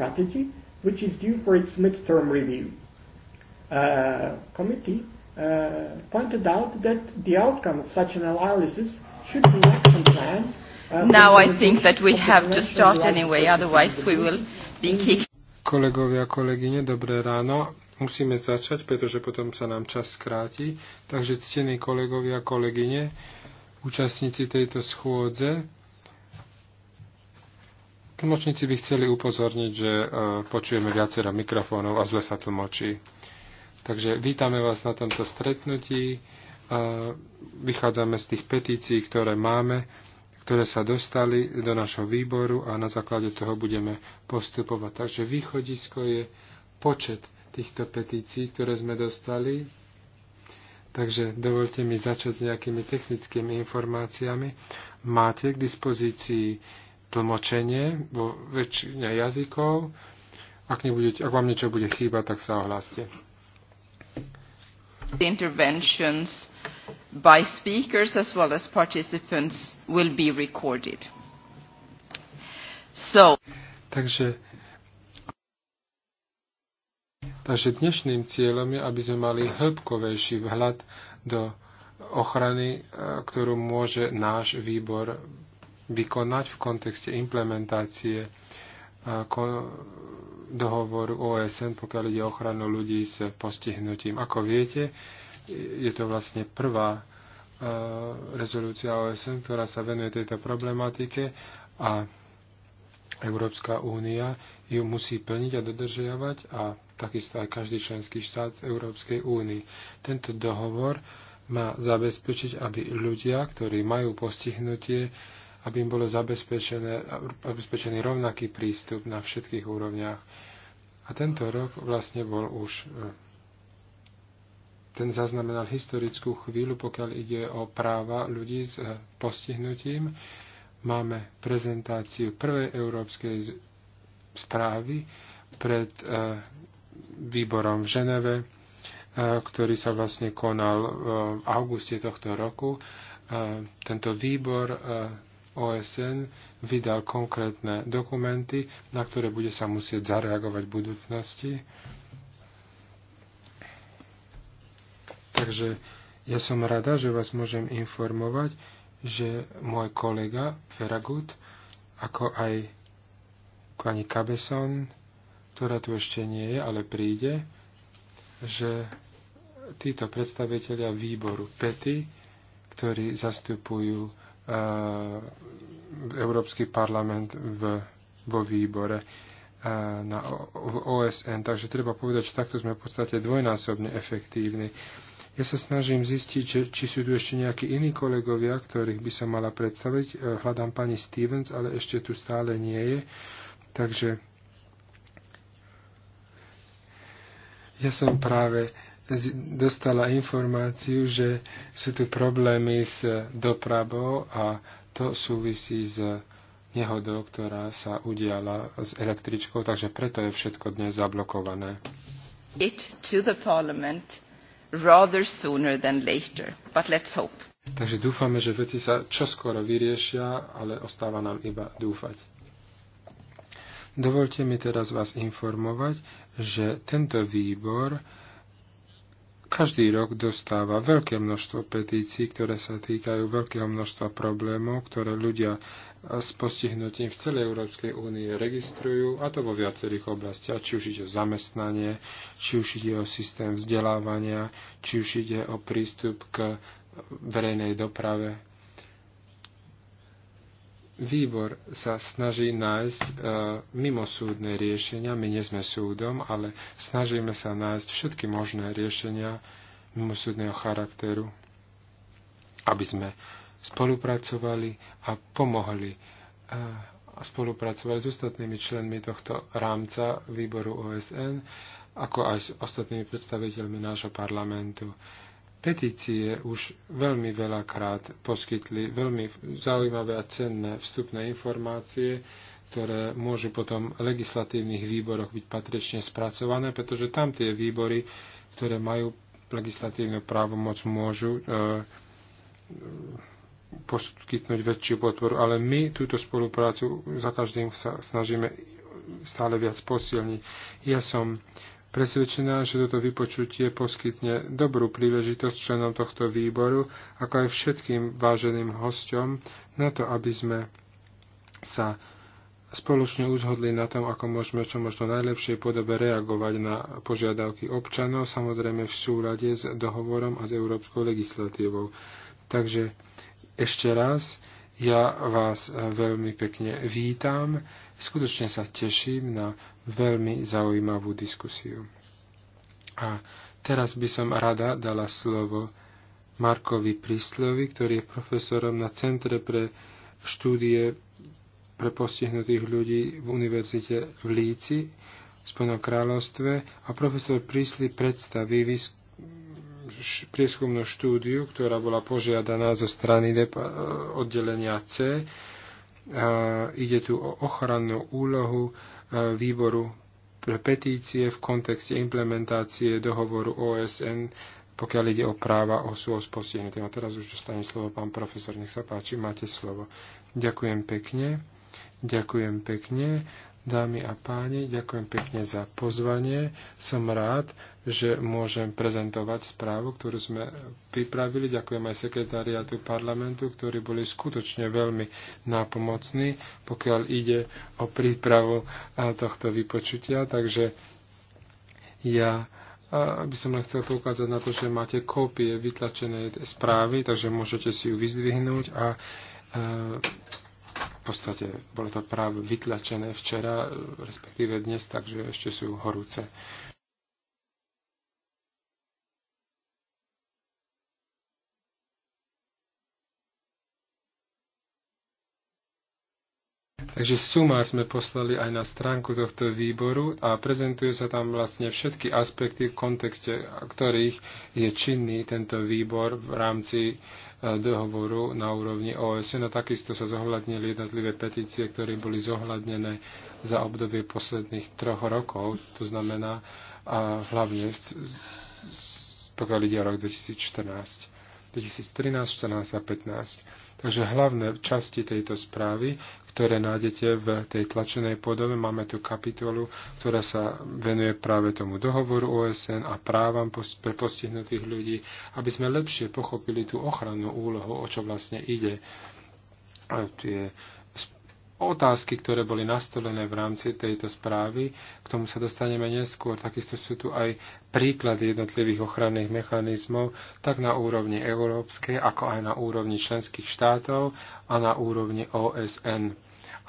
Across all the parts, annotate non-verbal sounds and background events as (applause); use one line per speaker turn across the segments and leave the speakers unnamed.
strategy, which is due for its midterm review. Uh, committee uh, pointed out that the outcome of such an analysis should be an action plan. Uh, now I think that we have to start anyway, otherwise we will be kicked. Kolegovia, kolegyne, dobré ráno. Musíme začať, pretože potom sa nám čas skráti. Takže ctení kolegovia, kolegyne, účastníci tejto schôdze, Tlmočníci by chceli upozorniť, že e, počujeme viacero mikrofónov a zle sa tlmočí. Takže vítame vás na tomto stretnutí. E, vychádzame z tých petícií, ktoré máme, ktoré sa dostali do našho výboru a na základe toho budeme postupovať. Takže východisko je počet týchto petícií, ktoré sme dostali. Takže dovolte mi začať s nejakými technickými informáciami. Máte k dispozícii tlmočenie vo väčšine jazykov. Ak, nebudete, ak vám niečo bude chýbať, tak sa ohláste.
The interventions by speakers as well as participants will be recorded.
So. Takže, takže dnešným cieľom je, aby sme mali hĺbkovejší vhľad do ochrany, e, ktorú môže náš výbor vykonať v kontexte implementácie e, dohovoru OSN, pokiaľ ide o ochranu ľudí s postihnutím. Ako viete, je to vlastne prvá e, rezolúcia OSN, ktorá sa venuje tejto problematike a Európska únia ju musí plniť a dodržiavať a takisto aj každý členský štát Európskej únii. Tento dohovor má zabezpečiť, aby ľudia, ktorí majú postihnutie, aby im bolo zabezpečený rovnaký prístup na všetkých úrovniach. A tento rok vlastne bol už e, ten zaznamenal historickú chvíľu, pokiaľ ide o práva ľudí s e, postihnutím. Máme prezentáciu prvej európskej správy pred e, výborom v Ženeve, ktorý sa vlastne konal v auguste tohto roku. Tento výbor OSN vydal konkrétne dokumenty, na ktoré bude sa musieť zareagovať v budúcnosti. Takže ja som rada, že vás môžem informovať, že môj kolega Feragut, ako aj pani Kabeson, ktorá tu ešte nie je, ale príde, že títo predstavitelia výboru PETI, ktorí zastupujú E, Európsky parlament v, vo výbore e, na OSN. Takže treba povedať, že takto sme v podstate dvojnásobne efektívni. Ja sa snažím zistiť, že, či sú tu ešte nejakí iní kolegovia, ktorých by som mala predstaviť. E, hľadám pani Stevens, ale ešte tu stále nie je. Takže ja som práve dostala informáciu, že sú tu problémy s dopravou a to súvisí s nehodou, ktorá sa udiala s električkou, takže preto je všetko dnes zablokované.
It to the parliament rather sooner than later, but let's hope.
Takže dúfame, že veci sa čoskoro vyriešia, ale ostáva nám iba dúfať. Dovolte mi teraz vás informovať, že tento výbor každý rok dostáva veľké množstvo petícií, ktoré sa týkajú veľkého množstva problémov, ktoré ľudia s postihnutím v celej Európskej únie registrujú, a to vo viacerých oblastiach, či už ide o zamestnanie, či už ide o systém vzdelávania, či už ide o prístup k verejnej doprave Výbor sa snaží nájsť e, mimosúdne riešenia. My nie sme súdom, ale snažíme sa nájsť všetky možné riešenia mimosúdneho charakteru, aby sme spolupracovali a pomohli e, a spolupracovali s ostatnými členmi tohto rámca výboru OSN, ako aj s ostatnými predstaviteľmi nášho parlamentu. E, Petície už veľmi veľakrát poskytli veľmi zaujímavé a cenné vstupné informácie, ktoré môžu potom v legislatívnych výboroch byť patrične spracované, pretože tam tie výbory, ktoré majú legislatívnu právomoc, môžu e, poskytnúť väčšiu podporu. Ale my túto spoluprácu za každým sa snažíme stále viac posilniť. Ja som presvedčená, že toto vypočutie poskytne dobrú príležitosť členom tohto výboru, ako aj všetkým váženým hostom, na to, aby sme sa spoločne uzhodli na tom, ako môžeme čo možno najlepšej podobe reagovať na požiadavky občanov, samozrejme v súlade s dohovorom a s európskou legislatívou. Takže ešte raz, ja vás veľmi pekne vítam. Skutočne sa teším na veľmi zaujímavú diskusiu. A teraz by som rada dala slovo Markovi Príslovi, ktorý je profesorom na Centre pre štúdie pre postihnutých ľudí v Univerzite v Líci v Spojenom kráľovstve a profesor Prísli predstaví prieskumnú štúdiu, ktorá bola požiadaná zo strany oddelenia C. A ide tu o ochrannú úlohu výboru pre petície v kontexte implementácie dohovoru OSN, pokiaľ ide o práva osôb s postihnutým. A teraz už dostane slovo pán profesor, nech sa páči, máte slovo. Ďakujem pekne. Ďakujem pekne Dámy a páni, ďakujem pekne za pozvanie. Som rád, že môžem prezentovať správu, ktorú sme pripravili. Ďakujem aj sekretariatu parlamentu, ktorí boli skutočne veľmi nápomocní, pokiaľ ide o prípravu tohto vypočutia. Takže ja by som len chcel poukázať na to, že máte kópie vytlačenej správy, takže môžete si ju vyzdvihnúť a v podstate bolo to práve vytlačené včera, respektíve dnes, takže ešte sú horúce. Takže sumár sme poslali aj na stránku tohto výboru a prezentuje sa tam vlastne všetky aspekty v kontexte, ktorých je činný tento výbor v rámci e, dohovoru na úrovni OSN a takisto sa zohľadnili jednotlivé petície, ktoré boli zohľadnené za obdobie posledných troch rokov, to znamená a hlavne pokiaľ ide o rok 2014, 2013, 2014 a 2015. Takže hlavné časti tejto správy, ktoré nájdete v tej tlačenej podobe, máme tu kapitolu, ktorá sa venuje práve tomu dohovoru OSN a právam pre postihnutých ľudí, aby sme lepšie pochopili tú ochrannú úlohu, o čo vlastne ide. A tu je otázky, ktoré boli nastolené v rámci tejto správy. K tomu sa dostaneme neskôr. Takisto sú tu aj príklady jednotlivých ochranných mechanizmov, tak na úrovni európskej, ako aj na úrovni členských štátov a na úrovni OSN.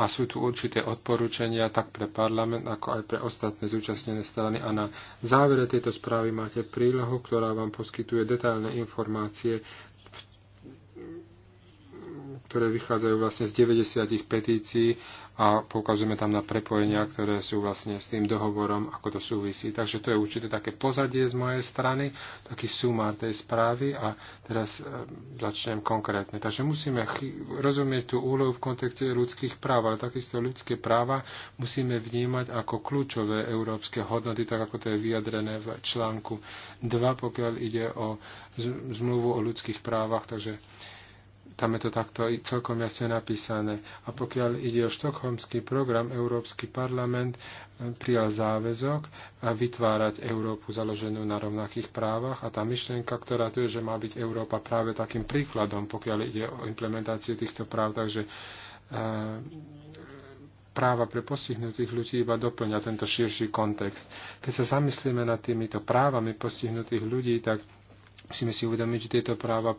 A sú tu určité odporúčania tak pre parlament, ako aj pre ostatné zúčastnené strany. A na závere tejto správy máte prílohu, ktorá vám poskytuje detailné informácie ktoré vychádzajú vlastne z 90 petícií a poukazujeme tam na prepojenia, ktoré sú vlastne s tým dohovorom, ako to súvisí. Takže to je určite také pozadie z mojej strany, taký sumár tej správy a teraz e, začnem konkrétne. Takže musíme rozumieť tú úlohu v kontexte ľudských práv, ale takisto ľudské práva musíme vnímať ako kľúčové európske hodnoty, tak ako to je vyjadrené v článku 2, pokiaľ ide o zmluvu o ľudských právach. Takže tam je to takto celkom jasne napísané. A pokiaľ ide o štokholmský program, Európsky parlament e, prijal záväzok e, vytvárať Európu založenú na rovnakých právach a tá myšlienka, ktorá tu je, že má byť Európa práve takým príkladom, pokiaľ ide o implementáciu týchto práv. Takže e, práva pre postihnutých ľudí iba doplňa tento širší kontext. Keď sa zamyslíme nad týmito právami postihnutých ľudí, tak musíme si uvedomiť, že tieto práva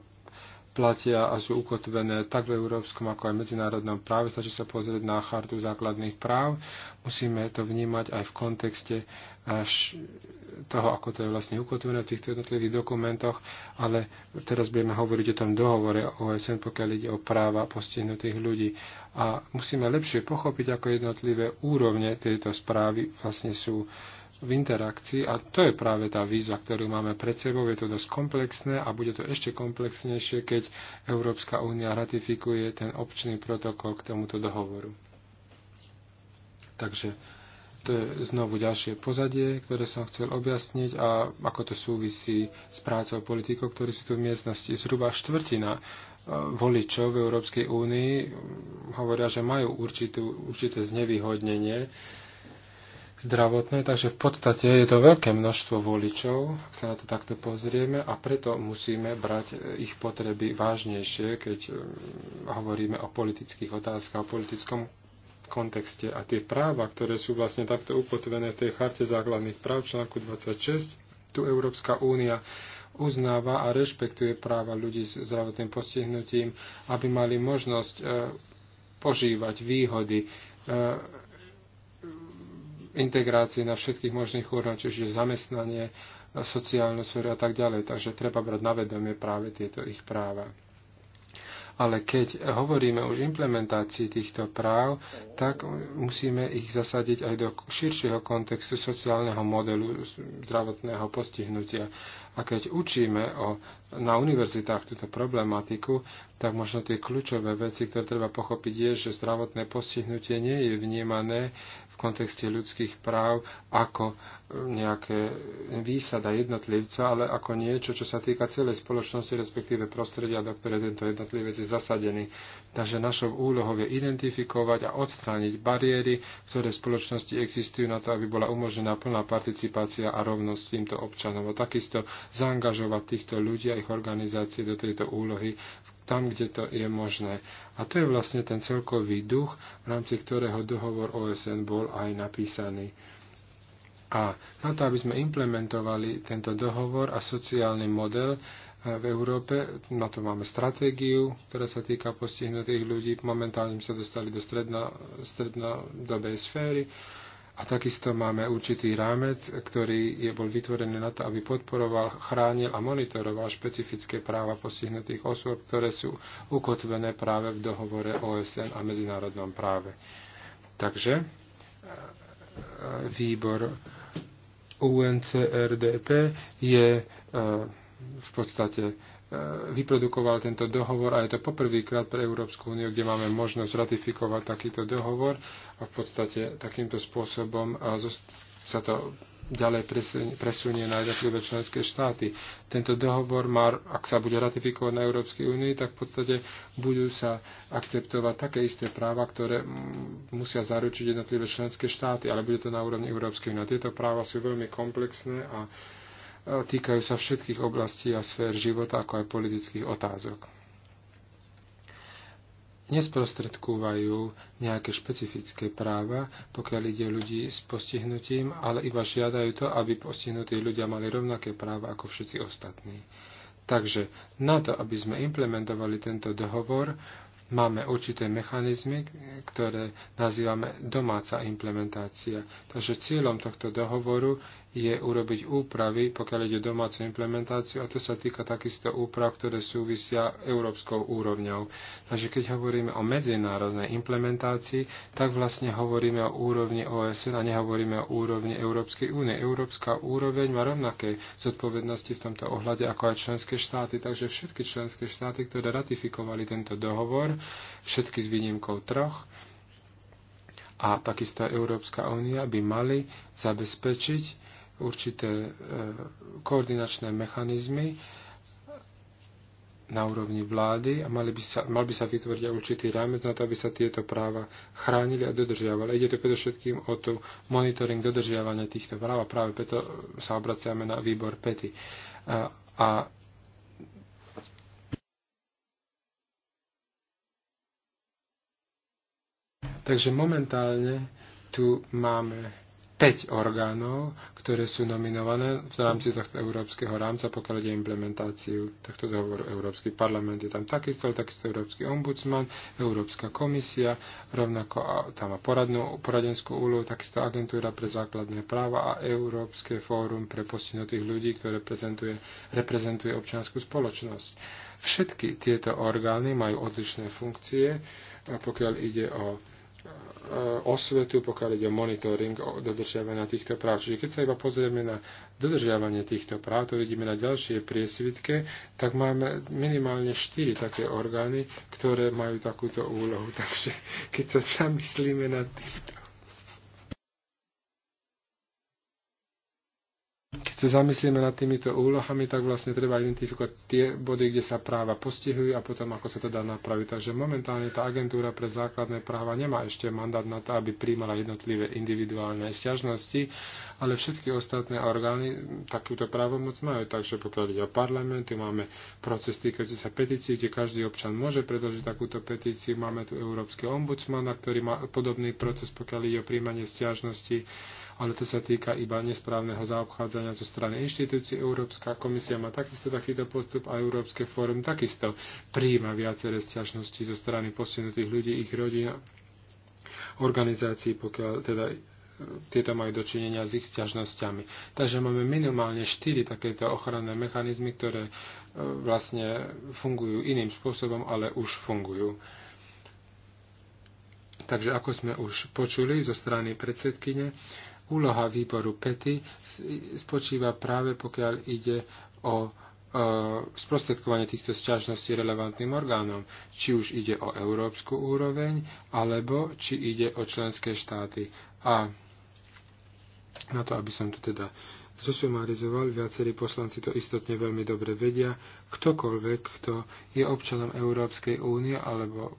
platia a sú ukotvené tak v európskom, ako aj v medzinárodnom práve. Stačí sa pozrieť na chartu základných práv. Musíme to vnímať aj v kontexte až eh, toho, ako to je vlastne ukotvené v týchto jednotlivých dokumentoch, ale teraz budeme hovoriť o tom dohovore OSN, pokiaľ ide o práva postihnutých ľudí. A musíme lepšie pochopiť, ako jednotlivé úrovne tejto správy vlastne sú uh, v interakcii a to je práve tá výzva, ktorú máme pred sebou. Je to dosť komplexné a bude to ešte komplexnejšie, keď Európska únia ratifikuje ten občný protokol k tomuto dohovoru. Takže to je znovu ďalšie pozadie, ktoré som chcel objasniť a ako to súvisí s prácou politikov, ktorí sú tu v miestnosti. Zhruba štvrtina e, voličov v Európskej únii hovoria, že majú určitú, určité znevýhodnenie zdravotné, takže v podstate je to veľké množstvo voličov, ak sa na to takto pozrieme a preto musíme brať e, ich potreby vážnejšie, keď e, hovoríme o politických otázkach, o politickom kontexte. A tie práva, ktoré sú vlastne takto ukotvené v tej charte základných práv článku 26, tu Európska únia uznáva a rešpektuje práva ľudí s zdravotným postihnutím, aby mali možnosť e, požívať výhody e, integrácii na všetkých možných úrovniach, čiže zamestnanie, sociálne sféry a tak ďalej. Takže treba brať na vedomie práve tieto ich práva. Ale keď hovoríme už implementácii týchto práv, tak musíme ich zasadiť aj do širšieho kontextu sociálneho modelu zdravotného postihnutia. A keď učíme o, na univerzitách túto problematiku, tak možno tie kľúčové veci, ktoré treba pochopiť, je, že zdravotné postihnutie nie je vnímané kontexte ľudských práv ako e, nejaké výsada jednotlivca, ale ako niečo, čo sa týka celej spoločnosti, respektíve prostredia, do ktoré tento jednotlivec je zasadený. Takže našou úlohou je identifikovať a odstrániť bariéry, ktoré v spoločnosti existujú na to, aby bola umožnená plná participácia a rovnosť týmto občanom. A takisto zaangažovať týchto ľudí a ich organizácie do tejto úlohy v tam, kde to je možné. A to je vlastne ten celkový duch, v rámci ktorého dohovor OSN bol aj napísaný. A na to, aby sme implementovali tento dohovor a sociálny model eh, v Európe, na to máme stratégiu, ktorá sa týka postihnutých ľudí. Momentálne sa dostali do stredno, strednodobej sféry a takisto máme určitý rámec, ktorý je bol vytvorený na to, aby podporoval, chránil a monitoroval špecifické práva postihnutých osôb, ktoré sú ukotvené práve v dohovore OSN a medzinárodnom práve. Takže výbor UNCRDP je eh, v podstate E, vyprodukoval tento dohovor a je to poprvýkrát pre Európsku úniu, kde máme možnosť ratifikovať takýto dohovor a v podstate takýmto spôsobom e, sa to ďalej presunie na jednotlivé členské štáty. Tento dohovor má, ak sa bude ratifikovať na Európskej únii, tak v podstate budú sa akceptovať také isté práva, ktoré musia zaručiť jednotlivé členské štáty, ale bude to na úrovni Európskej únie. Tieto práva sú veľmi komplexné a týkajú sa všetkých oblastí a sfér života, ako aj politických otázok. Nesprostredkúvajú nejaké špecifické práva, pokiaľ ide ľudí s postihnutím, ale iba žiadajú to, aby postihnutí ľudia mali rovnaké práva ako všetci ostatní. Takže na to, aby sme implementovali tento dohovor, máme určité mechanizmy, ktoré nazývame domáca implementácia. Takže cieľom tohto dohovoru je urobiť úpravy, pokiaľ ide domácu implementáciu, a to sa týka takisto úprav, ktoré súvisia európskou úrovňou. Takže keď hovoríme o medzinárodnej implementácii, tak vlastne hovoríme o úrovni OSN a nehovoríme o úrovni Európskej únie. Európska úroveň má rovnaké zodpovednosti v tomto ohľade ako aj členské štáty, takže všetky členské štáty, ktoré ratifikovali tento dohovor, všetky s výnimkou troch, a takisto Európska únia by mali zabezpečiť, určité e, koordinačné mechanizmy na úrovni vlády a mali by sa, mal by sa vytvoriť aj určitý rámec na to, aby sa tieto práva chránili a dodržiavali. Ide to predovšetkým o to monitoring dodržiavania týchto práv a práve preto sa obraciame na výbor PETI. A, e, a Takže momentálne tu máme 5 orgánov, ktoré sú nominované v rámci tohto európskeho rámca, pokiaľ ide implementáciu tohto dohovoru. Európsky parlament je tam takisto, takisto Európsky ombudsman, Európska komisia, rovnako tam má poradnú, poradenskú úlohu, takisto Agentúra pre základné práva a Európske fórum pre postihnutých ľudí, ktoré reprezentuje, reprezentuje občianskú spoločnosť. Všetky tieto orgány majú odlišné funkcie, pokiaľ ide o Eh, osvetu, pokiaľ ide o monitoring o dodržiavania týchto práv. Čiže keď sa iba pozrieme na dodržiavanie týchto práv, to vidíme na ďalšie priesvitke, tak máme minimálne štyri také orgány, ktoré majú takúto úlohu. (laughs) Takže keď sa zamyslíme nad týmto, sa zamyslíme nad týmito úlohami, tak vlastne treba identifikovať tie body, kde sa práva postihujú a potom ako sa to dá napraviť. Takže momentálne tá agentúra pre základné práva nemá ešte mandát na to, aby príjmala jednotlivé individuálne sťažnosti, ale všetky ostatné orgány takúto právomoc majú. Takže pokiaľ ide o parlament, tu máme proces týkajúci sa petícií, kde každý občan môže predložiť takúto petíciu. Máme tu európsky ombudsmana, ktorý má podobný proces, pokiaľ ide o príjmanie sťažnosti ale to sa týka iba nesprávneho zaobchádzania zo strany inštitúcií. Európska komisia má takisto takýto postup a Európske fórum takisto príjima viaceré sťažnosti zo strany posunutých ľudí, ich rodín, organizácií, pokiaľ teda e, tieto majú dočinenia s ich sťažnosťami. Takže máme minimálne 4 takéto ochranné mechanizmy, ktoré e, vlastne fungujú iným spôsobom, ale už fungujú. Takže ako sme už počuli zo strany predsedkyne, Úloha výboru PETI spočíva práve pokiaľ ide o e, sprostredkovanie týchto sťažností relevantným orgánom, či už ide o európsku úroveň, alebo či ide o členské štáty. A na to, aby som to teda zosumarizoval, viacerí poslanci to istotne veľmi dobre vedia, ktokoľvek, kto je občanom Európskej únie alebo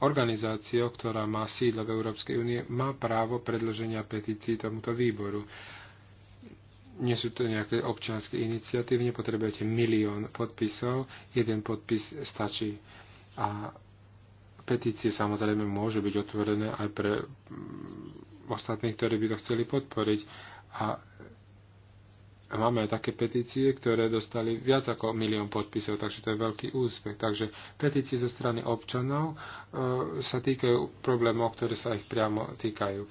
organizácia, ktorá má sídlo v Európskej únie, má právo predloženia petícií tomuto výboru. Nie sú to nejaké občianske iniciatívy, nepotrebujete milión podpisov, jeden podpis stačí. A petície samozrejme môžu byť otvorené aj pre mm, ostatných, ktorí by to chceli podporiť. A a máme aj také petície, ktoré dostali viac ako milión podpisov, takže to je veľký úspech. Takže petície zo strany občanov e, sa týkajú problémov, ktoré sa ich priamo týkajú. E,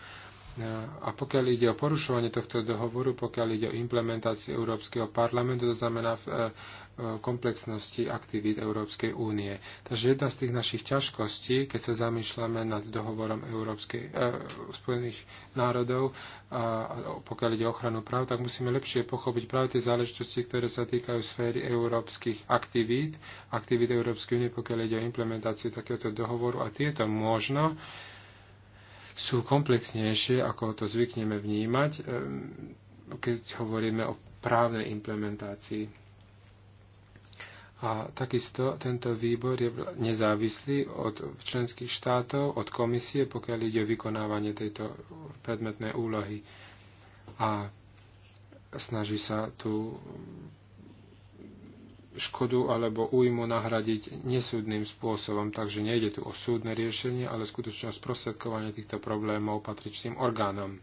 a pokiaľ ide o porušovanie tohto dohovoru, pokiaľ ide o implementáciu Európskeho parlamentu, to znamená v, e, komplexnosti aktivít Európskej únie. Takže jedna z tých našich ťažkostí, keď sa zamýšľame nad dohovorom Európskej, e, Spojených národov, a, pokiaľ ide o ochranu práv, tak musíme lepšie pochopiť práve tie záležitosti, ktoré sa týkajú sféry európskych aktivít, aktivít Európskej únie, pokiaľ ide o implementáciu takéhoto dohovoru. A tieto možno sú komplexnejšie, ako to zvykneme vnímať, eh, keď hovoríme o právnej implementácii a takisto tento výbor je nezávislý od členských štátov, od komisie, pokiaľ ide o vykonávanie tejto predmetnej úlohy. A snaží sa tú škodu alebo újmu nahradiť nesúdnym spôsobom, takže nejde tu o súdne riešenie, ale skutočne o sprostredkovanie týchto problémov patričným orgánom.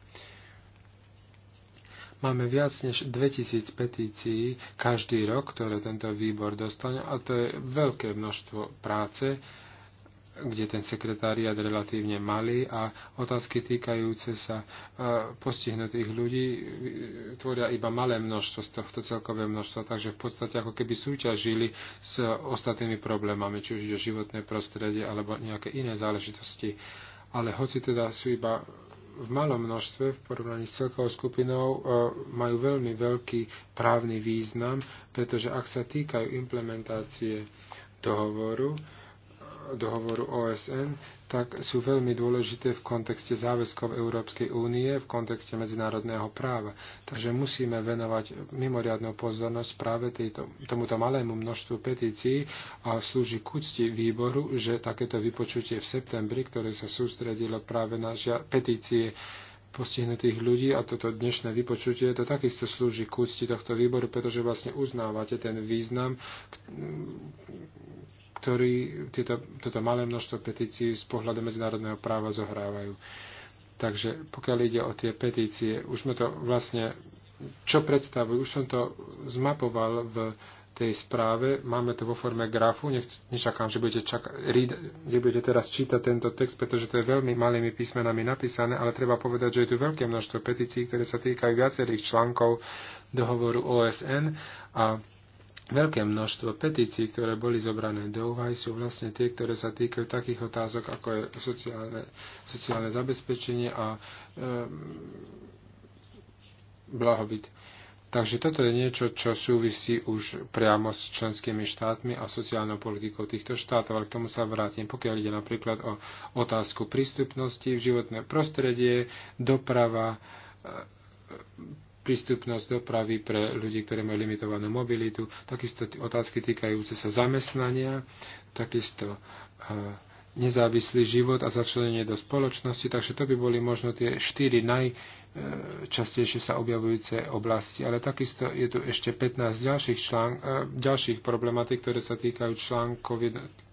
Máme viac než 2000 petícií každý rok, ktoré tento výbor dostane a to je veľké množstvo práce, kde ten sekretáriat relatívne malý a otázky týkajúce sa e, postihnutých ľudí e, tvoria iba malé množstvo z tohto celkové množstva, takže v podstate ako keby súťažili s ostatnými problémami, či už životné prostredie alebo nejaké iné záležitosti. Ale hoci teda sú iba v malom množstve v porovnaní s celkovou skupinou e, majú veľmi veľký právny význam, pretože ak sa týkajú implementácie dohovoru, dohovoru OSN, tak sú veľmi dôležité v kontexte záväzkov Európskej únie, v kontexte medzinárodného práva. Takže musíme venovať mimoriadnú pozornosť práve tejto, tomuto malému množstvu petícií a slúži k úcti výboru, že takéto vypočutie v septembri, ktoré sa sústredilo práve na petície postihnutých ľudí a toto dnešné vypočutie to takisto slúži k úcti tohto výboru, pretože vlastne uznávate ten význam, ktorí tieto, toto malé množstvo petícií z pohľadu medzinárodného práva zohrávajú. Takže pokiaľ ide o tie petície, už sme to vlastne, čo predstavujú, už som to zmapoval v tej správe, máme to vo forme grafu, Nech, nečakám, že budete, čaka, read, že budete teraz čítať tento text, pretože to je veľmi malými písmenami napísané, ale treba povedať, že je tu veľké množstvo petícií, ktoré sa týkajú viacerých článkov dohovoru OSN a Veľké množstvo petícií, ktoré boli zobrané do úvahy, sú vlastne tie, ktoré sa týkajú takých otázok, ako je sociálne, sociálne zabezpečenie a e, blahobyt. Takže toto je niečo, čo súvisí už priamo s členskými štátmi a sociálnou politikou týchto štátov, ale k tomu sa vrátim, pokiaľ ide napríklad o otázku prístupnosti v životné prostredie, doprava, prístupnosť dopravy pre ľudí, ktorí majú limitovanú mobilitu, takisto otázky týkajúce sa zamestnania, takisto eh, nezávislý život a začlenenie do spoločnosti, takže to by boli možno tie štyri najčastejšie sa objavujúce oblasti. Ale takisto je tu ešte 15 ďalších, člán, eh, ďalších problematik, ktoré sa týkajú článkov,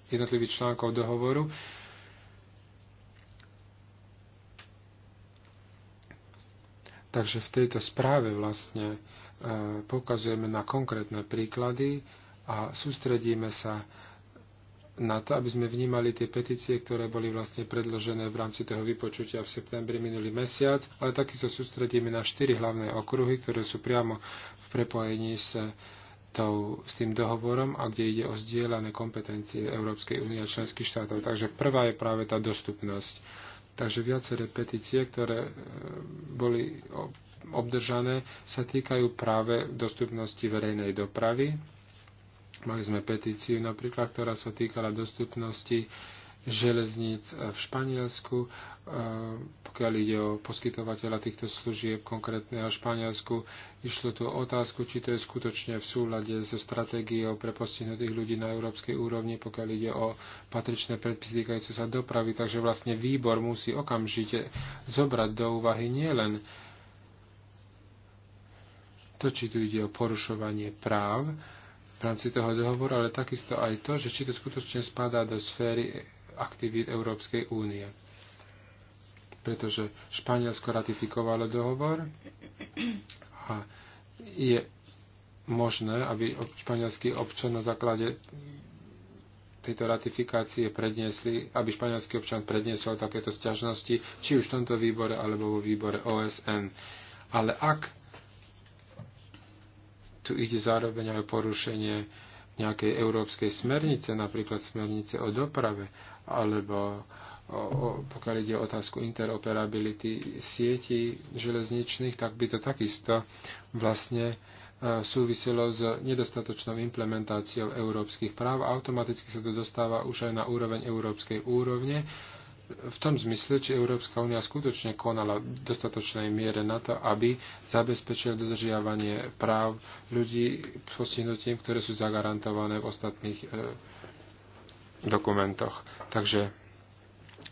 jednotlivých článkov dohovoru Takže v tejto správe vlastne e, poukazujeme na konkrétne príklady a sústredíme sa na to, aby sme vnímali tie petície, ktoré boli vlastne predložené v rámci toho vypočutia v septembri minulý mesiac, ale takisto sústredíme na štyri hlavné okruhy, ktoré sú priamo v prepojení s tou, s tým dohovorom a kde ide o zdieľané kompetencie Európskej únie a členských štátov. Takže prvá je práve tá dostupnosť. Takže viaceré petície, ktoré e, boli obdržané, sa týkajú práve dostupnosti verejnej dopravy. Mali sme petíciu napríklad, ktorá sa týkala dostupnosti železníc e, v Španielsku, e, pokiaľ ide o poskytovateľa týchto služieb konkrétneho Španielsku. Išlo tu o otázku, či to je skutočne v súlade so stratégiou pre postihnutých ľudí na európskej úrovni, pokiaľ ide o patričné predpisy týkajúce sa dopravy. Takže vlastne výbor musí okamžite zobrať do úvahy nielen to, či tu ide o porušovanie práv v rámci toho dohovoru, ale takisto aj to, že či to skutočne spadá do sféry aktivít Európskej únie. Pretože Španielsko ratifikovalo dohovor a je možné, aby španielský občan na základe tejto ratifikácie predniesli, aby španielský občan predniesol takéto sťažnosti, či už v tomto výbore, alebo vo výbore OSN. Ale ak tu ide zároveň aj porušenie nejakej európskej smernice, napríklad smernice o doprave, alebo o, pokiaľ ide o otázku interoperability sietí železničných, tak by to takisto vlastne e, súviselo s nedostatočnou implementáciou európskych práv a automaticky sa to dostáva už aj na úroveň európskej úrovne. V tom zmysle, či Európska únia skutočne konala v dostatočnej miere na to, aby zabezpečila dodržiavanie práv ľudí s postihnutím, ktoré sú zagarantované v ostatných e, dokumentoch. Takže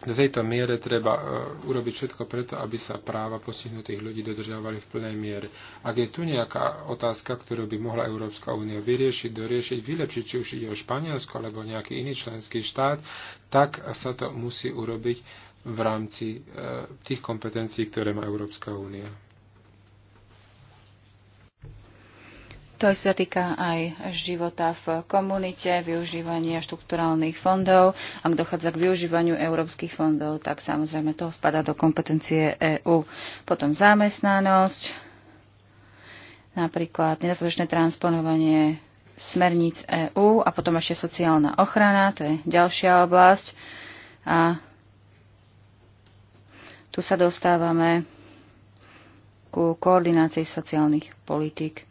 do tejto miere treba e, urobiť všetko preto, aby sa práva postihnutých ľudí dodržiavali v plnej miere. Ak je tu nejaká otázka, ktorú by mohla Európska únia vyriešiť, doriešiť, vylepšiť, či už ide o Španielsko alebo nejaký iný členský štát, tak sa to musí urobiť v rámci e, tých kompetencií, ktoré má Európska únia.
To sa týka aj života v komunite, využívania štrukturálnych fondov. Ak dochádza k využívaniu európskych fondov, tak samozrejme toho spada do kompetencie EÚ. Potom zamestnanosť, napríklad nedostatočné transponovanie smerníc EÚ a potom ešte sociálna ochrana, to je ďalšia oblasť. A tu sa dostávame ku koordinácii sociálnych politík.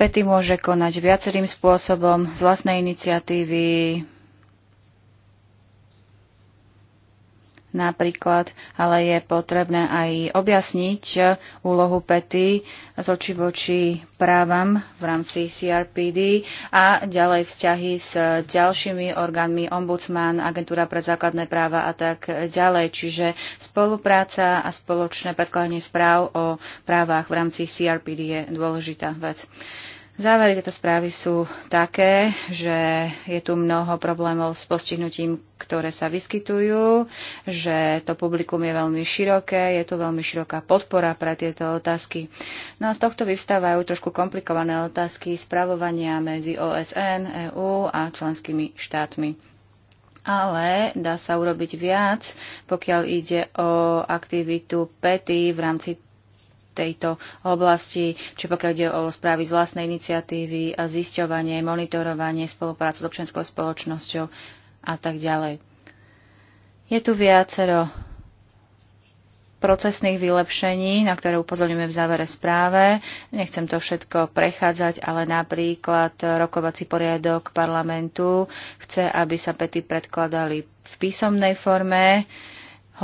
Pety môže konať viacerým spôsobom z vlastnej iniciatívy, napríklad, ale je potrebné aj objasniť úlohu PETI z oči voči právam v rámci CRPD a ďalej vzťahy s ďalšími orgánmi ombudsman, agentúra pre základné práva a tak ďalej. Čiže spolupráca a spoločné predkladanie správ o právach v rámci CRPD je dôležitá vec. Závery tejto správy sú také, že je tu mnoho problémov s postihnutím, ktoré sa vyskytujú, že to publikum je veľmi široké, je tu veľmi široká podpora pre tieto otázky. No a z tohto vyvstávajú trošku komplikované otázky spravovania medzi OSN, EÚ a členskými štátmi ale dá sa urobiť viac, pokiaľ ide o aktivitu PETI v rámci tejto oblasti, či pokiaľ ide o správy z vlastnej iniciatívy, zisťovanie, monitorovanie, spoluprácu s občianskou spoločnosťou a tak ďalej. Je tu viacero procesných vylepšení, na ktoré upozorňujeme v závere správe. Nechcem to všetko prechádzať, ale napríklad rokovací poriadok parlamentu chce, aby sa pety predkladali v písomnej forme,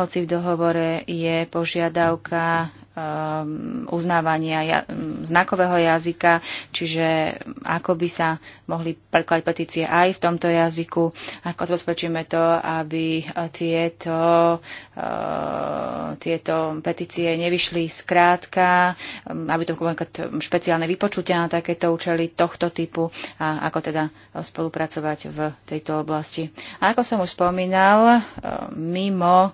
hoci v dohovore je požiadavka Um, uznávania um, znakového jazyka, čiže ako by sa mohli prekladať petície aj v tomto jazyku, ako zabezpečíme to, aby uh, tieto, uh, tieto petície nevyšli zkrátka, um, aby to bolo špeciálne vypočutia na takéto účely tohto typu a ako teda spolupracovať v tejto oblasti. A ako som už spomínal, uh, mimo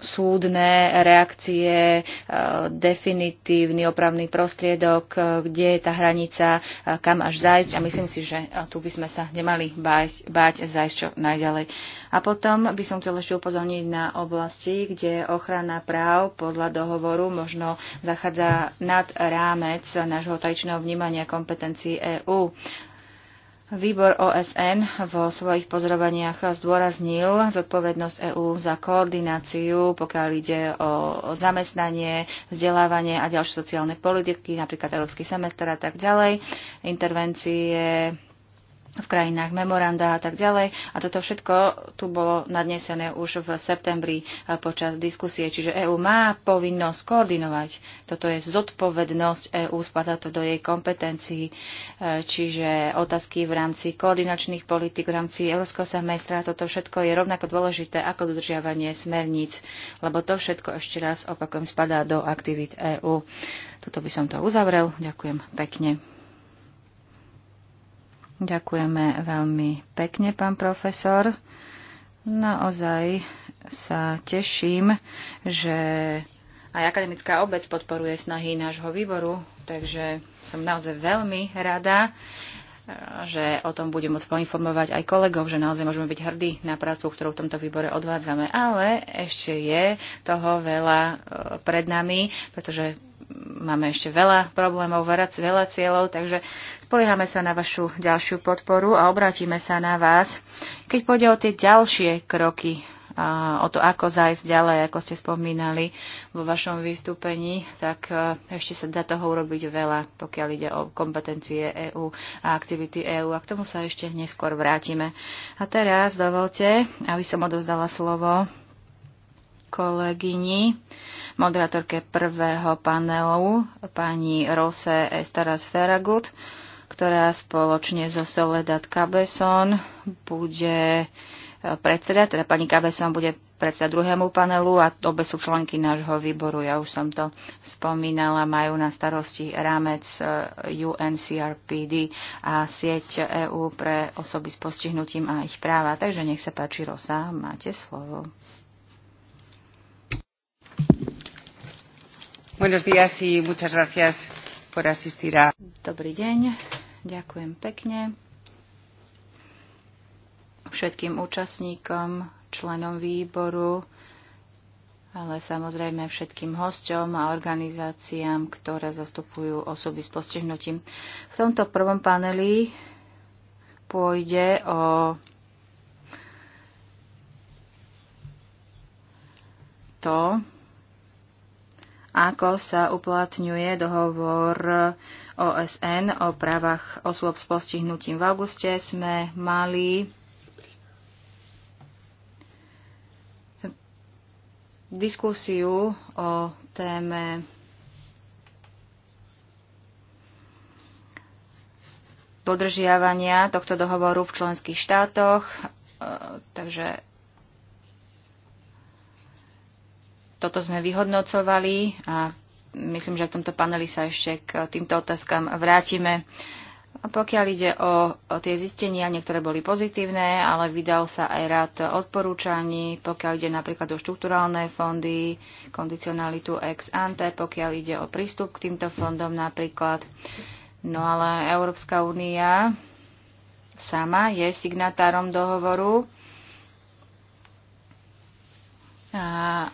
súdne reakcie, e, definitívny opravný prostriedok, e, kde je tá hranica, e, kam až zajsť. A myslím si, že tu by sme sa nemali báť, báť zajsť čo najďalej. A potom by som chcel ešte upozorniť na oblasti, kde ochrana práv podľa dohovoru možno zachádza nad rámec nášho tajčného vnímania kompetencií EÚ. Výbor OSN vo svojich pozorovaniach zdôraznil zodpovednosť EÚ za koordináciu, pokiaľ ide o zamestnanie, vzdelávanie a ďalšie sociálne politiky, napríklad európsky semester a tak ďalej, intervencie v krajinách memoranda a tak ďalej. A toto všetko tu bolo nadnesené už v septembri eh, počas diskusie. Čiže EÚ má povinnosť koordinovať. Toto je zodpovednosť EÚ, spadá to do jej kompetencií. Eh, čiže otázky v rámci koordinačných politik, v rámci európskeho semestra, toto všetko je rovnako dôležité ako dodržiavanie smerníc, lebo to všetko ešte raz opakujem spadá do aktivít EÚ. Toto by som to uzavrel. Ďakujem pekne. Ďakujeme veľmi pekne, pán profesor. Naozaj sa teším, že aj akademická obec podporuje snahy nášho výboru, takže som naozaj veľmi rada, že o tom budem môcť poinformovať aj kolegov, že naozaj môžeme byť hrdí na prácu, ktorú v tomto výbore odvádzame. Ale ešte je toho veľa eh, pred nami, pretože máme ešte veľa problémov, veľa cieľov, takže spoliehame sa na vašu ďalšiu podporu a obrátime sa na vás, keď pôjde o tie ďalšie kroky, o to, ako zájsť ďalej, ako ste spomínali vo vašom vystúpení, tak e, ešte sa dá toho urobiť veľa, pokiaľ ide o kompetencie EÚ a aktivity EÚ. A k tomu sa ešte neskôr vrátime. A teraz dovolte, aby som odozdala slovo kolegyni, moderátorke prvého panelu, pani Rose Estaras Feragut, ktorá spoločne so Soledad Cabeson bude e, predseda, teda pani Cabeson bude predseda druhému panelu a obe sú členky nášho výboru, ja už som to spomínala, majú na starosti rámec e, UNCRPD a sieť EÚ pre osoby s postihnutím a ich práva. Takže nech sa páči, Rosa, máte slovo. Dobrý deň, ďakujem pekne všetkým účastníkom, členom výboru, ale samozrejme všetkým hosťom a organizáciám, ktoré zastupujú osoby s postihnutím. V tomto prvom paneli pôjde o to, ako sa uplatňuje dohovor OSN o právach osôb s postihnutím. V auguste sme mali diskusiu o téme dodržiavania tohto dohovoru v členských štátoch. E, takže Toto sme vyhodnocovali a myslím, že v tomto paneli sa ešte k týmto otázkam vrátime. A pokiaľ ide o, o tie zistenia, niektoré boli pozitívne, ale vydal sa aj rád odporúčaní, pokiaľ ide napríklad o štruktúrálne fondy, kondicionalitu ex ante, pokiaľ ide o prístup k týmto fondom napríklad. No ale Európska únia sama je signatárom dohovoru. A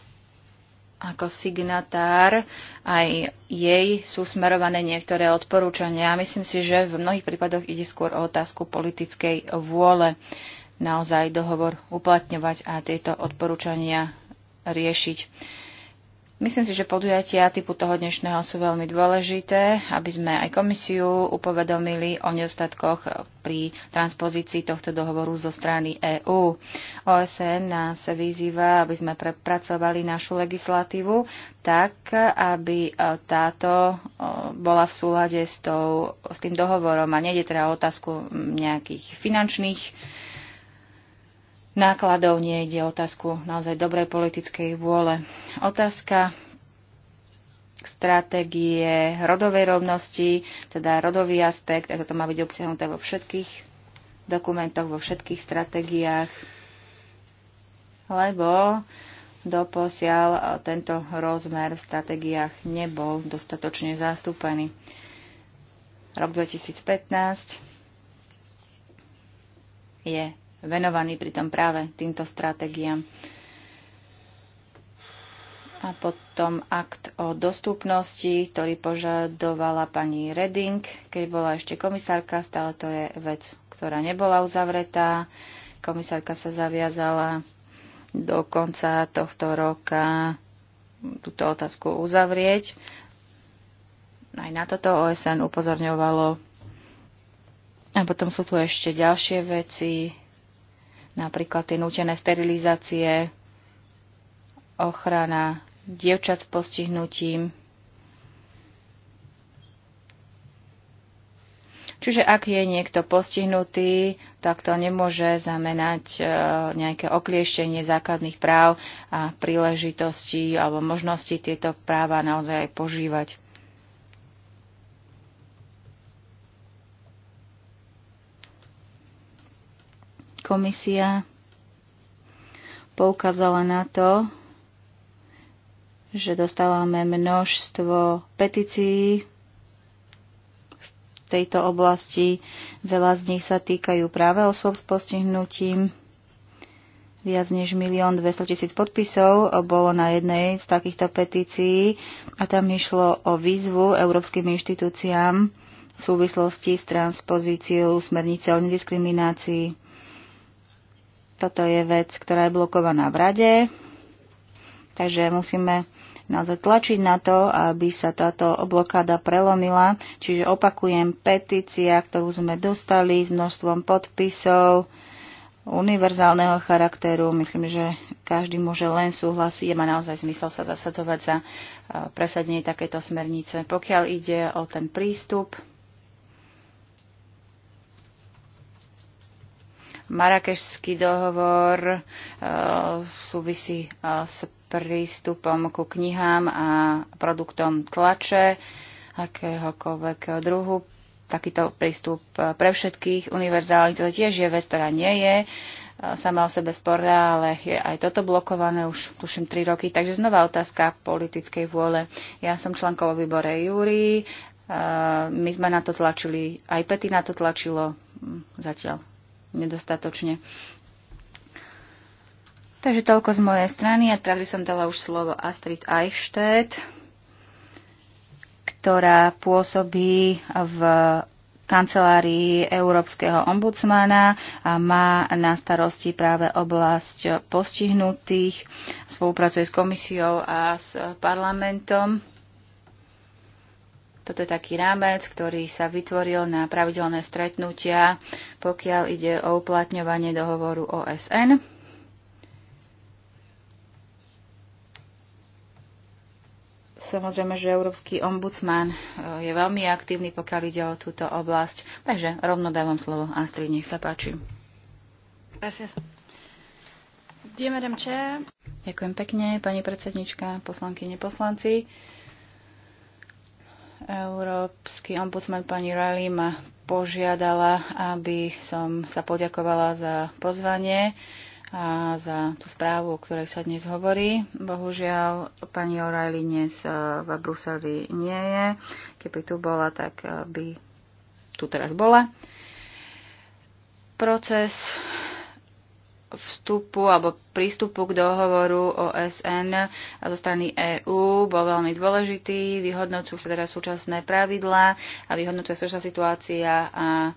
ako signatár aj jej sú smerované niektoré odporúčania. Myslím si, že v mnohých prípadoch ide skôr o otázku politickej vôle naozaj dohovor uplatňovať a tieto odporúčania riešiť. Myslím si, že podujatia typu toho dnešného sú veľmi dôležité, aby sme aj komisiu upovedomili o nedostatkoch pri transpozícii tohto dohovoru zo strany EÚ. OSN nás vyzýva, aby sme prepracovali našu legislatívu tak, aby e, táto e, bola v súlade s, tou, s tým dohovorom a nejde teda o otázku nejakých finančných nákladov, nie ide o otázku naozaj dobrej politickej vôle. Otázka stratégie rodovej rovnosti, teda rodový aspekt, ako to má byť obsiahnuté vo všetkých dokumentoch, vo všetkých stratégiách, lebo doposiaľ tento rozmer v stratégiách nebol dostatočne zastúpený. Rok 2015 je venovaný pritom práve týmto stratégiám. A potom akt o dostupnosti, ktorý požadovala pani Reding, keď bola ešte komisárka, stále to je vec, ktorá nebola uzavretá. Komisárka sa zaviazala do konca tohto roka túto otázku uzavrieť. Aj na toto OSN upozorňovalo. A potom sú tu ešte ďalšie veci, napríklad tie nútené sterilizácie, ochrana dievčat s postihnutím. Čiže ak je niekto postihnutý, tak to nemôže zamenať e, nejaké oklieštenie základných práv a príležitostí alebo možnosti tieto práva naozaj aj požívať. Komisia poukázala na to, že dostávame množstvo petícií v tejto oblasti. Veľa z nich sa týkajú práve osôb s postihnutím. Viac než milión 200 tisíc podpisov bolo na jednej z takýchto petícií a tam išlo o výzvu európskym inštitúciám v súvislosti s transpozíciou smernice o nediskriminácii. Toto je vec, ktorá je blokovaná v rade, takže musíme naozaj tlačiť na to, aby sa táto blokáda prelomila. Čiže opakujem, petícia, ktorú sme dostali s množstvom podpisov univerzálneho charakteru, myslím, že každý môže len súhlasiť a má naozaj zmysel sa zasadzovať za eh, presadenie takéto smernice. Pokiaľ ide o ten prístup, Marakešský dohovor e, súvisí e, s prístupom ku knihám a produktom tlače akéhokoľvek druhu. Takýto prístup e, pre všetkých univerzálny to tiež je vec, ktorá nie je sama o sebe sporná, ale je aj toto blokované už tuším tri roky. Takže znova otázka politickej vôle. Ja som členkou o výbore Júri, my sme na to tlačili, aj Pety na to tlačilo, zatiaľ nedostatočne. Takže toľko z mojej strany a teraz by som dala už slovo Astrid Eichstedt, ktorá pôsobí v kancelárii Európskeho ombudsmana a má na starosti práve oblasť postihnutých, spolupracuje s komisiou a s parlamentom. Toto je taký rámec, ktorý sa vytvoril na pravidelné stretnutia, pokiaľ ide o uplatňovanie dohovoru OSN. Samozrejme, že Európsky ombudsman e, je veľmi aktívny, pokiaľ ide o túto oblasť. Takže rovno dávam slovo Astrid, nech sa páči. Ďakujem pekne, pani predsednička, poslanky neposlanci. Európsky ombudsman pani Riley ma požiadala, aby som sa poďakovala za pozvanie a za tú správu, o ktorej sa dnes hovorí. Bohužiaľ, pani O'Reilly dnes eh, v Bruseli nie je. Keby tu bola, tak eh, by tu teraz bola. Proces vstupu alebo prístupu k dohovoru OSN zo strany EÚ bol veľmi dôležitý. Vyhodnocujú sa teda súčasné pravidlá a vyhodnocuje súčasná situácia a e,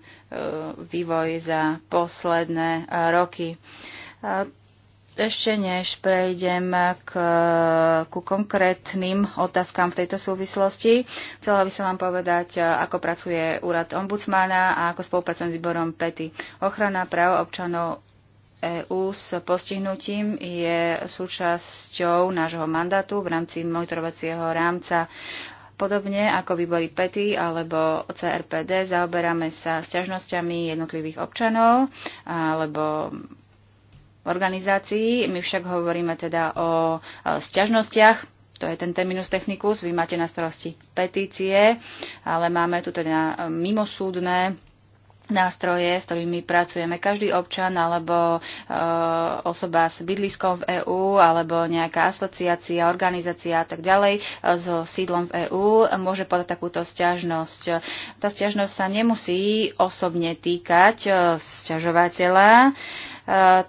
vývoj za posledné e, roky. A ešte než prejdem k, ku konkrétnym otázkam v tejto súvislosti, chcela by som vám povedať, e, ako pracuje úrad ombudsmana a ako spolupracujem s výborom PETI. Ochrana práv občanov EÚ s postihnutím je súčasťou nášho mandátu v rámci monitorovacieho rámca. Podobne ako výbory PETI alebo CRPD zaoberáme sa sťažnosťami jednotlivých občanov alebo organizácií. My však hovoríme teda o e, sťažnostiach, to je ten terminus technicus, vy máte na starosti petície, ale máme tu teda e, mimosúdne nástroje, s ktorými pracujeme každý občan alebo e, osoba s bydliskom v EÚ alebo nejaká asociácia, organizácia a tak ďalej eh, so sídlom v EÚ môže podať takúto stiažnosť. Tá stiažnosť sa nemusí osobne týkať e, sťažovateľa. e,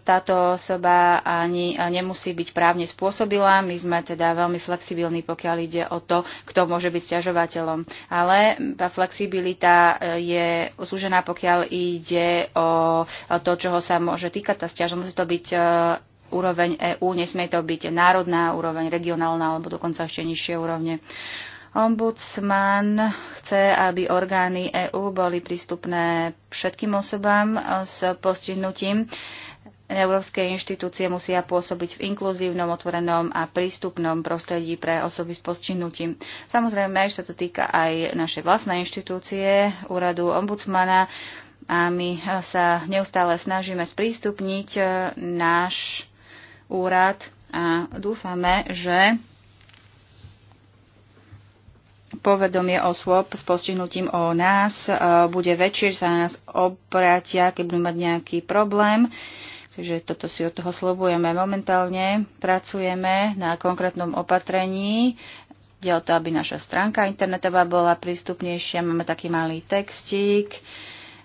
táto osoba ani nemusí byť právne spôsobila. My sme teda veľmi flexibilní, pokiaľ ide o to, kto môže byť sťažovateľom. Ale tá flexibilita eh, je zúžená, pokiaľ ide o to, čoho sa môže týkať tá sťažnosť. Musí to byť eh, úroveň EÚ, nesmie to byť národná úroveň, regionálna alebo dokonca ešte nižšie úrovne. Ombudsman chce, aby orgány EÚ boli prístupné všetkým osobám eh, s postihnutím. Uh, Európske inštitúcie musia pôsobiť v inkluzívnom, otvorenom a prístupnom prostredí pre osoby s postihnutím. Samozrejme, že sa to týka aj našej vlastnej inštitúcie, úradu ombudsmana a my sa neustále snažíme sprístupniť e, náš úrad a dúfame, že povedomie osôb s postihnutím o nás e, bude väčšie, že sa na nás obrátia, keď budú mať nejaký problém. Uh, Čiže toto si od toho slobujeme. Momentálne pracujeme na konkrétnom opatrení, Ide o to, aby naša stránka internetová bola prístupnejšia. Máme taký malý textík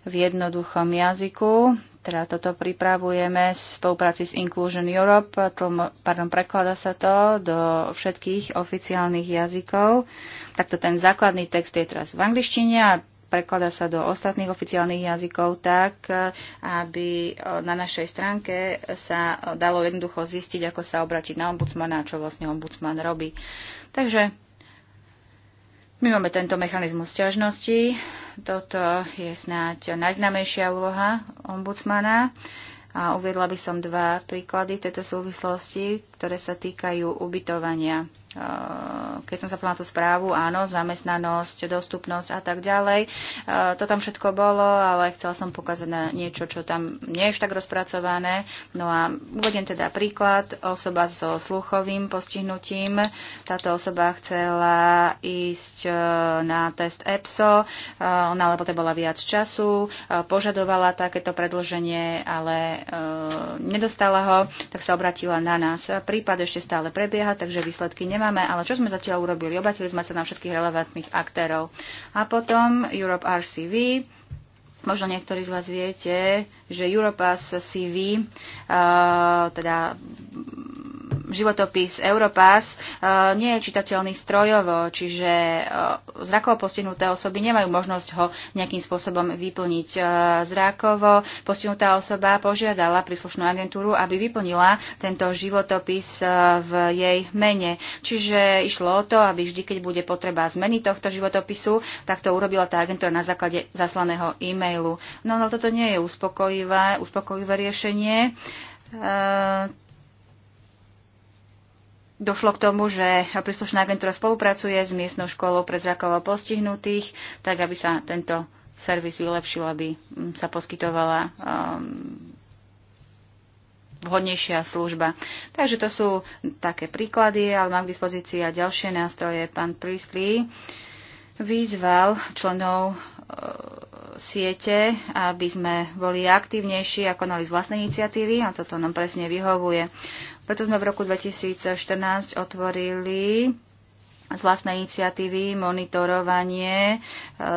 v jednoduchom jazyku. Teda toto pripravujeme v spolupráci s Inclusion Europe. Tlmo, pardon, preklada sa to do všetkých oficiálnych jazykov. Takto ten základný text je teraz v angličtine a prekladá sa do ostatných oficiálnych jazykov tak, aby eh, na našej stránke sa eh, dalo jednoducho zistiť, ako sa obratiť na ombudsmana a čo vlastne ombudsman robí. Takže my máme tento mechanizmus ťažnosti. Toto je snáď najznámejšia úloha ombudsmana. A uviedla by som dva príklady v tejto súvislosti, ktoré sa týkajú ubytovania. E, keď som sa na tú správu, áno, zamestnanosť, dostupnosť a tak ďalej. E, to tam všetko bolo, ale chcela som pokazať na niečo, čo tam nie je tak rozpracované. No a uvediem teda príklad. Osoba so sluchovým postihnutím. Táto osoba chcela ísť e, na test EPSO, ona to bola viac času, požadovala takéto predlženie, ale nedostala ho, tak sa obratila na nás prípad ešte stále prebieha, takže výsledky nemáme, ale čo sme zatiaľ urobili? Obratili sme sa na všetkých relevantných aktérov. A potom Europe RCV, Možno niektorí z vás viete, že Europass CV, uh, eh, teda životopis Europass e, nie je čitateľný strojovo, čiže e, zrakovo postihnuté osoby nemajú možnosť ho nejakým spôsobom vyplniť. E, zrakovo postihnutá osoba požiadala príslušnú agentúru, aby vyplnila tento životopis v jej mene. Čiže išlo o to, aby vždy, keď bude potreba zmeny tohto životopisu, tak to urobila tá agentúra na základe zaslaného e-mailu. No ale no, toto nie je uspokojivé, uspokojivé riešenie Došlo k tomu, že príslušná agentúra spolupracuje s miestnou školou pre zrakovo postihnutých, tak aby sa tento servis vylepšil, aby mm, sa poskytovala um, vhodnejšia služba. Takže to sú také príklady, ale mám k dispozícii aj ďalšie nástroje. Pán Priestley vyzval členov uh, siete, aby sme boli aktívnejší a konali z vlastnej iniciatívy a toto nám presne vyhovuje. Preto sme v roku 2014 otvorili z vlastnej iniciatívy monitorovanie e,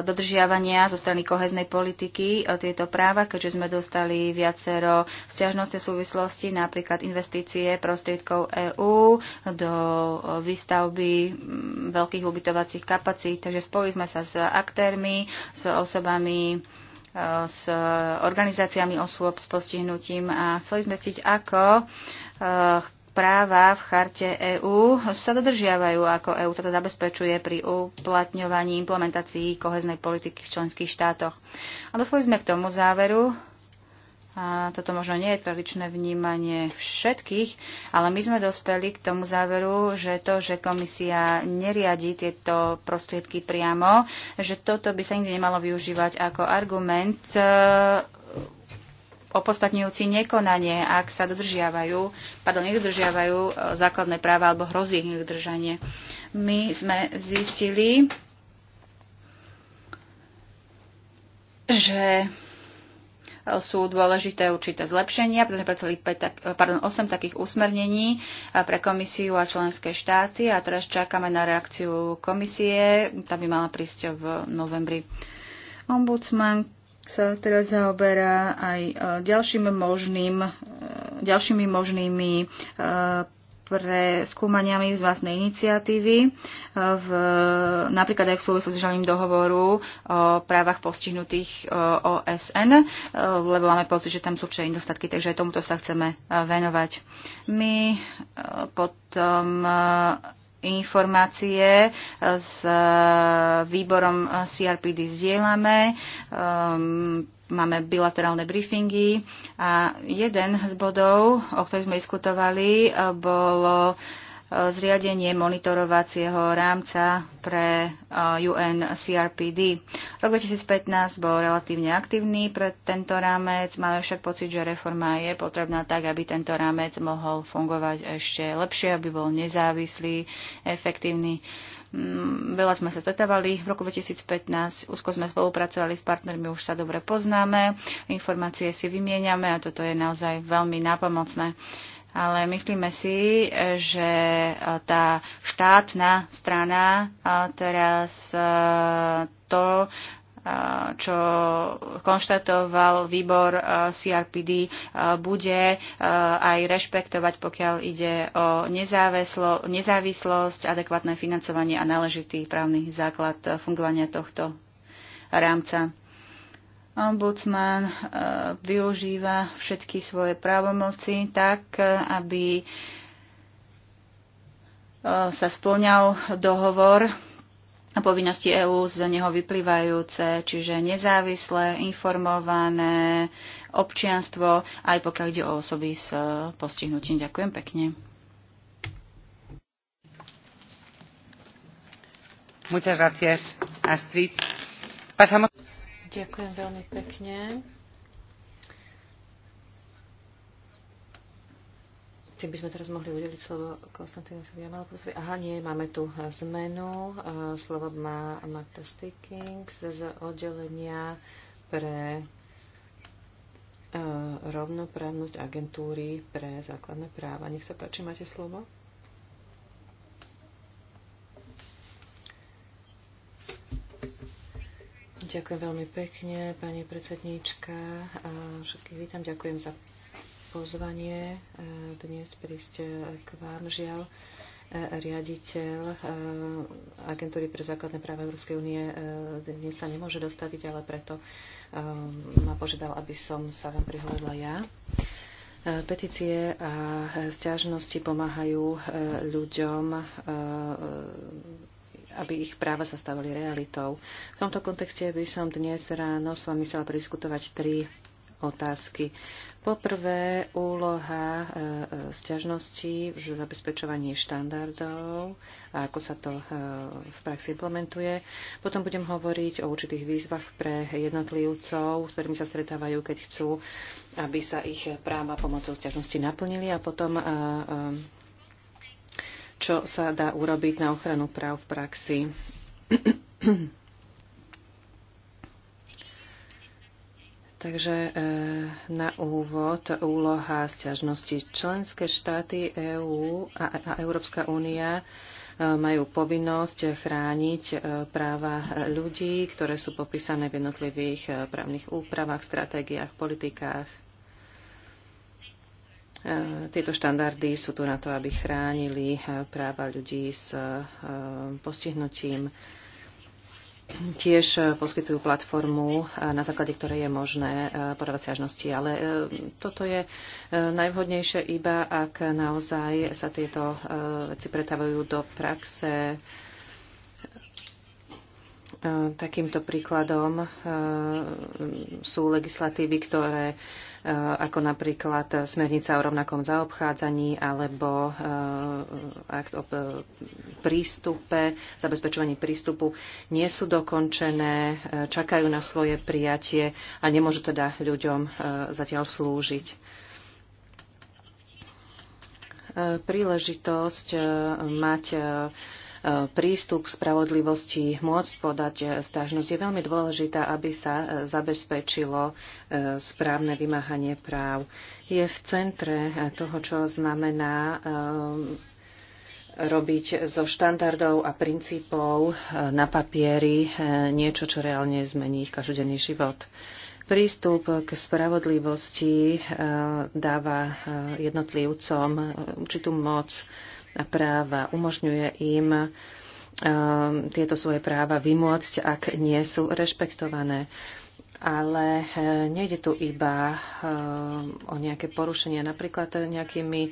dodržiavania zo strany koheznej politiky e, tieto práva, keďže sme dostali viacero stiažností v súvislosti, napríklad investície prostriedkov EÚ do e, výstavby veľkých ubytovacích kapacít. Takže spojili sme sa s aktérmi, s osobami s organizáciami osôb s postihnutím a chceli sme zistiť, ako eh, práva v charte EÚ sa dodržiavajú, ako EÚ toto teda zabezpečuje pri uplatňovaní implementácií koheznej politiky v členských štátoch. A dospeli sme k tomu záveru, a toto možno nie je tradičné vnímanie všetkých, ale my sme dospeli k tomu záveru, že to, že komisia neriadi tieto prostriedky priamo, že toto by sa nikdy nemalo využívať ako argument e, opodstatňujúci nekonanie, ak sa dodržiavajú, pardon, nedodržiavajú e, základné práva alebo hrozí ich nedodržanie. My sme zistili, že sú dôležité určité zlepšenia. Preto sme pracovali 5, pardon, 8 takých usmernení pre komisiu a členské štáty a teraz čakáme na reakciu komisie. Tá by mala prísť v novembri. Ombudsman sa teraz zaoberá aj e, ďalším možným, e, ďalšími možnými e, pre skúmaniami z vlastnej iniciatívy, e, v, napríklad aj v súvislosti s žalým dohovoru o právach postihnutých e, OSN, e, lebo máme pocit, že tam sú určite nedostatky, takže aj tomuto sa chceme venovať. My potom informácie s výborom CRPD zdieľame máme bilaterálne briefingy a jeden z bodov, o ktorých sme diskutovali, eh, bolo eh, zriadenie monitorovacieho rámca pre eh, UNCRPD. Rok 2015 bol relatívne aktívny pre tento rámec, máme však pocit, že reforma je potrebná tak, aby tento rámec mohol fungovať ešte lepšie, aby bol nezávislý, efektívny Mm, veľa sme sa stretávali v roku 2015, úzko sme spolupracovali s partnermi, už sa dobre poznáme, informácie si vymieňame a toto je naozaj veľmi nápomocné. Ale myslíme si, že e, tá štátna strana e, teraz e, to čo konštatoval výbor e, CRPD, e, bude e, aj rešpektovať, pokiaľ ide o nezávislosť, adekvátne financovanie a náležitý právny základ fungovania tohto rámca. Ombudsman využíva všetky svoje právomoci tak, aby sa splňal dohovor povinnosti EÚ z neho vyplývajúce, čiže nezávislé, informované občianstvo, aj pokiaľ ide o osoby s e, postihnutím. Ďakujem pekne. Muchas gracias, Astrid.
Pasamos... Ďakujem veľmi pekne. Tým by sme teraz mohli udeliť slovo Konstantinovi Jamalovi. Aha, nie, máme tu eh, zmenu. Eh, slovo má Marta Stickings z oddelenia pre eh, rovnoprávnosť agentúry pre základné práva. Nech sa páči, máte slovo. Ďakujem veľmi pekne, pani predsedníčka. Všetkých vítam, ďakujem za pozvanie e, dnes prísť e, k vám. Žiaľ, e, riaditeľ Agentúry pre základné práva Európskej únie dnes sa nemôže dostaviť, ale preto ma požiadal, aby som sa vám prihovedla ja. Petície a stiažnosti pomáhajú ľuďom aby ich práva sa stavali realitou. V tomto kontexte by som dnes ráno s vami chcela prediskutovať tri otázky. Poprvé, úloha e, e, sťažnosti, v zabezpečovaní štandardov a ako sa to e, v praxi implementuje. Potom budem hovoriť o určitých výzvach pre jednotlivcov, s ktorými sa stretávajú, keď chcú, aby sa ich práva pomocou sťažnosti naplnili. A potom, čo sa dá urobiť na ochranu práv v praxi. Takže eh, na úvod úloha sťažnosti. Členské štáty EÚ a, Európska únia eh, majú povinnosť chrániť eh, práva ľudí, ktoré sú popísané v jednotlivých právnych úpravách, stratégiách, politikách. Tieto štandardy sú tu na to, aby chránili práva ľudí s postihnutím tiež eh, poskytujú platformu, eh, na základe ktorej je možné eh, podávať stiažnosti. Ale toto je najvhodnejšie iba, ak naozaj sa tieto veci pretávajú do praxe, Takýmto príkladom e, sú legislatívy, ktoré e, ako napríklad smernica o rovnakom zaobchádzaní alebo e, akt o prístupe, zabezpečovaní prístupu, nie sú dokončené, čakajú na svoje prijatie a nemôžu teda ľuďom zatiaľ slúžiť. Príležitosť mať prístup k spravodlivosti, môcť podať stážnosť je veľmi dôležitá, aby sa e, zabezpečilo e, správne vymáhanie práv. Je v centre e, toho, čo znamená robiť zo štandardov a princípov na papieri niečo, čo reálne zmení ich každodenný život. Prístup k spravodlivosti dáva jednotlivcom určitú moc práva. Umožňuje im um, tieto svoje práva vymôcť, ak nie sú rešpektované. Ale eh, nejde tu iba eh, o nejaké porušenia. Napríklad nejakými eh,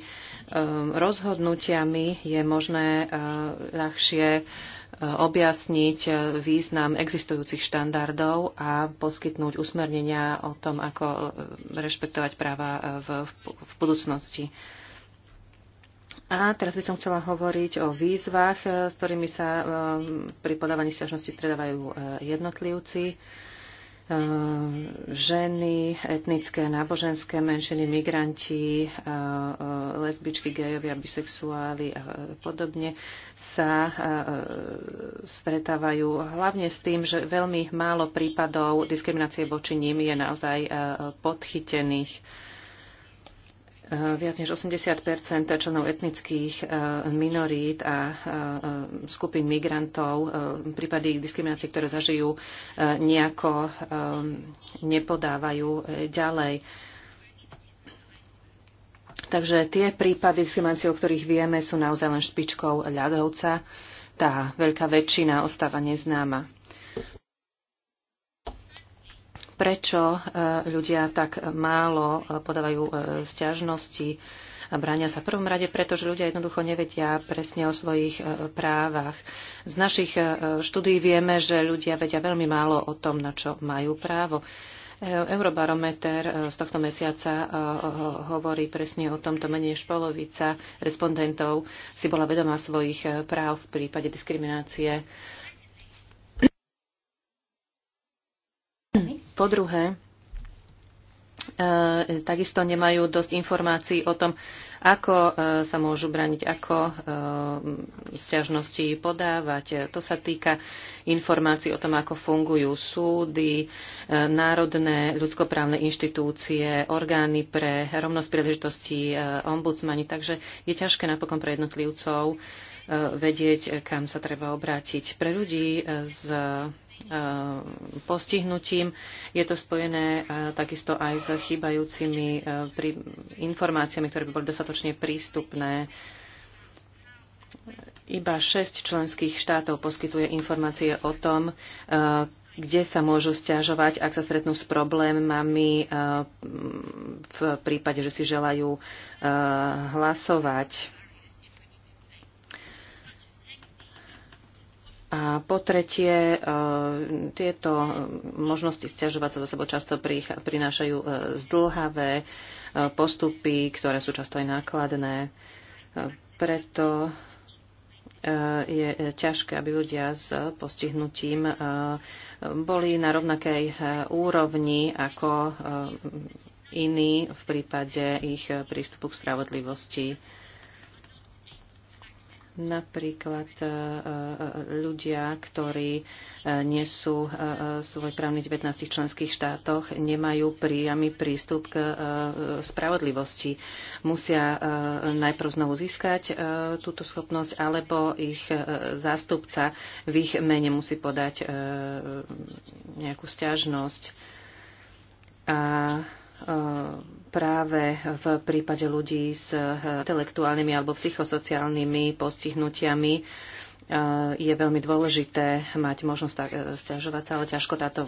rozhodnutiami je možné ľahšie objasniť význam existujúcich štandardov a poskytnúť usmernenia o tom, ako rešpektovať práva v budúcnosti. A teraz by som chcela hovoriť o výzvach, e, s ktorými sa e, pri podávaní stiažnosti stredávajú e, jednotlivci, ženy, etnické, náboženské menšiny, migranti, lesbičky, gejovia, bisexuáli a podobne sa stretávajú hlavne s tým, že veľmi málo prípadov diskriminácie voči ním je naozaj podchytených Eh, viac než 80 členov etnických eh, minorít a eh, skupín migrantov, prípady diskriminácie, ktoré zažijú, nejako nepodávajú ďalej. Takže tie prípady diskriminácie, o ktorých vieme, sú naozaj len špičkou ľadovca. Tá veľká väčšina ostáva neznáma prečo e, ľudia tak málo e, podávajú e, sťažnosti a bránia sa v prvom rade, pretože ľudia jednoducho nevedia presne o svojich právach. Z našich štúdí vieme, že ľudia vedia veľmi málo o tom, na čo majú právo. Eurobarometer z tohto mesiaca hovorí presne o tomto. Menej než polovica respondentov si bola vedomá svojich práv v prípade diskriminácie Po druhé, e, takisto nemajú dosť informácií o tom, ako e, sa môžu braniť, ako e, sťažnosti podávať. To sa týka informácií o tom, ako fungujú súdy, národné ľudskoprávne inštitúcie, orgány pre rovnosť príležitostí, ombudsmani. Takže je ťažké napokon pre jednotlivcov vedieť, kam sa treba obrátiť. Pre ľudí s Eh, postihnutím. Je to spojené eh, takisto aj s chýbajúcimi eh, informáciami, ktoré by boli dostatočne prístupné. Iba šesť členských štátov poskytuje informácie o tom, kde sa môžu stiažovať, ak sa stretnú s problémami v prípade, že si želajú hlasovať A po tretie, e, tieto možnosti stiažovať sa do sebou často prinášajú e, zdlhavé e, postupy, ktoré sú často aj nákladné. Preto je ťažké, aby ľudia s postihnutím boli na rovnakej úrovni ako iní v prípade ich prístupu k spravodlivosti. Napríklad e, e, ľudia, ktorí e, nie svoj právny v 19 členských štátoch, nemajú priamy prístup k spravodlivosti. Musia najprv znovu získať túto schopnosť, alebo ich zástupca v ich mene musí podať nejakú stiažnosť. A práve v prípade ľudí s eh, intelektuálnymi alebo psychosociálnymi postihnutiami eh, je veľmi dôležité mať možnosť eh, stiažovať sa, ale ťažko táto,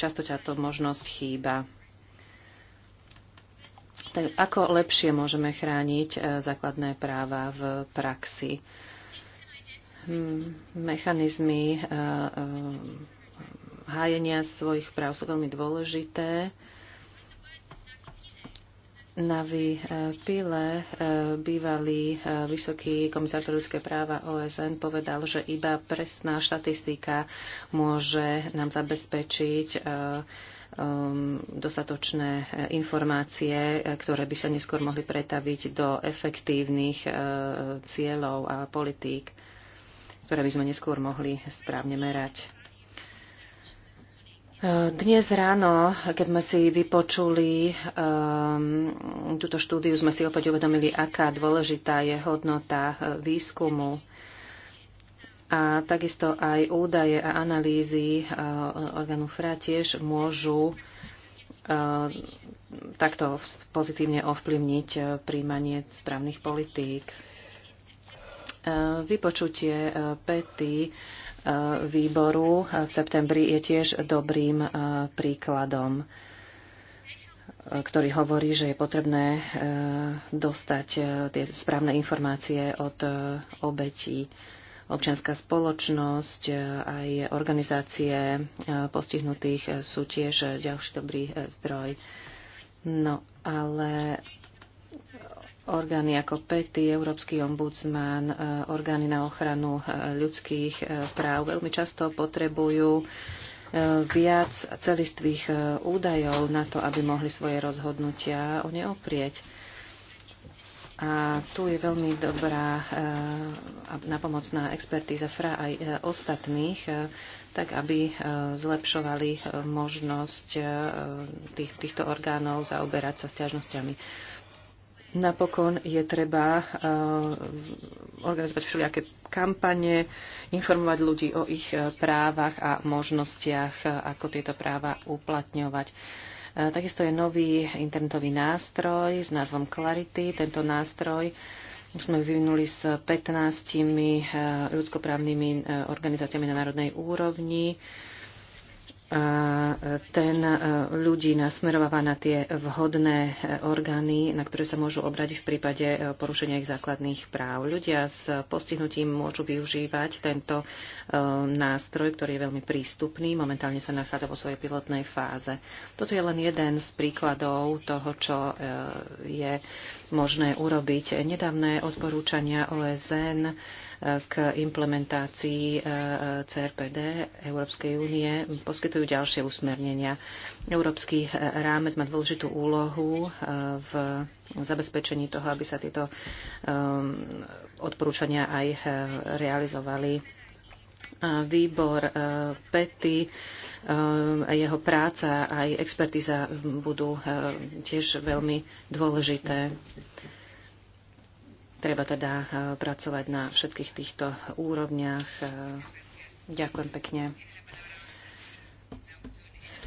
často táto možnosť chýba. Tak ako lepšie môžeme chrániť základné práva v praxi? Hm, mechanizmy hájenia svojich práv sú veľmi dôležité. Navi Pile, e, bývalý e, vysoký komisár pre ľudské práva OSN, povedal, že iba presná štatistika môže nám zabezpečiť e, dostatočné informácie, ktoré by sa neskôr mohli pretaviť do efektívnych cieľov a politík, ktoré by sme neskôr mohli správne merať. Dnes ráno, keď sme si vypočuli um, túto štúdiu, sme si opäť uvedomili, aká dôležitá je hodnota eh, výskumu a takisto aj údaje a analýzy uh, orgánu FRA tiež môžu uh, takto pozitívne ovplyvniť príjmanie správnych politík. Uh, vypočutie uh, výboru v septembri je tiež dobrým e, príkladom e, ktorý hovorí, že je potrebné e, dostať tie správne informácie od obetí. Občianská spoločnosť, aj organizácie postihnutých sú tiež ďalší dobrý zdroj. No ale orgány ako PETI, Európsky ombudsman, e, orgány na ochranu e, ľudských e, práv veľmi často potrebujú viac celistvých údajov na to, aby mohli svoje rozhodnutia o ne oprieť. A tu je veľmi dobrá a napomocná expertíza FRA aj ostatných, tak aby zlepšovali možnosť tých, týchto orgánov zaoberať sa stiažnosťami. Napokon je treba eh, organizovať všelijaké kampane, informovať ľudí o ich eh, právach a možnostiach, eh, ako tieto práva uplatňovať. Takisto je nový internetový nástroj s názvom Clarity. Tento nástroj sme vyvinuli s 15 ľudskoprávnymi organizáciami na národnej úrovni ten e, ľudí nasmerováva na tie vhodné e, orgány, na ktoré sa môžu obrať v prípade e, porušenia ich základných práv. Ľudia s postihnutím môžu využívať tento nástroj, ktorý je veľmi prístupný. Momentálne sa nachádza vo svojej pilotnej fáze. Toto je len jeden z príkladov toho, čo je možné urobiť. Nedávne odporúčania OSN k implementácii e, CRPD Európskej únie poskytujú ďalšie usmernenia. Európsky e, rámec má dôležitú úlohu e, v zabezpečení toho, aby sa tieto odporúčania aj realizovali. Výbor PETI jeho práca aj expertiza budú tiež veľmi dôležité. Treba teda eh, pracovať na všetkých týchto úrovniach. Eh, ďakujem pekne.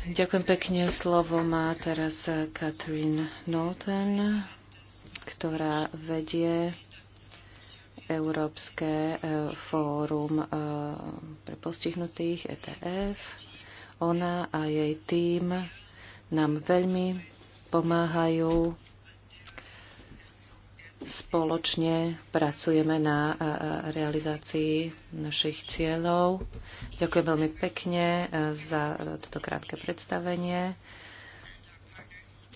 Ďakujem pekne. Slovo má teraz Katrin eh, Norton, ktorá vedie Európske fórum pre postihnutých ETF. Ona a jej tým nám veľmi pomáhajú Spoločne pracujeme na e, e, realizácii našich cieľov. Ďakujem veľmi pekne e, za toto krátke predstavenie.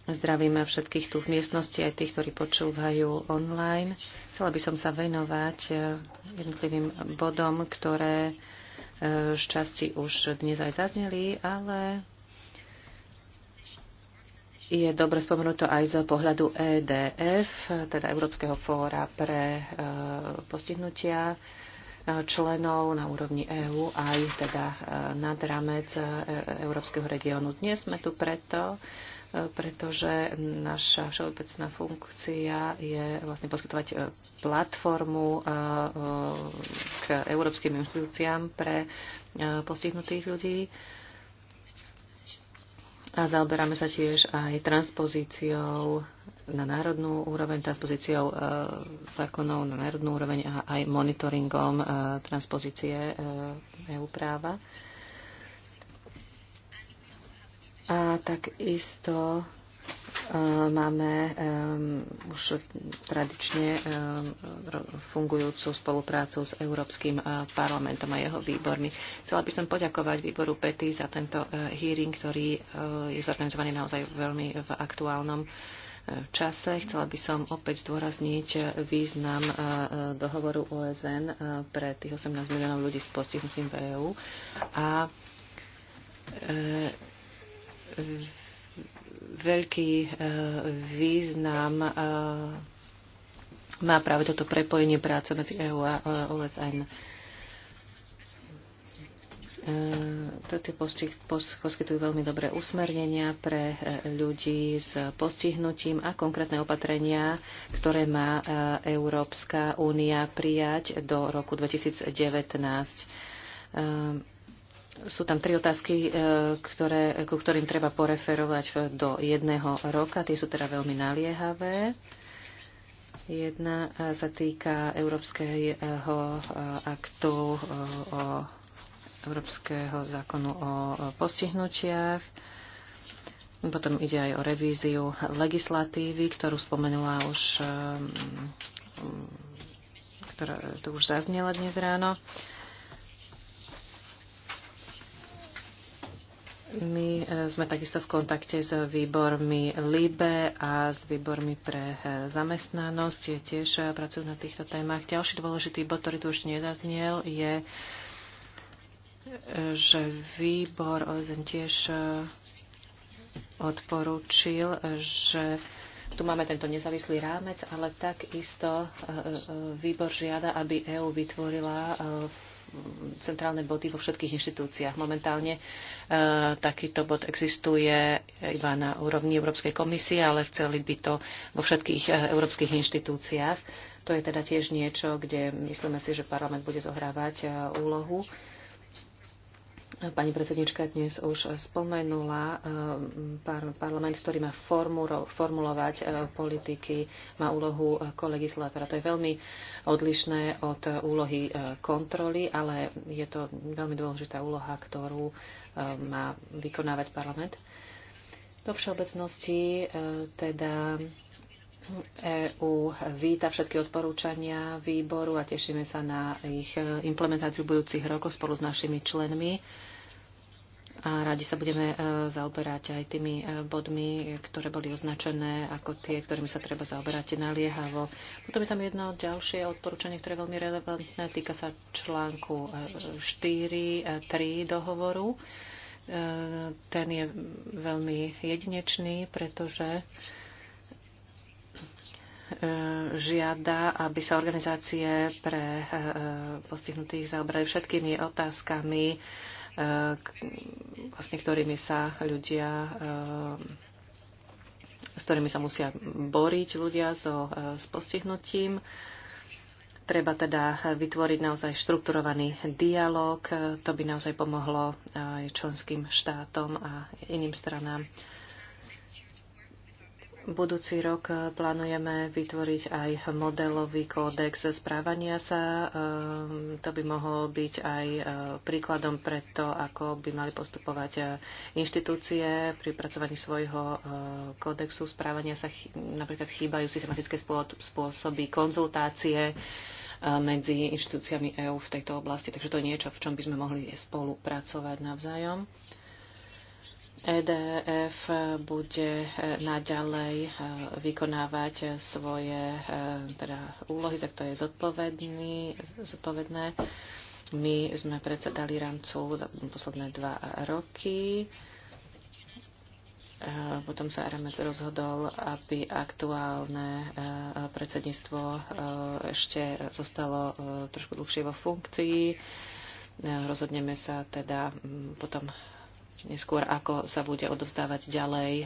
Zdravíme všetkých tu v miestnosti, aj tých, ktorí počúvajú online. Chcela by som sa venovať jednotlivým bodom, ktoré z časti už dnes aj zazneli, ale je dobre spomenúť to aj z pohľadu EDF, teda Európskeho fóra pre e, postihnutia e, členov na úrovni EÚ aj teda e, nad rámec Európskeho regiónu. Dnes sme tu preto, pretože naša všeobecná funkcia je vlastne poskytovať platformu k európskym inštitúciám pre postihnutých ľudí a zaoberáme sa tiež aj transpozíciou na národnú úroveň, transpozíciou e, zákonov na národnú úroveň a aj monitoringom e, transpozície e, EU práva. A takisto Ehm, máme ehm, už tradične ehm, fungujúcu spoluprácu s Európskym e, parlamentom a jeho výbormi. Chcela by som poďakovať výboru PETI za tento e, hearing, ktorý e, je zorganizovaný naozaj veľmi v aktuálnom čase. Chcela by som opäť zdôrazniť význam dohovoru OSN pre tých 18 miliónov ľudí s postihnutím v EÚ a veľký e, význam e, má práve toto prepojenie práce medzi EU a e, OSN. Toto poskytujú veľmi dobré usmernenia pre ľudí s postihnutím a konkrétne opatrenia, ktoré má Európska únia prijať do roku 2019 sú tam tri otázky, e, ktoré, ku ktorým treba poreferovať do jedného roka. Tie sú teda veľmi naliehavé. Jedna e, sa týka Európskeho e, aktu o Európskeho zákonu o postihnutiach. Potom ide aj o revíziu legislatívy, ktorú spomenula už, ktorá tu už zaznela dnes ráno. Uh, My e, sme takisto v kontakte s výbormi LIBE a s výbormi pre e, zamestnanosť. Je tiež e, pracujú na týchto témach. Ďalší dôležitý bod, ktorý tu už nedazniel, je, že výbor OZN tiež odporúčil, že tu máme tento nezávislý rámec, ale takisto výbor žiada, aby EÚ vytvorila centrálne body vo všetkých inštitúciách. Momentálne e, takýto bod existuje iba na úrovni Európskej komisie, ale chceli by to vo všetkých e, európskych inštitúciách. To je teda tiež niečo, kde myslíme si, že parlament bude zohrávať e, úlohu. Pani predsednička dnes už spomenula, eh, parlament, ktorý má formulovať eh, politiky, má úlohu eh, kolegislátora. To je veľmi odlišné od úlohy kontroly, ale je to veľmi dôležitá úloha, ktorú má vykonávať parlament. Do všeobecnosti teda EÚ víta všetky odporúčania výboru a tešíme sa na ich implementáciu v budúcich rokoch spolu s našimi členmi. A radi sa budeme e, zaoberať aj tými e, bodmi, ktoré boli označené ako tie, ktorými sa treba zaoberať naliehavo. Potom je tam jedno ďalšie odporúčanie, ktoré je veľmi relevantné. Týka sa článku 4.3 e, dohovoru. Ten je veľmi jedinečný, pretože E, žiada, aby sa organizácie pre e, postihnutých zaobrali všetkými otázkami, e, vlastne ktorými sa ľudia s ktorými sa musia boriť ľudia so, s postihnutím. Treba teda vytvoriť naozaj štrukturovaný dialog. To by naozaj pomohlo aj členským štátom a iným stranám. Budúci rok eh, plánujeme vytvoriť aj modelový kódex správania sa. Ehm, to by mohol byť aj eh, príkladom pre to, ako by mali postupovať eh, inštitúcie pri pracovaní svojho kódexu správania sa. Napríklad chýbajú systematické spôsoby konzultácie medzi inštitúciami EÚ v tejto oblasti. Takže to je niečo, v čom by sme mohli spolupracovať navzájom. EDF e bude e, naďalej e, vykonávať svoje teda, úlohy, za ktoré je zodpovedný, zodpovedné. My sme predsedali rámcu za posledné dva roky. Potom sa Aramec rozhodol, aby aktuálne predsedníctvo ešte zostalo trošku dlhšie vo funkcii. Rozhodneme sa teda potom neskôr ako sa bude odovzdávať ďalej e,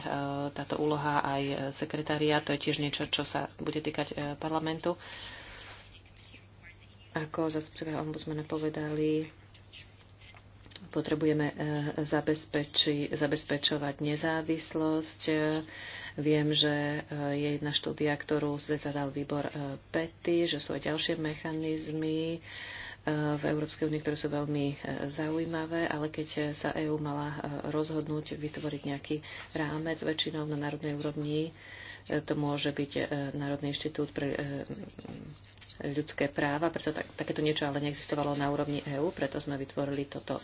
táto úloha aj sekretária. To je tiež niečo, čo sa bude týkať e, parlamentu. Ako zastupcovia ombudsmana povedali, potrebujeme e, zabezpeči, zabezpečovať nezávislosť. Viem, že je jedna štúdia, ktorú zadal výbor PETI, že sú aj ďalšie mechanizmy, v Európskej únii, ktoré sú veľmi e, zaujímavé, ale keď sa EÚ mala e, rozhodnúť vytvoriť nejaký rámec väčšinou na národnej úrovni, e, to môže byť Národný inštitút pre ľudské práva, preto tak, takéto niečo ale neexistovalo na úrovni EÚ, preto sme vytvorili toto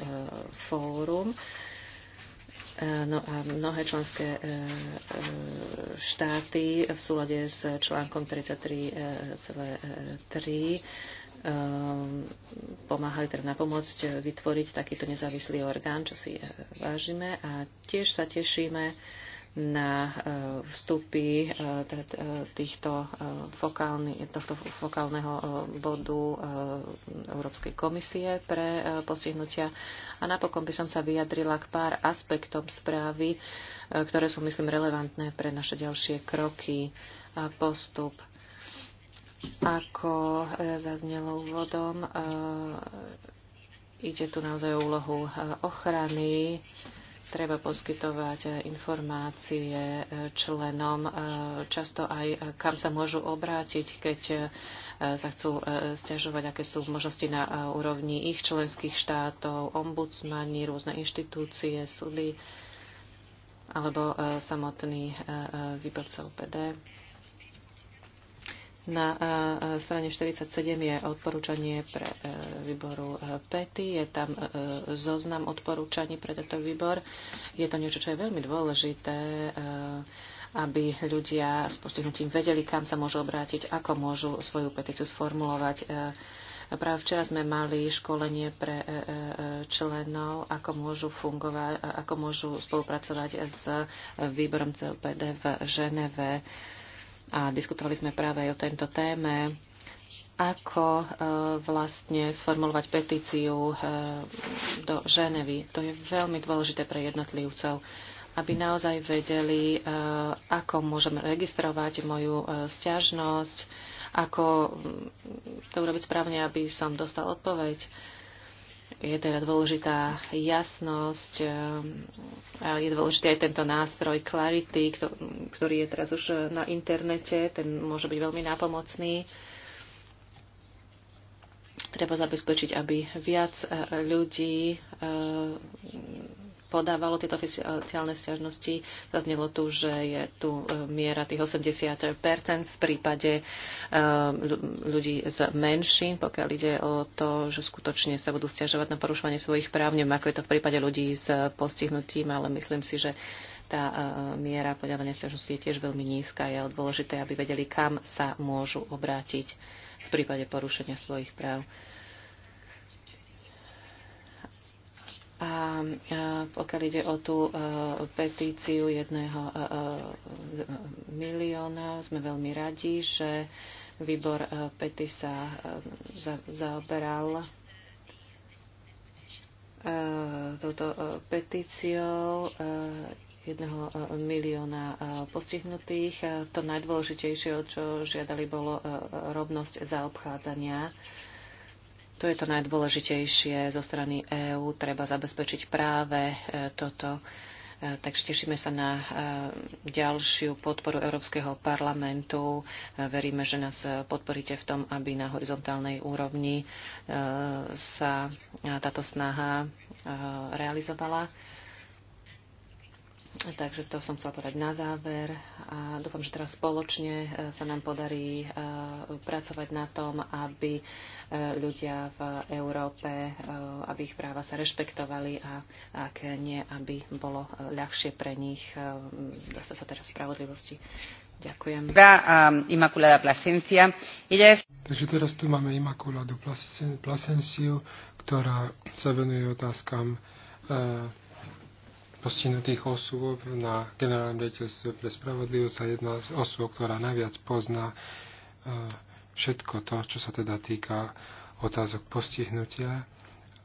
fórum. No a mnohé členské štáty v súlade s článkom 33,3 Ehm, pomáhali teda pomôcť vytvoriť takýto nezávislý orgán, čo si e, vážime a tiež sa tešíme na e, vstupy e, teda, týchto fokálny, tohto fokálneho bodu Európskej komisie pre postihnutia. A napokon by som sa vyjadrila k pár aspektom správy, ktoré sú, myslím, relevantné pre naše ďalšie kroky a postup ako e, zaznelo úvodom, e, ide tu naozaj o úlohu e, ochrany. Treba poskytovať informácie členom, často aj kam sa môžu obrátiť, keď sa chcú stiažovať, aké sú možnosti na úrovni ich členských štátov, ombudsmani, rôzne inštitúcie, súdy alebo samotný výbor COPD. PD. Na e, e, strane 47 je odporúčanie pre e, výboru PETI, je tam zoznam odporúčaní pre tento výbor. Je to niečo, čo je veľmi dôležité, aby ľudia s postihnutím vedeli, kam sa môžu obrátiť, ako môžu svoju petíciu sformulovať. Práve včera sme mali školenie pre členov, ako môžu fungovať, ako môžu spolupracovať s výborom CLPD v Ženeve a diskutovali sme práve aj o tejto téme, ako e, vlastne sformulovať petíciu e, do Ženevy. To je veľmi dôležité pre jednotlivcov, aby naozaj vedeli, e, ako môžem registrovať moju stiažnosť, ako to urobiť správne, aby som dostal odpoveď je teda dôležitá jasnosť, eh, je dôležitý aj tento nástroj Clarity, ktorý je teraz už na internete, ten môže byť veľmi nápomocný. Treba zabezpečiť, aby viac eh, ľudí eh, podávalo tieto oficiálne stiažnosti. Zaznelo tu, že je tu e, miera tých 80 v prípade e, ľudí z menšín, pokiaľ ide o to, že skutočne sa budú stiažovať na porušovanie svojich práv. Neviem, ako je to v prípade ľudí s postihnutím, ale myslím si, že tá e, miera podávania stiažnosti je tiež veľmi nízka. Je dôležité, aby vedeli, kam sa môžu obrátiť v prípade porušenia svojich práv. A pokiaľ ide o tú e, petíciu jedného e, e, milióna, sme veľmi radi, že výbor Pety sa zaoberal touto petíciou jedného milióna postihnutých. To najdôležitejšie, o čo žiadali, bolo rovnosť zaobchádzania to je to najdôležitejšie zo strany EÚ. Treba zabezpečiť práve e, toto. E, takže tešíme sa na e, ďalšiu podporu Európskeho parlamentu. Veríme, že nás podporíte v tom, aby na horizontálnej úrovni sa táto snaha realizovala. Takže to som chcela povedať na záver a dúfam, že teraz spoločne e, sa nám podarí e, pracovať na tom, aby e, ľudia v Európe, aby ich práva sa rešpektovali a ak nie, aby bolo ľahšie pre nich dostať sa teraz spravodlivosti. Ďakujem.
Takže
teraz tu máme Immaculadu Plasenciu, ktorá sa venuje otázkam postihnutých osôb na generálnom riaditeľstve pre spravodlivosť a jedna z osôb, ktorá najviac pozná e, všetko to, čo sa teda týka otázok postihnutia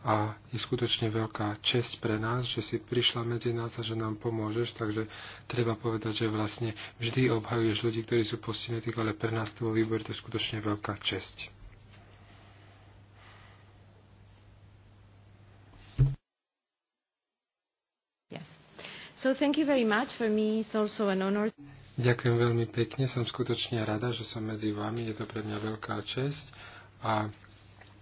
a je skutočne veľká česť pre nás, že si prišla medzi nás a že nám pomôžeš, takže treba povedať, že vlastne vždy obhajuješ ľudí, ktorí sú postihnutí, ale pre nás to vo výbore to je skutočne veľká česť. Yes.
So thank you very much. For me it's also an honor.
Ďakujem veľmi pekne. Som skutočne rada, že som medzi vami. Je to pre mňa veľká česť. A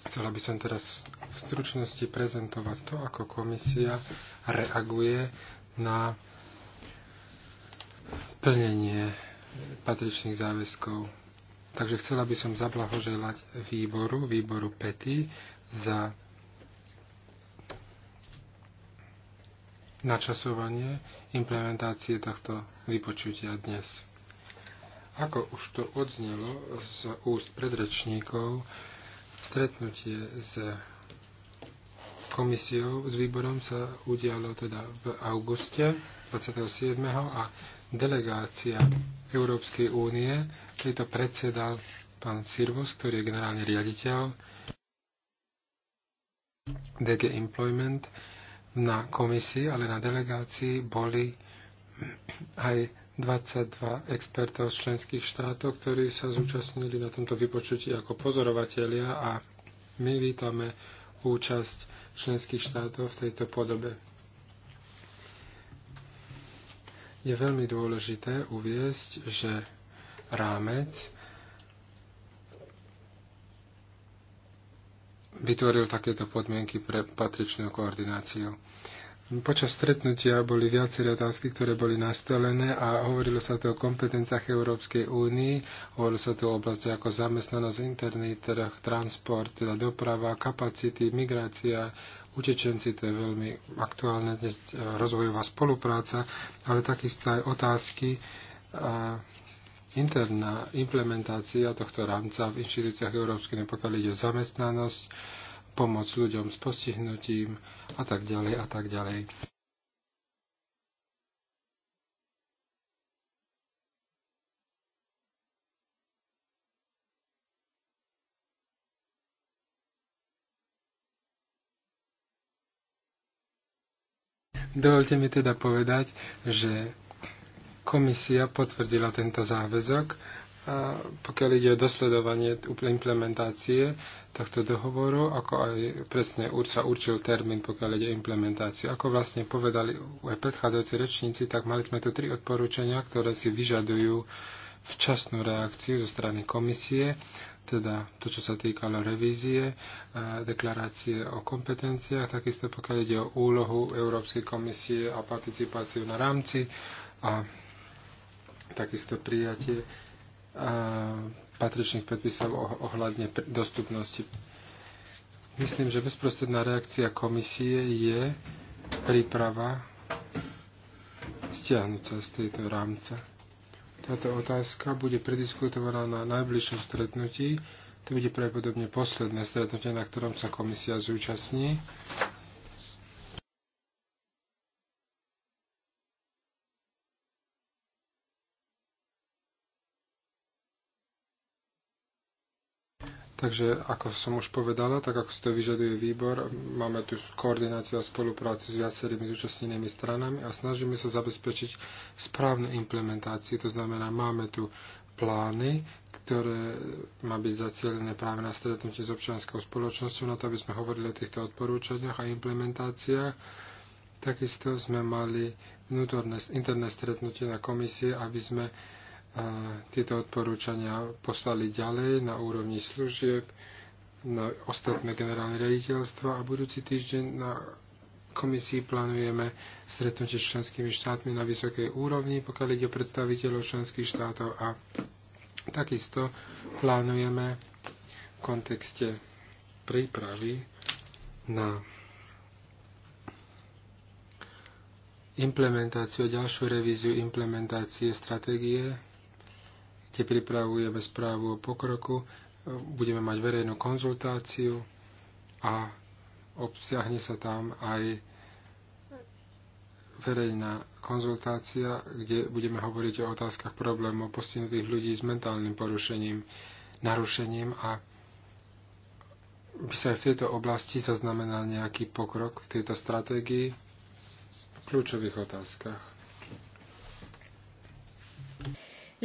chcela by som teraz v stručnosti prezentovať to, ako komisia reaguje na plnenie patričných záväzkov. Takže chcela by som zablahoželať výboru, výboru PETI, za načasovanie implementácie tohto vypočutia dnes. Ako už to odznelo z úst predrečníkov, stretnutie s komisiou, s výborom sa udialo teda v auguste 27. a delegácia Európskej únie, tejto predsedal pán Sirvus, ktorý je generálny riaditeľ DG Employment, na komisii, ale na delegácii boli (clears throat) aj 22 expertov z členských štátov, ktorí sa zúčastnili na tomto vypočutí ako pozorovatelia a my vítame účasť členských štátov v tejto podobe. Je veľmi dôležité uviesť, že rámec, vytvoril takéto podmienky pre patričnú koordináciu. Počas stretnutia boli viaceré otázky, ktoré boli nastolené a hovorilo sa tu o kompetenciách Európskej únii, hovorilo sa tu o oblasti ako zamestnanosť, interný trh, transport, teda doprava, kapacity, migrácia, utečenci, to je veľmi aktuálne dnes e, rozvojová spolupráca, ale takisto aj otázky, interná implementácia tohto rámca v inštitúciách Európskej, pokiaľ ide o zamestnanosť, pomoc ľuďom s postihnutím a tak ďalej a tak ďalej. Dovolte mi teda povedať, že komisia potvrdila tento záväzok, a pokiaľ ide o dosledovanie implementácie tohto dohovoru, ako aj presne sa určil termín, pokiaľ ide o implementáciu. Ako vlastne povedali aj predchádzajúci rečníci, tak mali sme tu tri odporúčania, ktoré si vyžadujú včasnú reakciu zo strany komisie, teda to, čo sa týkalo revízie, deklarácie o kompetenciách, takisto pokiaľ ide o úlohu Európskej komisie a participáciu na rámci a takisto prijatie patričných predpisov ohľadne dostupnosti. Myslím, že bezprostredná reakcia komisie je príprava stiahnuť sa z tejto rámca. Táto otázka bude prediskutovaná na najbližšom stretnutí. To bude pravdepodobne posledné stretnutie, na ktorom sa komisia zúčastní. Takže, ako som už povedala, tak ako si to vyžaduje výbor, máme tu koordináciu a spoluprácu s viacerými zúčastnenými stranami a snažíme sa zabezpečiť správnu implementáciu. To znamená, máme tu plány, ktoré má byť zacielené práve na stretnutie s občianskou spoločnosťou, na to, aby sme hovorili o týchto odporúčaniach a implementáciách. Takisto sme mali vnútorné interné stretnutie na komisie, aby sme a tieto odporúčania poslali ďalej na úrovni služieb, na ostatné generálne rediteľstva a budúci týždeň na komisii plánujeme stretnutie s členskými štátmi na vysokej úrovni, pokiaľ ide o predstaviteľov členských štátov a takisto plánujeme v kontekste prípravy na implementáciu ďalšiu revíziu implementácie stratégie kde pripravujeme správu o pokroku, e, budeme mať verejnú konzultáciu a obsiahne sa tam aj verejná konzultácia, kde budeme hovoriť o otázkach problémov postihnutých ľudí s mentálnym porušením, narušením a by sa aj v tejto oblasti zaznamenal nejaký pokrok v tejto stratégii v kľúčových otázkach.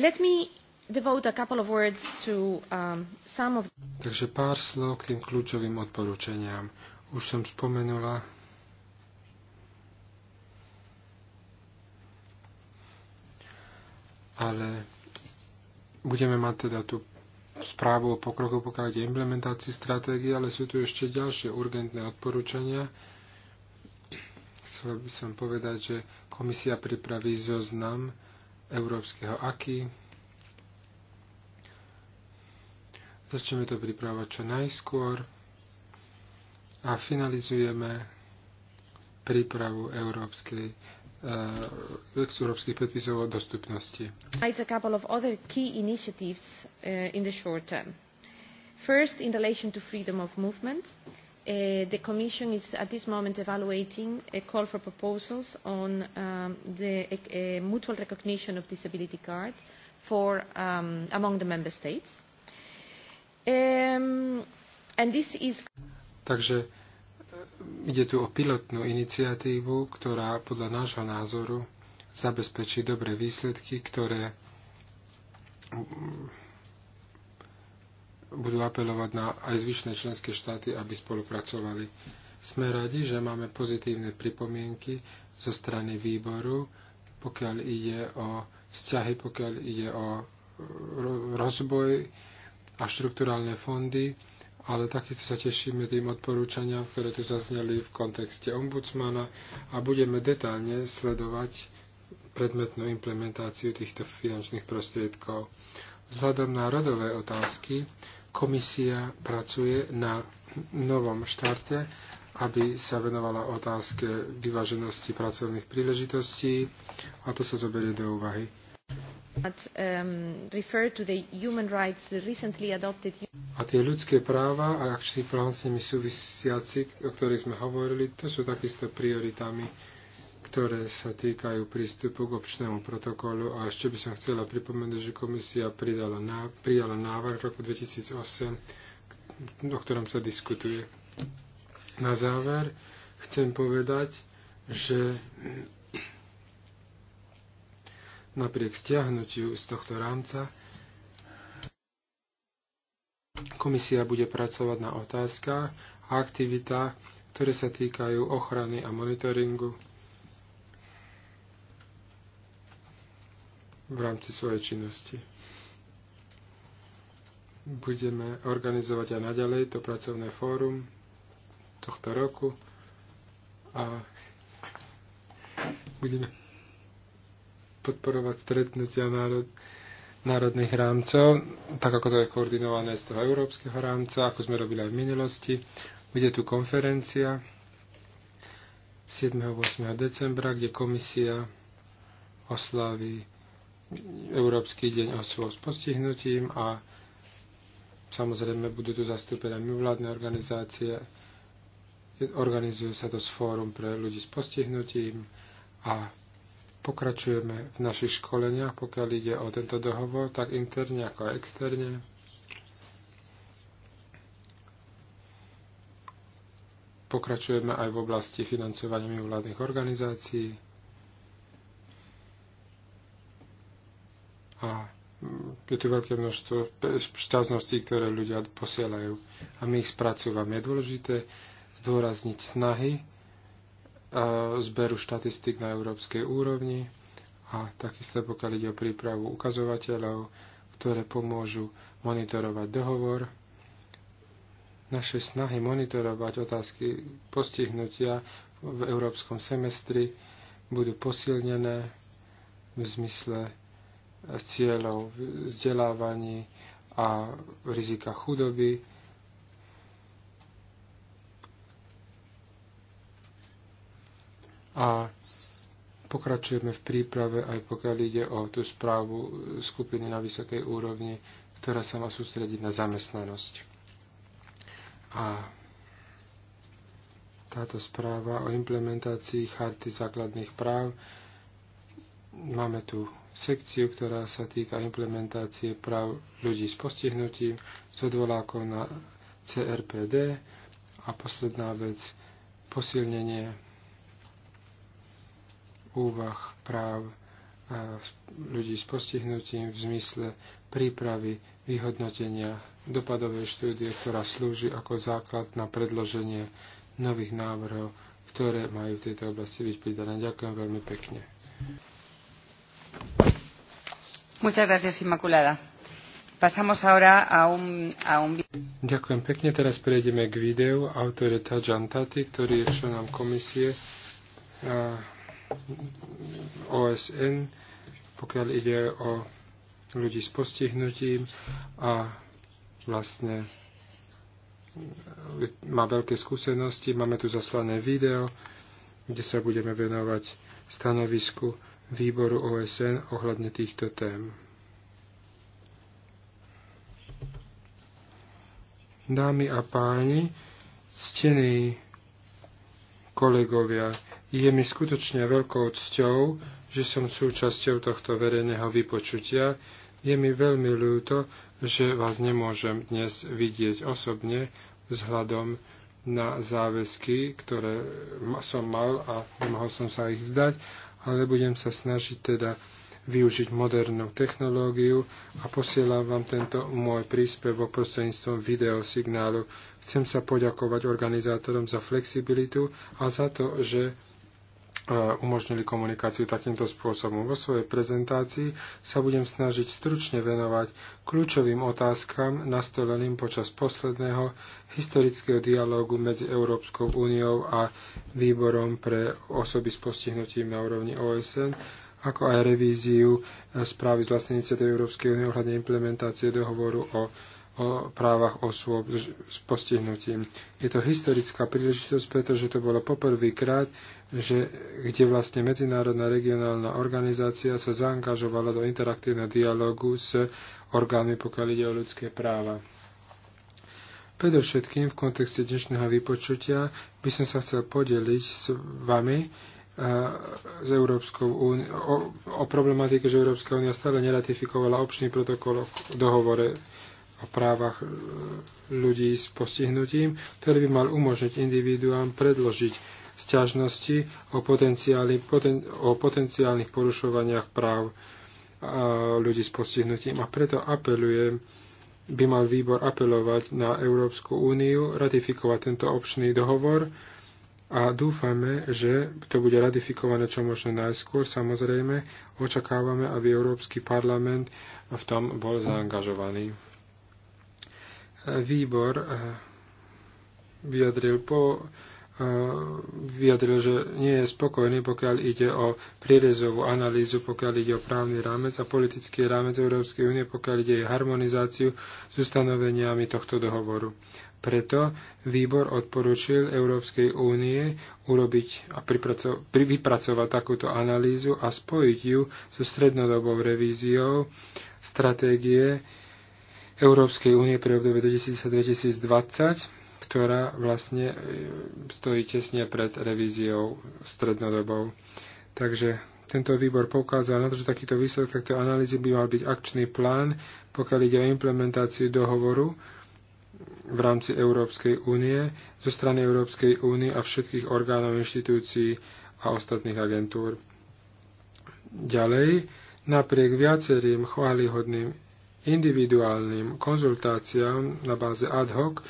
Let me devote a couple of words to um, some of...
Takže pár slov k tým kľúčovým odporúčaniam. Už som spomenula ale budeme mať teda tú správu o pokroku, pokiaľ ide implementácii stratégie, ale sú tu ešte ďalšie urgentné odporúčania. Chcel by som povedať, že komisia pripraví zoznam európskeho aký, Začneme to pripravovať čo najskôr a finalizujeme prípravu európskej z eh, európskych predpisov o dostupnosti.
It's a couple of other key initiatives
uh, in the short term. First, in relation to freedom of movement, uh, the Commission is at this moment evaluating a call for proposals on um, the mutual recognition of disability card for, um, among the Member States
Takže e, ide tu o pilotnú iniciatívu, ktorá podľa nášho názoru zabezpečí dobré výsledky, ktoré mm, budú apelovať na aj zvyšné členské štáty, aby spolupracovali. Sme radi, že máme pozitívne pripomienky zo strany výboru, pokiaľ ide o vzťahy, pokiaľ ide o e, rozboj a štrukturálne fondy, ale takisto sa tešíme tým odporúčaniam, ktoré tu zazneli v kontexte ombudsmana a budeme detálne sledovať predmetnú implementáciu týchto finančných prostriedkov. Vzhľadom na rodové otázky komisia pracuje na novom štarte, aby sa venovala otázke vyváženosti pracovných príležitostí a to sa zoberie do úvahy.
Um,
a tie ľudské práva a akčný plán s nimi súvisiaci, o ktorých sme hovorili, to sú takisto prioritami, ktoré sa týkajú prístupu k občnému protokolu. A ešte by som chcela pripomenúť, že komisia pridala ná, prijala návrh roku 2008, o ktorom sa diskutuje. Na záver chcem povedať, že napriek stiahnutiu z tohto rámca komisia bude pracovať na otázkach a aktivitách, ktoré sa týkajú ochrany a monitoringu v rámci svojej činnosti. Budeme organizovať aj naďalej to pracovné fórum tohto roku a budeme podporovať stretnutia národ, národných rámcov, tak ako to je koordinované z toho európskeho rámca, ako sme robili aj v minulosti. Bude tu konferencia 7. a 8. decembra, kde komisia oslaví Európsky deň osôb s postihnutím a samozrejme budú tu zastúpené mimovládne organizácie. Organizuje sa to s fórum pre ľudí s postihnutím a Pokračujeme v našich školeniach, pokiaľ ide o tento dohovor, tak interne ako aj externe. Pokračujeme aj v oblasti financovania mimovládnych organizácií. A je tu veľké množstvo šťastností, ktoré ľudia posielajú a my ich spracúvame. Je dôležité zdôrazniť snahy zberu štatistik na európskej úrovni a takisto pokiaľ ide o prípravu ukazovateľov, ktoré pomôžu monitorovať dohovor. Naše snahy monitorovať otázky postihnutia v európskom semestri budú posilnené v zmysle cieľov vzdelávaní a rizika chudoby, a pokračujeme v príprave aj pokiaľ ide o tú správu skupiny na vysokej úrovni, ktorá sa má sústrediť na zamestnanosť. A táto správa o implementácii charty základných práv. Máme tu sekciu, ktorá sa týka implementácie práv ľudí s postihnutím, s odvolákom na CRPD a posledná vec posilnenie úvah práv ľudí s postihnutím v zmysle prípravy vyhodnotenia dopadovej štúdie, ktorá slúži ako základ na predloženie nových návrhov, ktoré majú v tejto oblasti byť pridané. Ďakujem veľmi pekne.
Muchas gracias, Inmaculada. Pasamos ahora a un, a un...
Ďakujem pekne. Teraz prejdeme k videu autore Tajan Tati, ktorý je členom komisie. A OSN, pokiaľ ide o ľudí s postihnutím a vlastne má veľké skúsenosti. Máme tu zaslané video, kde sa budeme venovať stanovisku výboru OSN ohľadne týchto tém. Dámy a páni, ctení kolegovia, je mi skutočne veľkou cťou, že som súčasťou tohto verejného vypočutia. Je mi veľmi ľúto, že vás nemôžem dnes vidieť osobne vzhľadom na záväzky, ktoré som mal a nemohol som sa ich vzdať, ale budem sa snažiť teda využiť modernú technológiu a posielam vám tento môj príspevok prostredníctvom videosignálu. Chcem sa poďakovať organizátorom za flexibilitu a za to, že umožnili komunikáciu takýmto spôsobom. Vo svojej prezentácii sa budem snažiť stručne venovať kľúčovým otázkam nastoleným počas posledného historického dialógu medzi Európskou úniou a Výborom pre osoby s postihnutím na úrovni OSN, ako aj revíziu e, správy z vlastnej iniciatívy Európskej únie ohľadne implementácie dohovoru o o právach osôb s postihnutím. Je to historická príležitosť, pretože to bolo poprvýkrát, že, kde vlastne medzinárodná regionálna organizácia sa zaangažovala do interaktívneho dialogu s orgánmi, pokiaľ ide o ľudské práva. Predovšetkým v kontexte dnešného vypočutia by som sa chcel podeliť s vami z e, Európskou úni- o, o problematike, že Európska únia stále neratifikovala občný protokol o dohovore o právach e, ľudí s postihnutím, ktorý by mal umožniť individuám predložiť sťažnosti o, poten, o potenciálnych porušovaniach práv a e, ľudí s postihnutím. A preto apelujem, by mal výbor apelovať na Európsku úniu, ratifikovať tento občný dohovor a dúfame, že to bude ratifikované čo možno najskôr. Samozrejme, očakávame, aby Európsky parlament v tom bol zaangažovaný výbor eh, vyjadril po eh, vyjadril, že nie je spokojný, pokiaľ ide o prierezovú analýzu, pokiaľ ide o právny rámec a politický rámec Európskej únie, pokiaľ ide o harmonizáciu s ustanoveniami tohto dohovoru. Preto výbor odporučil Európskej únie urobiť a vypracovať takúto analýzu a spojiť ju so strednodobou revíziou stratégie Európskej únie pre obdobie 2020, ktorá vlastne e, stojí tesne pred revíziou strednodobou. Takže tento výbor poukázal na to, že takýto výsledok takto analýzy by mal byť akčný plán, pokiaľ ide o implementáciu dohovoru v rámci Európskej únie, zo strany Európskej únie a všetkých orgánov, inštitúcií a ostatných agentúr. Ďalej, napriek viacerým chválihodným individuálnym konzultáciám na báze ad hoc,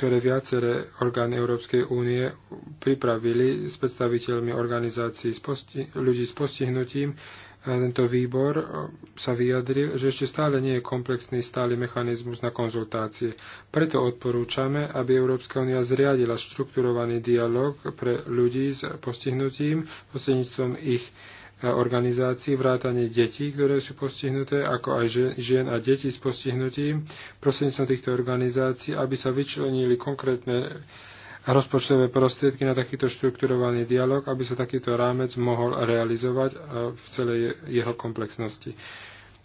ktoré viaceré orgány Európskej únie pripravili s predstaviteľmi organizácií ľudí s postihnutím. E, tento výbor e, sa vyjadril, že ešte stále nie je komplexný stály mechanizmus na konzultácie. Preto odporúčame, aby Európska únia zriadila štrukturovaný dialog pre ľudí s postihnutím posledníctvom ich organizácií, vrátane detí, ktoré sú postihnuté, ako aj žien a detí s postihnutím, prostredníctvom týchto organizácií, aby sa vyčlenili konkrétne rozpočtové prostriedky na takýto štrukturovaný dialog, aby sa takýto rámec mohol realizovať e, v celej jeho komplexnosti.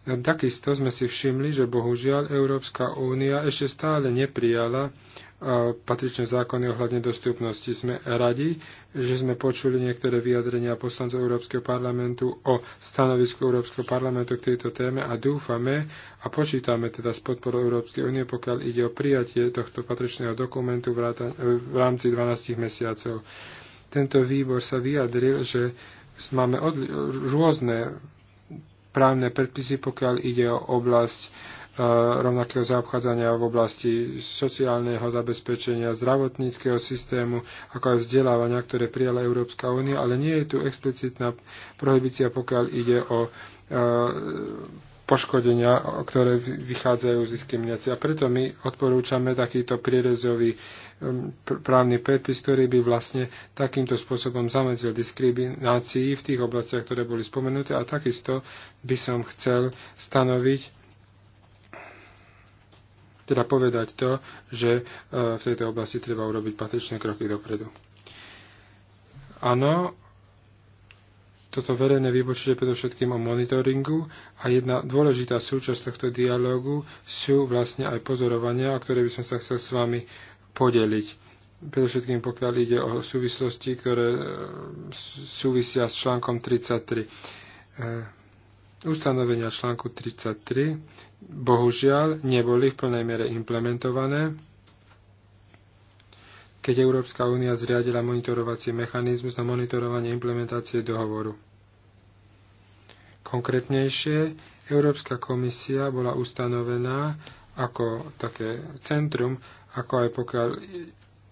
Takisto sme si všimli, že bohužiaľ Európska únia ešte stále neprijala patričné zákony ohľadne dostupnosti. Sme radi, že sme počuli niektoré vyjadrenia poslancov Európskeho parlamentu o stanovisku Európskeho parlamentu k tejto téme a dúfame a počítame teda s podporou Európskej únie, pokiaľ ide o prijatie tohto patričného dokumentu v e, rámci 12 mesiacov. Tento výbor sa vyjadril, že máme rôzne právne predpisy, pokiaľ ide o oblasť e, rovnakého zaobchádzania v oblasti sociálneho zabezpečenia, zdravotníckého systému, ako aj vzdelávania, ktoré prijala Európska únia, ale nie je tu explicitná prohibícia, pokiaľ ide o e, poškodenia, ktoré vychádzajú z diskriminácie. A preto my odporúčame takýto prierezový um, právny predpis, ktorý by vlastne takýmto spôsobom zamedzil diskriminácii v tých oblastiach, ktoré boli spomenuté. A takisto by som chcel stanoviť teda povedať to, že uh, v tejto oblasti treba urobiť patričné kroky dopredu. Áno, toto verejné výpočutie predovšetkým o monitoringu a jedna dôležitá súčasť tohto dialógu sú vlastne aj pozorovania, o ktoré by som sa chcel s vami podeliť predovšetkým pokiaľ ide o súvislosti, ktoré e, súvisia s článkom 33. E, ustanovenia článku 33 bohužiaľ neboli v plnej miere implementované keď Európska únia zriadila monitorovací mechanizmus na monitorovanie implementácie dohovoru. Konkrétnejšie, Európska komisia bola ustanovená ako také centrum, ako aj pokiaľ,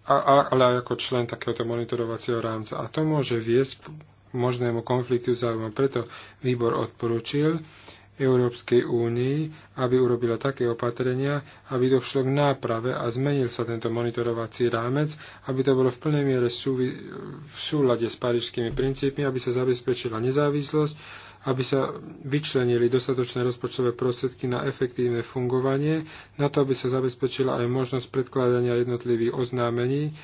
a, a, ale aj ako člen takéhoto monitorovacieho rámca. A to môže viesť k možnému konfliktu záujmov. Preto výbor odporúčil, Európskej únii, aby urobila také opatrenia, aby došlo k náprave a zmenil sa tento monitorovací rámec, aby to bolo v plnej miere súvi- v súlade s parížskými princípmi, aby sa zabezpečila nezávislosť, aby sa vyčlenili dostatočné rozpočtové prostriedky na efektívne fungovanie, na to, aby sa zabezpečila aj možnosť predkladania jednotlivých oznámení,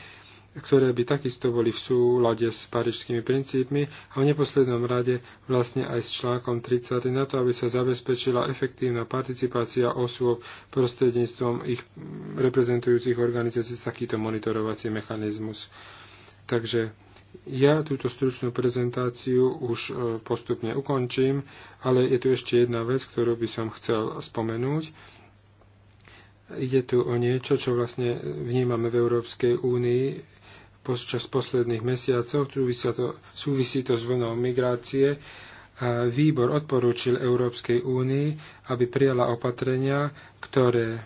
ktoré by takisto boli v súlade s parížskými princípmi a v neposlednom rade vlastne aj s článkom 30 na to, aby sa zabezpečila efektívna participácia osôb prostredníctvom ich reprezentujúcich organizácií takýto monitorovací mechanizmus. Takže ja túto stručnú prezentáciu už e, postupne ukončím, ale je tu ešte jedna vec, ktorú by som chcel spomenúť ide tu o niečo, čo vlastne vnímame v Európskej únii počas posledných mesiacov, súvisí to, súvisí to s vlnou migrácie, výbor odporúčil Európskej únii, aby prijala opatrenia, ktoré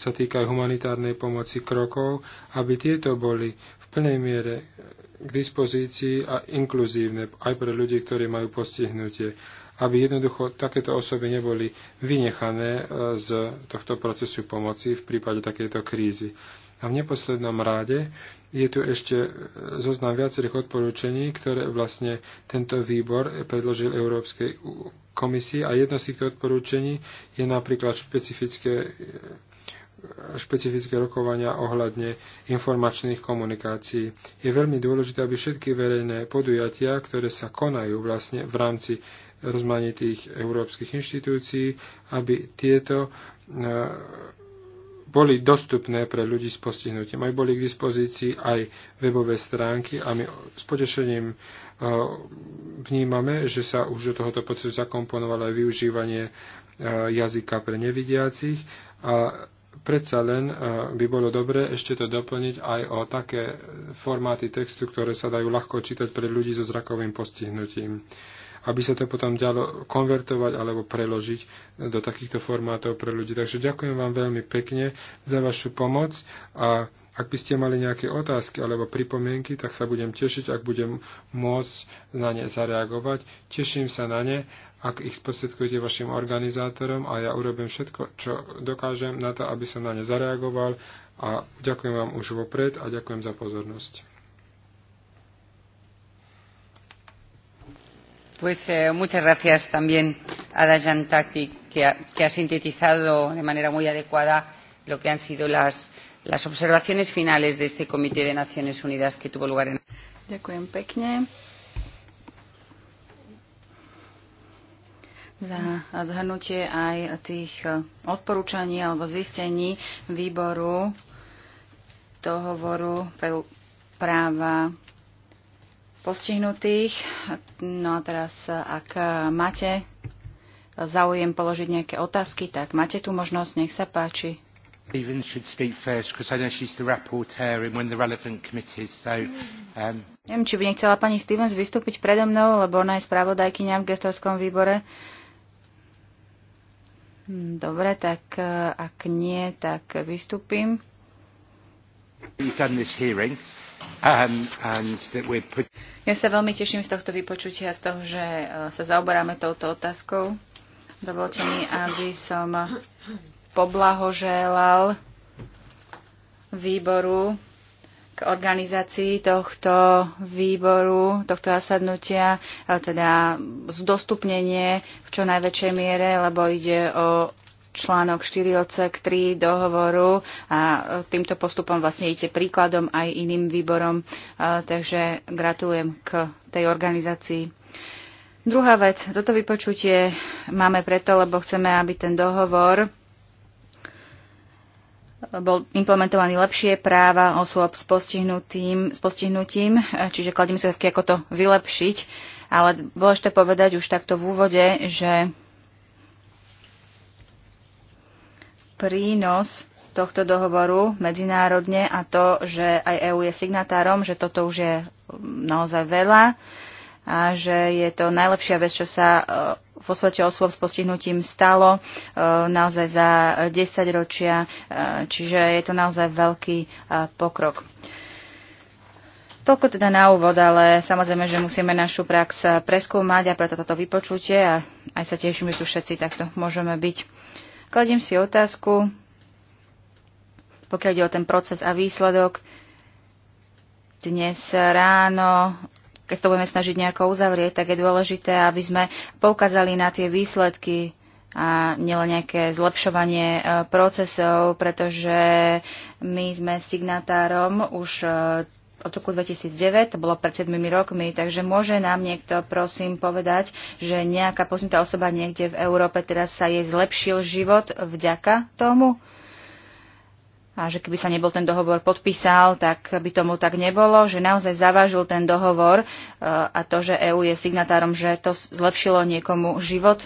sa týkajú humanitárnej pomoci krokov, aby tieto boli v plnej miere k dispozícii a inkluzívne aj pre ľudí, ktorí majú postihnutie aby jednoducho takéto osoby neboli vynechané e, z tohto procesu pomoci v prípade takejto krízy. A v neposlednom rade je tu ešte e, zoznam viacerých odporúčení, ktoré vlastne tento výbor predložil Európskej komisii a jedno z týchto odporúčení je napríklad špecifické e, špecifické rokovania ohľadne informačných komunikácií. Je veľmi dôležité, aby všetky verejné podujatia, ktoré sa konajú vlastne v rámci rozmanitých európskych inštitúcií, aby tieto e, boli dostupné pre ľudí s postihnutím, aj boli k dispozícii aj webové stránky a my s potešením e, vnímame, že sa už do tohoto procesu zakomponovalo aj využívanie e, jazyka pre nevidiacich a predsa len by bolo dobre ešte to doplniť aj o také formáty textu, ktoré sa dajú ľahko čítať pre ľudí so zrakovým postihnutím aby sa to potom dalo konvertovať alebo preložiť do takýchto formátov pre ľudí. Takže ďakujem vám veľmi pekne za vašu pomoc a ak by ste mali nejaké otázky alebo pripomienky, tak sa budem tešiť, ak budem môcť na ne zareagovať. Teším sa na ne, ak ich sprostredkujete vašim organizátorom a ja urobím všetko, čo dokážem na to, aby som na ne zareagoval. A ďakujem vám už vopred a ďakujem za pozornosť.
Eh, muchas gracias también a Dajan Takti, que ha, que ha sintetizado de manera muy adecuada lo que han sido las, las observaciones finales de este Comité de Naciones Unidas que tuvo lugar en. Ďakujem pekne za zhrnutie aj tých eh, odporúčaní alebo zistení výboru dohovoru pre práva postihnutých. No a teraz, ak máte záujem položiť nejaké otázky, tak máte tu možnosť, nech sa páči.
Stephen should speak first because I know she's the rapporteur in one of the relevant committees. So, um...
Neviem, či by nechcela pani Stevens vystúpiť predo mnou, lebo ona je spravodajkyňa v gestorskom výbore. Hm, dobre, tak ak nie, tak vystúpim.
You've done this hearing.
Ja sa veľmi teším z tohto vypočutia, z toho, že uh, sa zaoberáme touto otázkou. Dovolte mi, aby som poblahoželal výboru k organizácii tohto výboru, tohto zasadnutia, teda zdostupnenie v čo najväčšej miere, lebo ide o článok 4 odsek 3 dohovoru a týmto postupom vlastne idete príkladom aj iným výborom, takže gratulujem k tej organizácii. Druhá vec, toto vypočutie máme preto, lebo chceme, aby ten dohovor bol implementovaný lepšie práva osôb s postihnutím, s postihnutím čiže kladím sa, ako to vylepšiť, ale dôležité povedať už takto v úvode, že prínos tohto dohovoru medzinárodne a to, že aj EÚ je signatárom, že toto už je um, naozaj veľa a že je to najlepšia vec, čo sa uh, vo svete osôb s postihnutím stalo uh, naozaj za 10 ročia, uh, čiže je to naozaj veľký pokrok. Toľko teda na úvod, ale samozrejme, že musíme našu prax preskúmať a preto toto vypočutie a aj sa teším, že tu všetci takto môžeme byť. Kladím si otázku, pokiaľ ide o ten proces a výsledok, dnes ráno, keď to budeme snažiť nejako uzavrieť, tak je dôležité, aby sme poukázali na tie výsledky a nielen nejaké zlepšovanie e, procesov, pretože my sme signatárom už e, od roku 2009, to bolo pred 7 rokmi, takže môže nám niekto prosím povedať, že nejaká posunutá osoba niekde v Európe teraz sa jej zlepšil život vďaka tomu? A že keby sa nebol ten dohovor podpísal, tak by tomu tak nebolo, že naozaj zavážil ten dohovor e, a to, že EÚ je signatárom, že to zlepšilo niekomu život?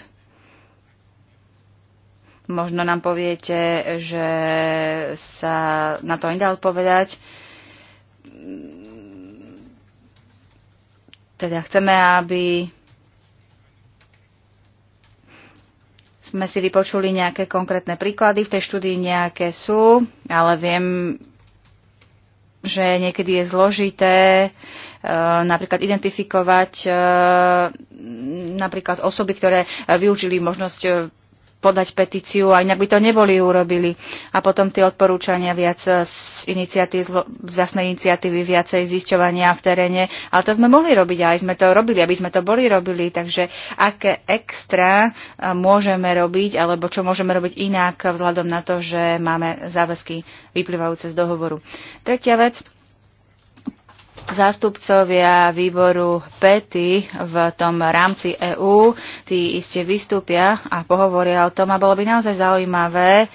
Možno nám poviete, že sa na to nedá odpovedať teda chceme, aby sme si vypočuli nejaké konkrétne príklady, v tej štúdii nejaké sú, ale viem, že niekedy je zložité e, napríklad identifikovať e, napríklad osoby, ktoré e, využili možnosť e, podať petíciu, a inak by to neboli urobili. A potom tie odporúčania viac e, z, iniciatív, z vlastnej iniciatívy, viacej zisťovania v teréne. Ale to sme mohli robiť a aj sme to robili, aby sme to boli robili. Takže aké extra e, môžeme robiť, alebo čo môžeme robiť inak vzhľadom na to, že máme záväzky vyplývajúce z dohovoru. Tretia vec zástupcovia výboru PETI v tom rámci EÚ, tí iste vystúpia a pohovoria o tom a bolo by naozaj zaujímavé e,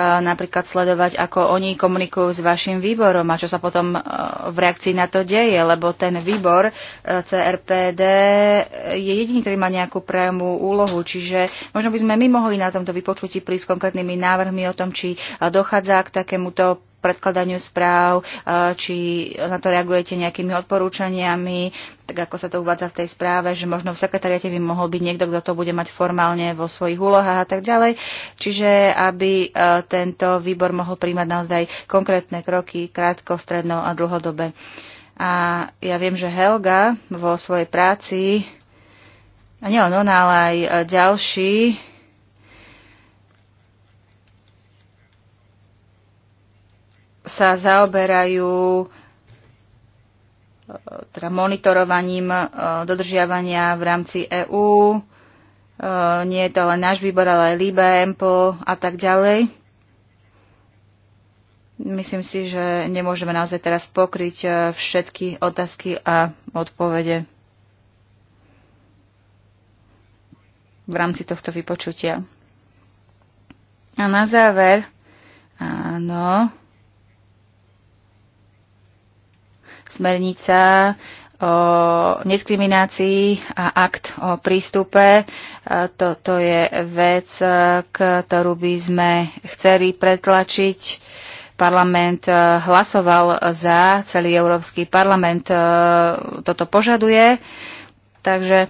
napríklad sledovať, ako oni komunikujú s vašim výborom a čo sa potom e, v reakcii na to deje, lebo ten výbor e, CRPD je jediný, ktorý má nejakú prému úlohu, čiže možno by sme my mohli na tomto vypočutí prísť s konkrétnymi návrhmi o tom, či dochádza k takémuto predkladaniu správ, e, či na to reagujete nejakými odporúčaniami, tak ako sa to uvádza v tej správe, že možno v sekretariate by mohol byť niekto, kto to bude mať formálne vo svojich úlohách a tak ďalej. Čiže aby e, tento výbor mohol príjmať naozaj konkrétne kroky krátko, stredno a dlhodobé. A ja viem, že Helga vo svojej práci, a nielen ona, ale aj e, ďalší, sa zaoberajú e, teda monitorovaním e, dodržiavania v rámci EÚ. E, nie je to len náš výbor, ale aj LIBE, EMPO a tak ďalej. Myslím si, že nemôžeme naozaj teraz pokryť všetky otázky a odpovede v rámci tohto vypočutia. A na záver, áno, smernica o nediskriminácii a akt o prístupe. Toto je vec, ktorú by sme chceli pretlačiť. Parlament e, hlasoval za, celý Európsky parlament e, toto požaduje. Takže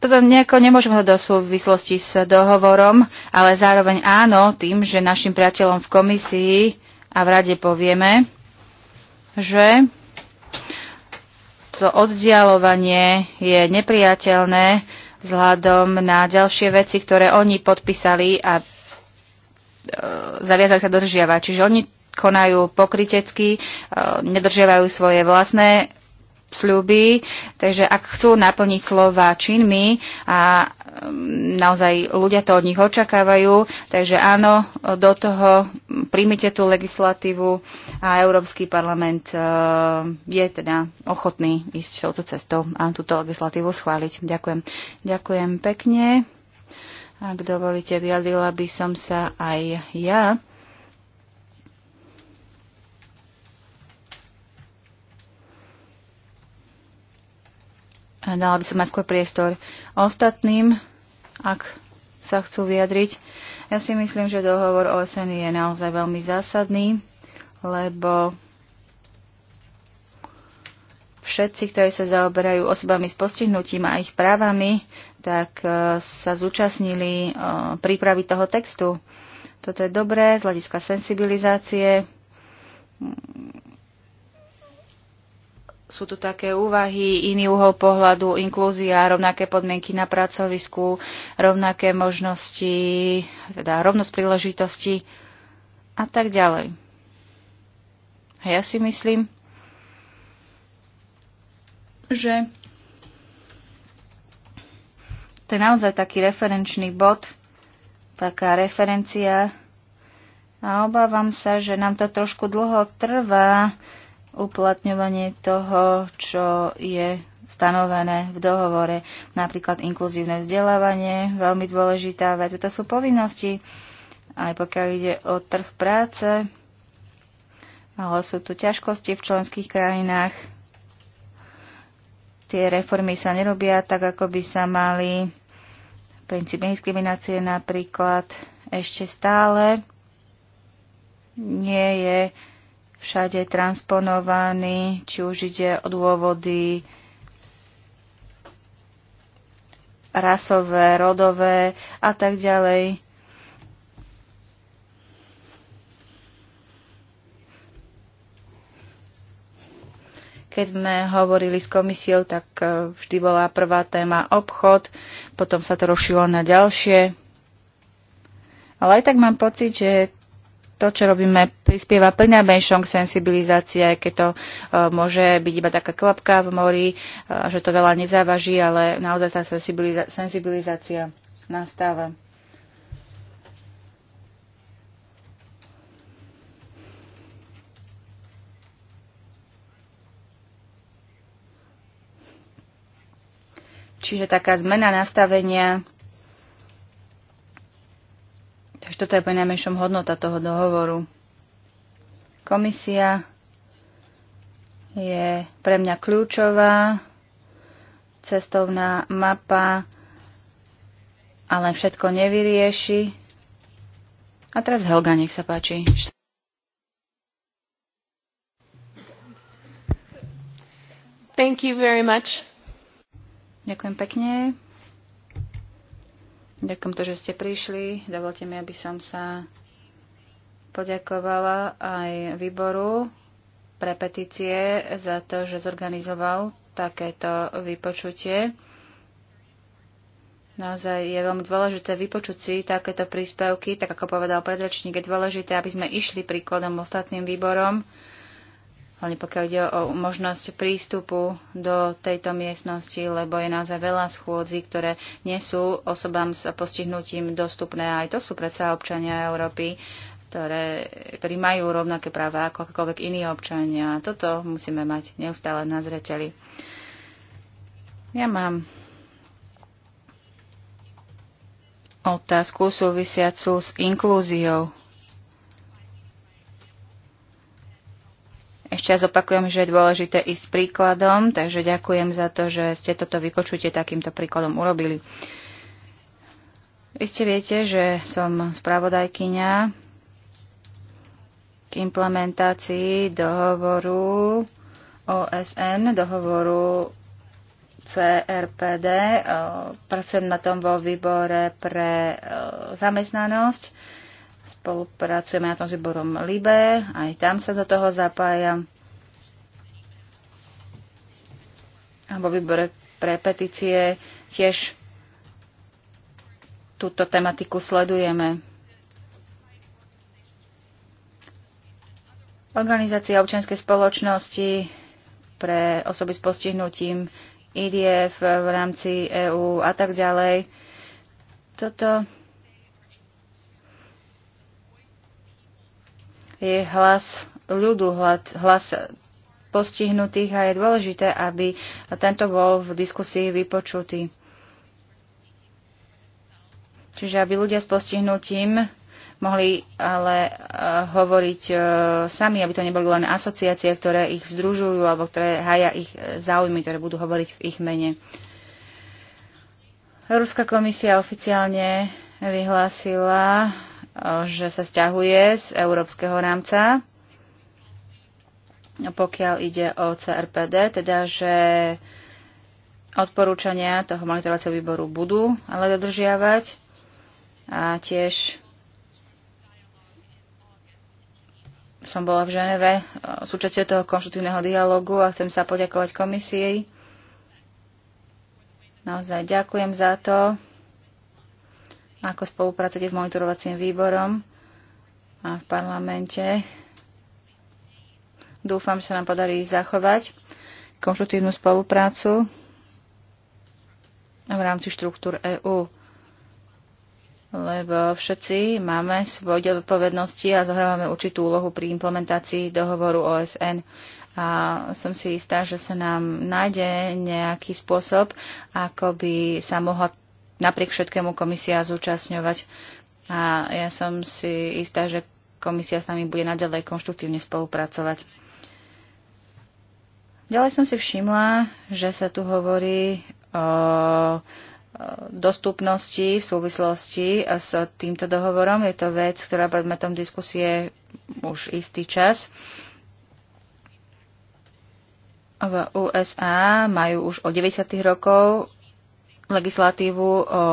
toto nejako nemôžeme ho do súvislosti s dohovorom, ale zároveň áno, tým, že našim priateľom v komisii a v rade povieme, že to oddialovanie je nepriateľné vzhľadom na ďalšie veci, ktoré oni podpísali a e, zaviazali sa dodržiavať. Čiže oni konajú pokrytecky, e, nedržiavajú svoje vlastné sľuby, takže ak chcú naplniť slova činmi a um, naozaj ľudia to od nich očakávajú, takže áno, do toho príjmite tú legislatívu a Európsky parlament uh, je teda ochotný ísť touto cestou a túto legislatívu schváliť. Ďakujem. Ďakujem pekne. Ak dovolíte, vyjadrila by som sa aj ja Dala by som aj skôr priestor ostatným, ak sa chcú vyjadriť. Ja si myslím, že dohovor OSN je naozaj veľmi zásadný, lebo všetci, ktorí sa zaoberajú osobami s postihnutím a ich právami, tak e, sa zúčastnili e, prípravy toho textu. Toto je dobré z hľadiska sensibilizácie sú tu také úvahy, iný uhol pohľadu, inklúzia, rovnaké podmienky na pracovisku, rovnaké možnosti, teda rovnosť príležitosti a tak ďalej. A ja si myslím, že to je naozaj taký referenčný bod, taká referencia a obávam sa, že nám to trošku dlho trvá, uplatňovanie toho, čo je stanovené v dohovore, napríklad inkluzívne vzdelávanie, veľmi dôležitá vec. To sú povinnosti, aj pokiaľ ide o trh práce, ale sú tu ťažkosti v členských krajinách. Tie reformy sa nerobia tak, ako by sa mali. Princíp diskriminácie napríklad ešte stále nie je všade transponovaný, či už ide o dôvody rasové, rodové a tak ďalej. keď sme hovorili s komisiou, tak e, vždy bola prvá téma obchod, potom sa to rozšilo na ďalšie. Ale aj tak mám pocit, že to, čo robíme, prispieva plňabenšom k sensibilizácii, aj keď to e, môže byť iba taká klapka v mori, e, že to veľa nezávaží, ale naozaj tá sensibiliza- sensibilizácia nastáva. Čiže taká zmena nastavenia toto je po najmenšom hodnota toho dohovoru. Komisia je pre mňa kľúčová, cestovná mapa, ale všetko nevyrieši. A teraz Helga, nech sa páči. Thank you very much. Ďakujem pekne. Ďakujem to, že ste prišli. Dovolte mi, aby som sa poďakovala aj výboru pre petície za to, že zorganizoval takéto vypočutie. Naozaj je veľmi dôležité vypočuť si takéto príspevky, tak ako povedal predrečník, je dôležité, aby sme išli príkladom ostatným výborom hlavne pokiaľ ide o možnosť prístupu do tejto miestnosti, lebo je naozaj veľa schôdzí, ktoré nie sú osobám s postihnutím dostupné. aj to sú predsa občania Európy, ktoré, ktorí majú rovnaké práva ako akokoľvek iní občania. A Toto musíme mať neustále na zreteli. Ja mám otázku súvisiacu s inklúziou Ešte raz opakujem, že je dôležité ísť príkladom, takže ďakujem za to, že ste toto vypočutie takýmto príkladom urobili. ste viete, že som spravodajkyňa k implementácii dohovoru OSN, dohovoru CRPD. Pracujem na tom vo výbore pre e, zamestnanosť Spolupracujeme na tom s výborom Libe, aj tam sa do toho zapája. A vo výbore pre petície tiež túto tematiku sledujeme. Organizácia občianskej spoločnosti pre osoby s postihnutím, IDF v rámci EÚ a tak ďalej. Toto je hlas ľudu, hlas postihnutých a je dôležité, aby tento bol v diskusii vypočutý. Čiže aby ľudia s postihnutím mohli ale eh, hovoriť eh, sami, aby to neboli len asociácie, ktoré ich združujú alebo ktoré haja ich eh, záujmy, ktoré budú hovoriť v ich mene. Ruská komisia oficiálne vyhlásila že sa stiahuje z európskeho rámca, pokiaľ ide o CRPD, teda že odporúčania toho monitorovacieho výboru budú ale dodržiavať a tiež som bola v Ženeve e, súčasťou toho konštruktívneho dialogu a chcem sa poďakovať komisii. Naozaj ďakujem za to ako spolupracujete s monitorovacím výborom a v parlamente. Dúfam, že sa nám podarí zachovať konštruktívnu spoluprácu v rámci štruktúr EÚ lebo všetci máme svoj diel odpovednosti a zohrávame určitú úlohu pri implementácii dohovoru OSN. A som si istá, že sa nám nájde nejaký spôsob, ako by sa mohla napriek všetkému komisia zúčastňovať. A ja som si istá, že komisia s nami bude naďalej konštruktívne spolupracovať. Ďalej som si všimla, že sa tu hovorí o dostupnosti v súvislosti s týmto dohovorom. Je to vec, ktorá predmetom diskusie už istý čas. V USA majú už od 90. rokov legislatívu o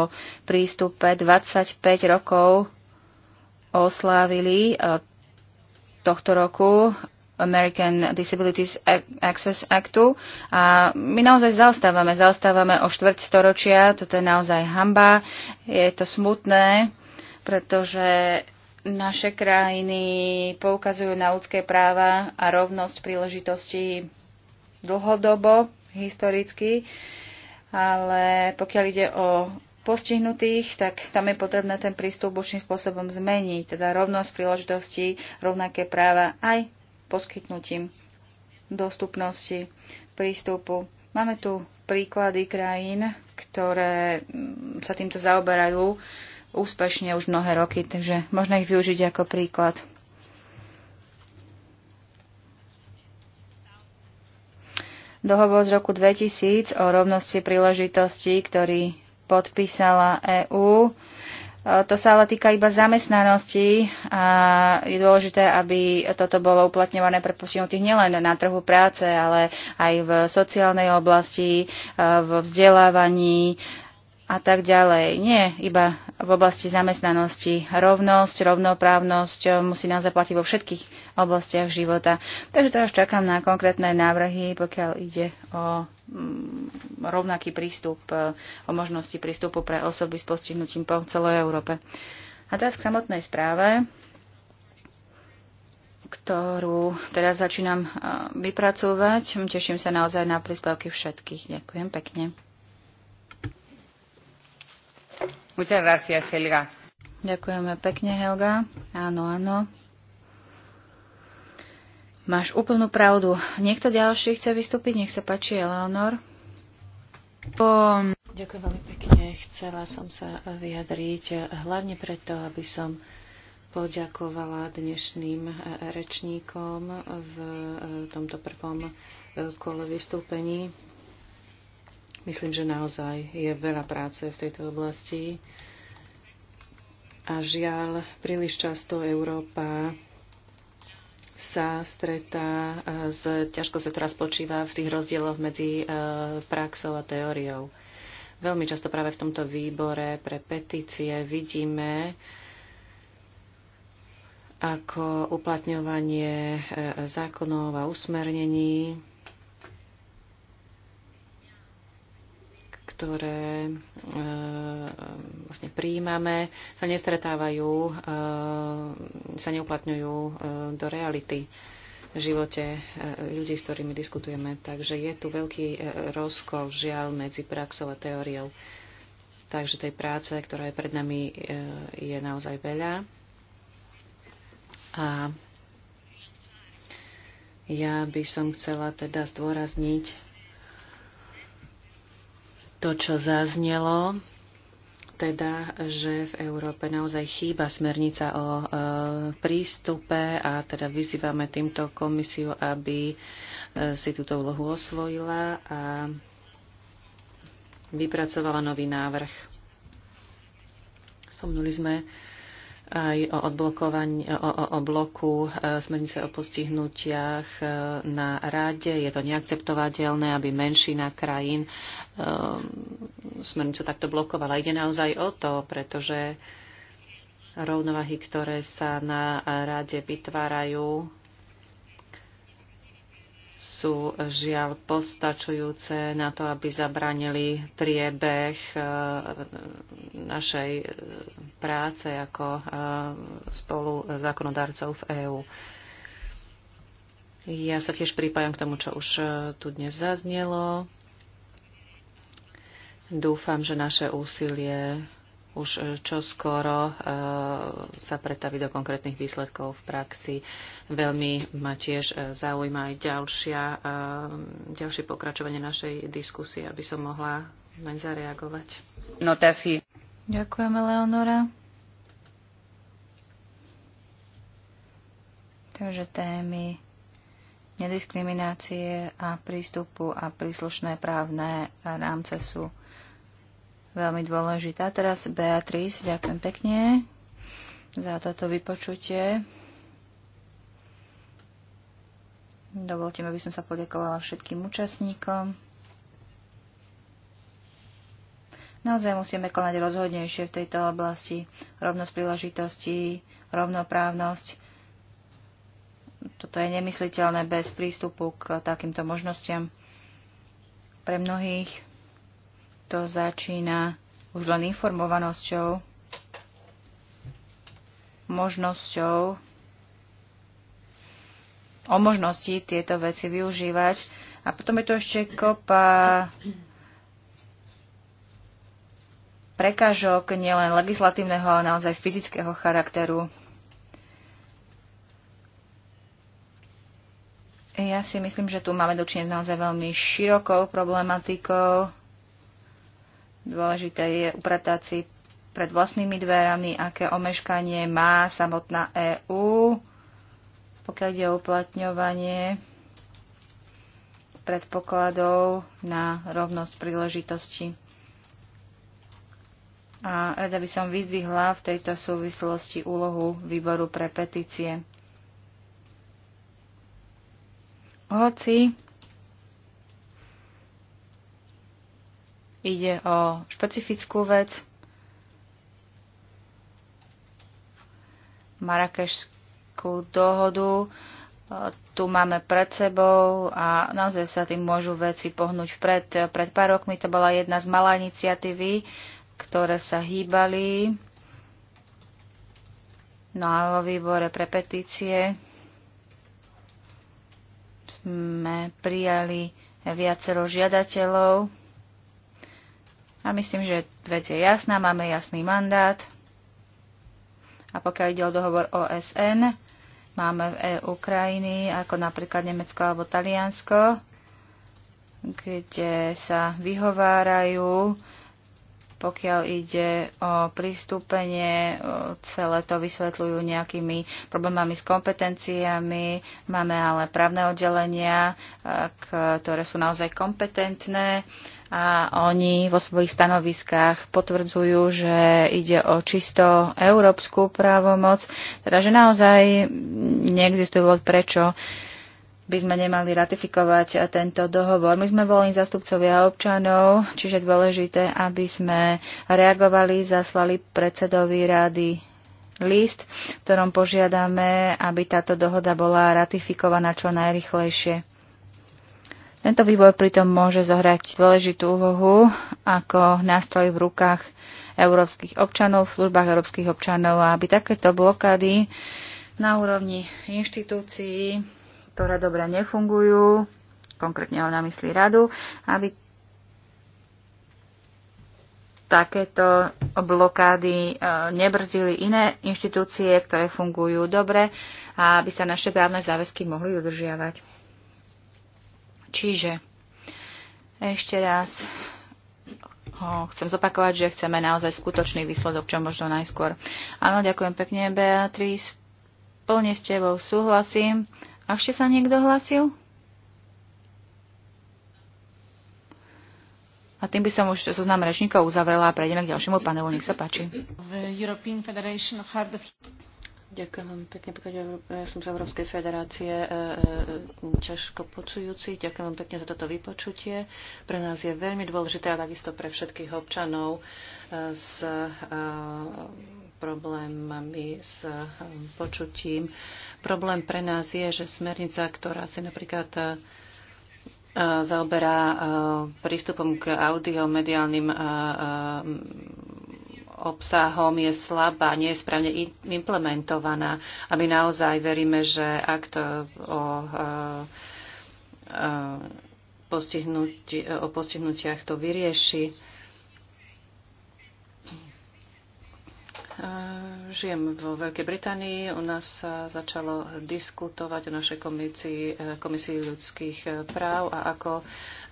prístupe 25 rokov oslávili e, tohto roku American Disabilities Access Actu a my naozaj zaostávame. Zaostávame o štvrť storočia, toto je naozaj hamba, je to smutné, pretože naše krajiny poukazujú na ľudské práva a rovnosť príležitostí dlhodobo, historicky. Uh, ale pokiaľ ide o postihnutých, tak tam je potrebné ten prístup určitým spôsobom zmeniť, teda rovnosť príležitostí, rovnaké práva aj poskytnutím dostupnosti prístupu. Máme tu príklady krajín, ktoré mm, sa týmto zaoberajú úspešne už mnohé roky, takže možno ich využiť ako príklad. Dohovor z roku 2000 o rovnosti príležitostí, ktorý podpísala EÚ, to sa ale týka iba zamestnanosti a je dôležité, aby toto bolo uplatňované pre postihnutých nielen na trhu práce, ale aj v sociálnej oblasti, v vzdelávaní, a tak ďalej. Nie iba v oblasti zamestnanosti. Rovnosť, rovnoprávnosť eh, musí nám zaplatiť vo všetkých oblastiach života. Takže teraz čakám na konkrétne návrhy, pokiaľ ide o mm, rovnaký prístup, eh, o možnosti prístupu pre osoby s postihnutím po celej Európe. A teraz k samotnej správe ktorú teraz začínam eh, vypracovať. Teším sa naozaj na príspevky všetkých. Ďakujem pekne.
Muchas gracias, Helga.
Ďakujeme pekne, Helga. Áno, áno. Máš úplnú pravdu. Niekto ďalší chce vystúpiť? Nech sa páči, Eleonor. Po...
Ďakujem veľmi pekne. Chcela som sa vyjadriť hlavne preto, aby som poďakovala dnešným rečníkom v tomto prvom kole vystúpení. Myslím, že naozaj je veľa práce v tejto oblasti a žiaľ príliš často Európa sa stretá e, s, ťažko sa teraz počíva v tých rozdieloch medzi e, praxou a teóriou. Veľmi často práve v tomto výbore pre petície vidíme, ako uplatňovanie e, zákonov a usmernení ktoré e, vlastne príjmame, sa nestretávajú, e, sa neuplatňujú e, do reality v živote ľudí, s ktorými diskutujeme. Takže je tu veľký rozkol, žiaľ, medzi praxou a teóriou. Takže tej práce, ktorá je pred nami, je naozaj veľa. A ja by som chcela teda zdôrazniť to, čo zaznelo, teda, že v Európe naozaj chýba smernica o e, prístupe a teda vyzývame týmto komisiu, aby e, si túto úlohu osvojila a vypracovala nový návrh. Spomnuli sme aj o, odblokovaní, o, o, o bloku e, smernice o postihnutiach e, na rade. Je to neakceptovateľné, aby menšina krajín e, smernicu takto blokovala. Ide naozaj o to, pretože rovnováhy, ktoré sa na rade vytvárajú, sú žiaľ postačujúce na to, aby zabranili priebeh e, našej e, práce ako e, spolu zákonodarcov v EÚ. Ja sa tiež pripájam k tomu, čo už tu dnes zaznelo. Dúfam, že naše úsilie už e, čo skoro e, sa pretaví do konkrétnych výsledkov v praxi. Veľmi ma tiež e, zaujíma aj ďalšia, ďalšie pokračovanie našej diskusie, aby som mohla naň zareagovať.
No, si. Ďakujeme, Leonora. Takže témy nediskriminácie a prístupu a príslušné právne rámce sú veľmi dôležitá. Teraz Beatrice, ďakujem pekne za toto vypočutie. Dovolte mi, aby som sa poďakovala všetkým účastníkom. Naozaj musíme konať rozhodnejšie v tejto oblasti. Rovnosť príležitostí, rovnoprávnosť. Toto je nemysliteľné bez prístupu k takýmto možnostiam. Pre mnohých to začína už len informovanosťou, možnosťou, o možnosti tieto veci využívať. A potom je tu ešte kopa prekážok nielen legislatívneho, ale naozaj fyzického charakteru. Ja si myslím, že tu máme s naozaj veľmi širokou problematikou. Dôležité je upratať si pred vlastnými dverami, aké omeškanie má samotná EÚ, pokiaľ ide o uplatňovanie predpokladov na rovnosť príležitosti. A rada by som vyzdvihla v tejto súvislosti úlohu výboru pre petície. Hoci Ide o špecifickú vec. Marakešskú dohodu e, tu máme pred sebou a naozaj sa tým môžu veci pohnúť vpred. Pred pár rokmi to bola jedna z malá iniciatívy, ktoré sa hýbali. No a vo výbore pre petície sme prijali viacero žiadateľov. A myslím, že vec je jasná, máme jasný mandát. A pokiaľ ide o dohovor OSN, máme v e EU krajiny, ako napríklad Nemecko alebo Taliansko, kde sa vyhovárajú pokiaľ ide o prístupenie, celé to vysvetľujú nejakými problémami s kompetenciami. Máme ale právne oddelenia, ktoré sú naozaj kompetentné a oni vo svojich stanoviskách potvrdzujú, že ide o čisto európsku právomoc, teda že naozaj neexistuje dôvod, prečo uh, by sme nemali ratifikovať tento dohovor. My sme volení zastupcovia občanov, čiže dôležité, aby sme reagovali, zaslali predsedovi rady list, v ktorom požiadame, aby táto dohoda bola ratifikovaná čo najrychlejšie. Tento výbor pritom môže zohrať dôležitú úlohu ako nástroj v rukách európskych občanov, v službách európskych občanov, aby takéto blokády na úrovni inštitúcií ktoré dobre nefungujú, konkrétne ho na mysli radu, aby takéto blokády e, nebrzdili iné inštitúcie, ktoré fungujú dobre a aby sa naše právne záväzky mohli dodržiavať. Čiže ešte raz ho chcem zopakovať, že chceme naozaj skutočný výsledok, čo možno najskôr. Áno, ďakujem pekne, Beatrice. Plne s tebou súhlasím. A ešte sa niekto hlasil? A tým by som už zoznam so rečníkov uzavrela a prejdeme k ďalšiemu panelu. Nech sa páči.
Ďakujem vám pekne, pretože Ja som z Európskej federácie ťažko e, e, počujúci. Ďakujem vám pekne za toto vypočutie. Pre nás je veľmi dôležité a takisto pre všetkých občanov e, s problémami s počutím. Problém pre nás je, že smernica, ktorá si napríklad zaoberá prístupom k audiomediálnym obsahom je slabá, nie je správne implementovaná. A my naozaj veríme, že to o, e, e, o, o postihnutiach to vyrieši Žijem vo Veľkej Británii. U nás sa začalo diskutovať o našej komisii, e, komisii ľudských e, práv a ako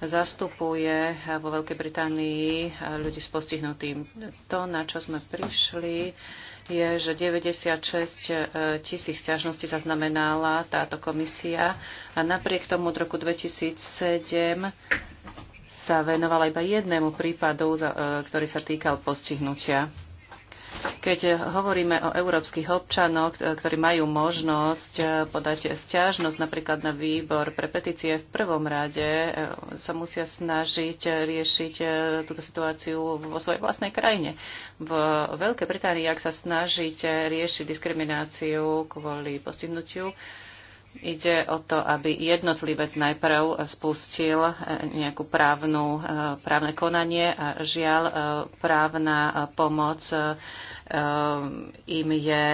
zastupuje vo Veľkej Británii e, ľudí s postihnutým. To, na čo sme prišli, je, že 96 tisíc ťažností zaznamenala táto komisia a napriek tomu od roku 2007 sa venovala iba jednému prípadu, ktorý sa týkal postihnutia. Keď hovoríme o európskych občanoch, e, ktorí majú možnosť e, podať stiažnosť napríklad na výbor pre petície, v prvom rade e, sa musia snažiť riešiť túto situáciu vo svojej vlastnej krajine. V Veľkej Británii, ak sa snažíte riešiť diskrimináciu kvôli postihnutiu, Ide o to, aby jednotlivec najprv spustil e, nejakú právnu, e, právne konanie a žiaľ e, právna pomoc im je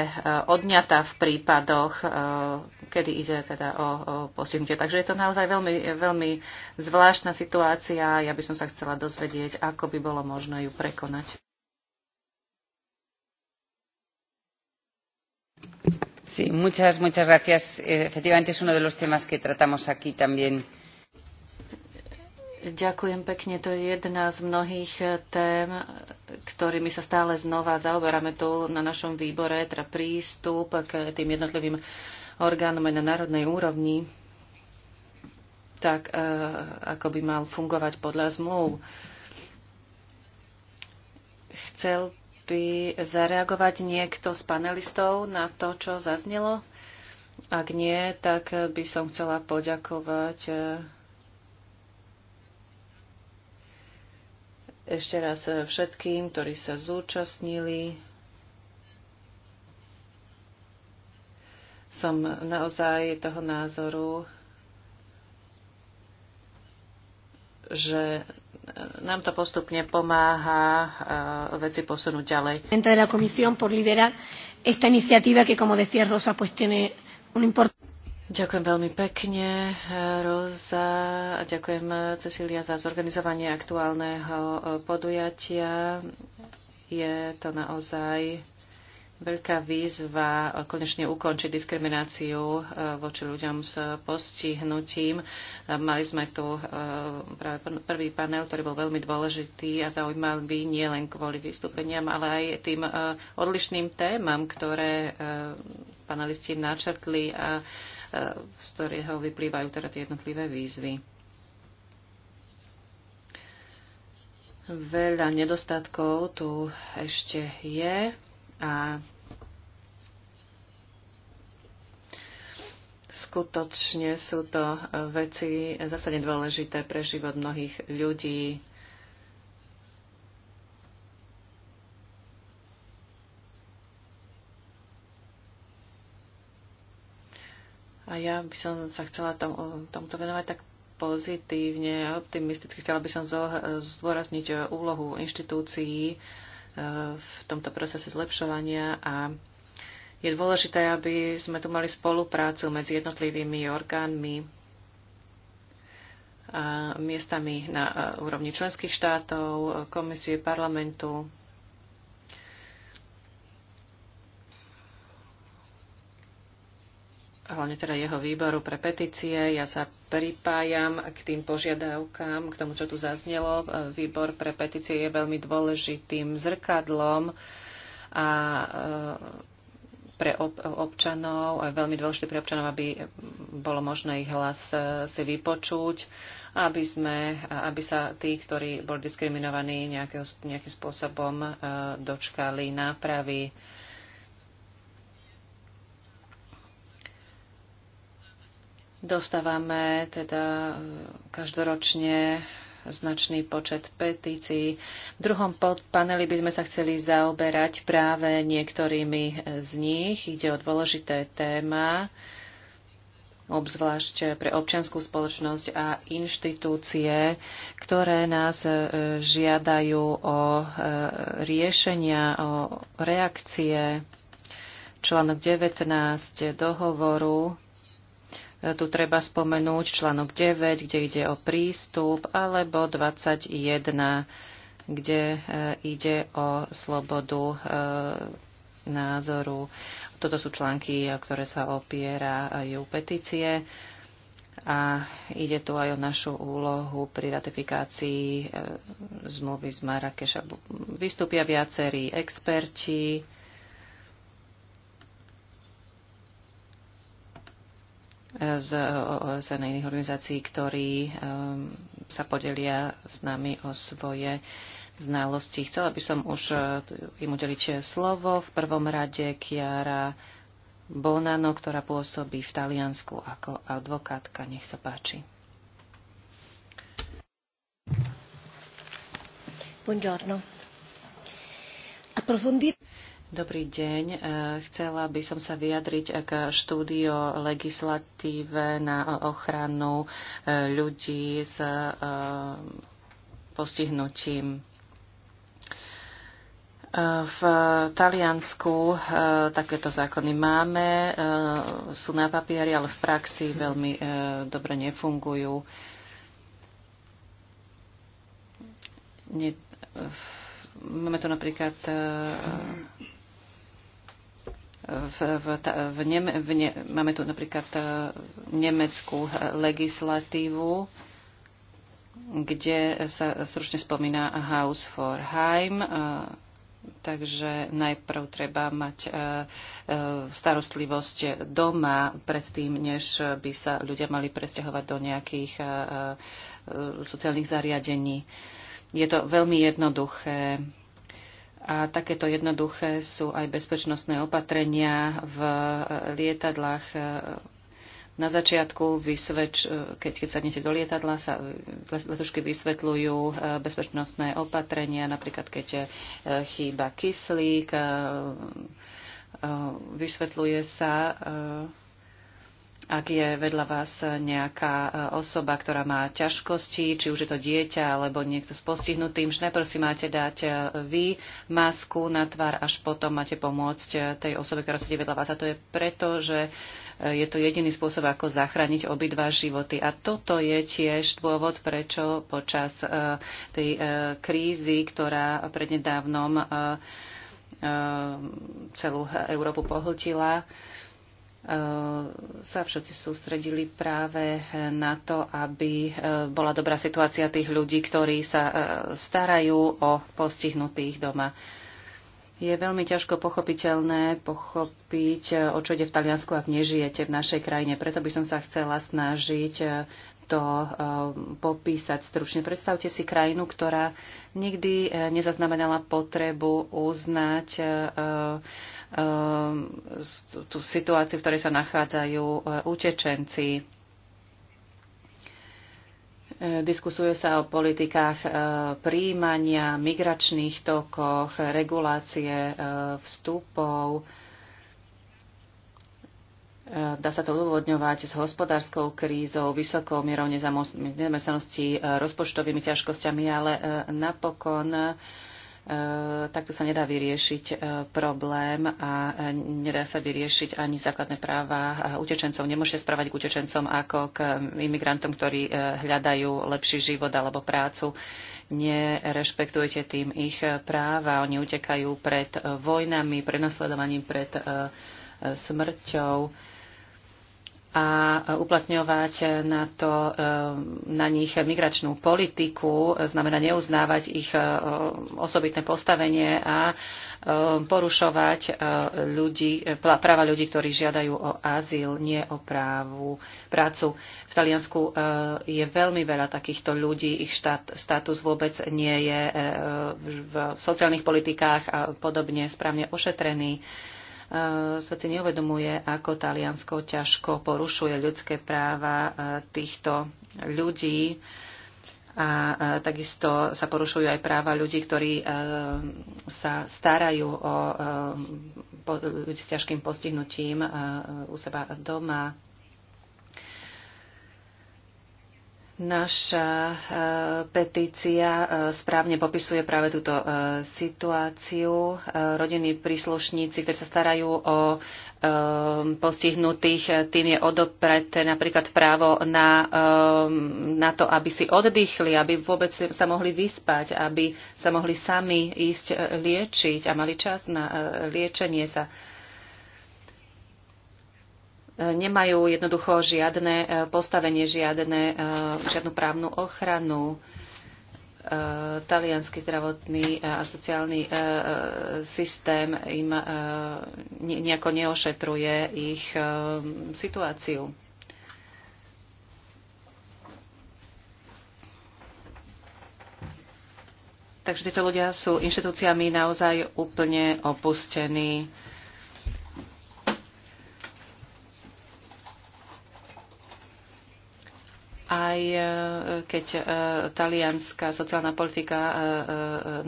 odňatá v prípadoch, kedy ide teda o, o postihnutie. Takže je to naozaj veľmi, veľmi zvláštna situácia. Ja by som sa chcela dozvedieť, ako by bolo možné ju prekonať.
Sí, muchas, muchas gracias. Eh, efectivamente es uno de los temas que tratamos aquí también.
Ďakujem pekne. To je jedna z mnohých eh, tém, ktorými sa stále znova zaoberáme tu na našom výbore, teda prístup k tým jednotlivým orgánom aj na národnej úrovni, tak eh, ako by mal fungovať podľa zmluv. Chcel by zareagovať niekto z panelistov na to, čo zaznelo? Ak nie, tak by som chcela poďakovať eh, ešte raz všetkým, ktorí sa zúčastnili. Som naozaj toho názoru, že nám to postupne pomáha e, veci posunúť ďalej. de la Comisión por liderar esta iniciativa que, como decía Rosa, pues tiene un Ďakujem veľmi pekne, e, Rosa, A ďakujem, e, Cecília, za zorganizovanie aktuálneho podujatia. Je to naozaj veľká výzva konečne ukončiť diskrimináciu eh, voči ľuďom s postihnutím. Eh, mali sme tu eh, práve prvý panel, ktorý bol veľmi dôležitý a zaujímavý nie nielen kvôli vystúpeniam, ale aj tým odlišným témam, ktoré panelisti načrtli a z ktorého vyplývajú teda tie jednotlivé výzvy. Veľa nedostatkov tu ešte je a skutočne sú to veci zásadne dôležité pre život mnohých ľudí. A ja by som sa chcela tom, tomuto venovať tak pozitívne a optimisticky. Chcela by som zdôrazniť úlohu inštitúcií, v tomto procese zlepšovania a je dôležité, aby sme tu mali spoluprácu medzi jednotlivými orgánmi a miestami na eh, úrovni členských štátov, komisie, parlamentu, hlavne teda jeho výboru pre petície. Ja sa pripájam k tým požiadavkám, k tomu, čo tu zaznelo. Výbor pre petície je veľmi dôležitým zrkadlom a e, pre občanov, a veľmi dôležité pre občanov, aby bolo možné ich hlas e, si vypočuť, aby, sme, aby sa tí, ktorí boli diskriminovaní nejakým spôsobom, e, dočkali nápravy Dostávame teda e, každoročne značný počet petícií. V druhom paneli by sme sa chceli zaoberať práve niektorými e, z nich. Ide o dôležité téma, obzvlášť pre občianskú spoločnosť a inštitúcie, ktoré nás e, žiadajú o riešenia, o reakcie. Článok 19 dohovoru tu treba spomenúť článok 9, kde ide o prístup, alebo 21, kde e, ide o slobodu e, názoru. Toto sú články, e, ktoré sa opierajú petície a ide tu aj o našu úlohu pri ratifikácii zmluvy z Marrakeša. Vystúpia viacerí experti, z z iných organizácií, ktorí um, sa podelia s nami o svoje znalosti. Chcela by som už uh, im udeliť slovo. V prvom rade Kiara Bonano, ktorá pôsobí v Taliansku ako advokátka. Nech sa páči. Buongiorno. Approfondire Dobrý deň. E, chcela by som sa vyjadriť k štúdio legislatíve na ochranu e, ľudí s e, postihnutím. V Taliansku takéto zákony máme, sú na papieri, ale v praxi veľmi dobre nefungujú. Máme tu napríklad v, v, v, Neme, v ne, máme tu napríklad e, nemeckú legislatívu, kde sa stručne spomína House for Heim, e, takže najprv treba mať e, starostlivosť doma predtým, než by sa ľudia mali presťahovať do nejakých sociálnych zariadení. Je to veľmi jednoduché a takéto jednoduché sú aj bezpečnostné opatrenia v e, lietadlách. E, na začiatku, vysveč, e, keď, keď sadnete do lietadla, sa letušky vysvetľujú bezpečnostné opatrenia, napríklad keď chýba kyslík, vysvetľuje sa ak je vedľa vás nejaká e, osoba, ktorá má ťažkosti, či už je to dieťa alebo niekto s postihnutým, že najprv si máte dať e, vy masku na tvár, až potom máte pomôcť e, tej osobe, ktorá sedí vedľa vás. A to je preto, že je to jediný spôsob, ako zachrániť obidva životy. A toto je tiež dôvod, prečo počas tej krízy, ktorá prednedávnom celú Európu pohltila, Ehm, sa všetci sústredili práve na to, aby ehm, bola dobrá situácia tých ľudí, ktorí sa ehm, starajú o postihnutých doma. Je veľmi ťažko pochopiteľné pochopiť, o čo ide v Taliansku, ak nežijete v našej krajine. Preto by som sa chcela snažiť to popísať stručne. Predstavte si krajinu, ktorá nikdy nezaznamenala potrebu uznať Ehm, tú situáciu, v ktorej sa nachádzajú e, utečenci. E, diskusuje sa o politikách e, príjmania, migračných tokoch, regulácie vstupov. Dá sa to udôvodňovať s hospodárskou krízou, vysokou mierou nezamestnanosti, rozpočtovými ťažkosťami, ale napokon E, takto sa nedá vyriešiť e, problém a e, nedá sa vyriešiť ani základné práva utečencov. Nemôžete správať k utečencom ako k imigrantom, ktorí hľadajú lepší život alebo prácu. Nerešpektujete tým ich práva. Oni utekajú pred vojnami, prenasledovaním pred smrťou a uplatňovať na, to, e, na nich migračnú politiku, znamená neuznávať ich e, osobitné postavenie a e, porušovať ľudí, práva ľudí, ktorí žiadajú o azyl, nie o právu, prácu. V Taliansku je veľmi veľa takýchto ľudí, ich štát, status vôbec nie je v sociálnych politikách a podobne správne ošetrený Eh, sa si neuvedomuje, ako Taliansko ťažko porušuje ľudské práva eh, týchto ľudí a eh, takisto sa porušujú aj práva ľudí, ktorí sa starajú o ľudí s ťažkým postihnutím u seba doma. Naša eh, petícia eh, správne popisuje práve túto eh, situáciu. rodiny príslušníci, ktorí sa starajú o postihnutých, tým je odopreté napríklad právo na, na to, aby si oddychli, aby vôbec sa mohli vyspať, aby sa mohli sami ísť liečiť a mali čas na liečenie sa nemajú jednoducho žiadne e, postavenie, žiadne, e, žiadnu právnu ochranu. E, talianský zdravotný a sociálny systém im nejako neošetruje ich situáciu. Takže títo ľudia sú inštitúciami naozaj úplne opustení. aj e, keď e, talianská sociálna politika e,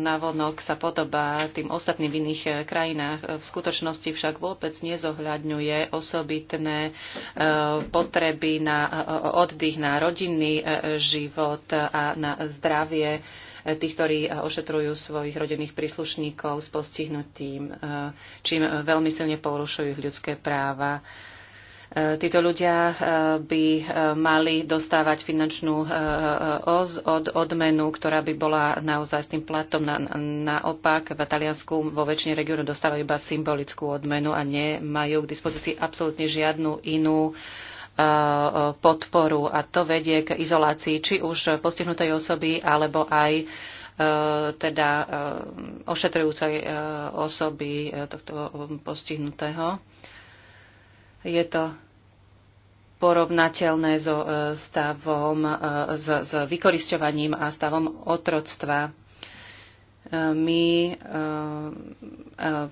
navonok sa podobá tým ostatným v iných krajinách, v skutočnosti však vôbec nezohľadňuje osobitné potreby na oddych, na rodinný život a na zdravie tých, ktorí ošetrujú svojich rodinných príslušníkov s postihnutím, čím veľmi silne porušujú ľudské práva E, títo ľudia e, by e, mali dostávať finančnú oz od odmenu, ktorá by bola naozaj s tým platom. Na, naopak v Taliansku vo väčšine regiónu dostávajú iba symbolickú odmenu a nemajú k dispozícii absolútne žiadnu inú podporu a to vedie k izolácii či už postihnutej osoby alebo aj teda ošetrujúcej osoby tohto postihnutého. Je to porovnateľné so e, stavom, e, s, s vykoristovaním a stavom otroctva. E, my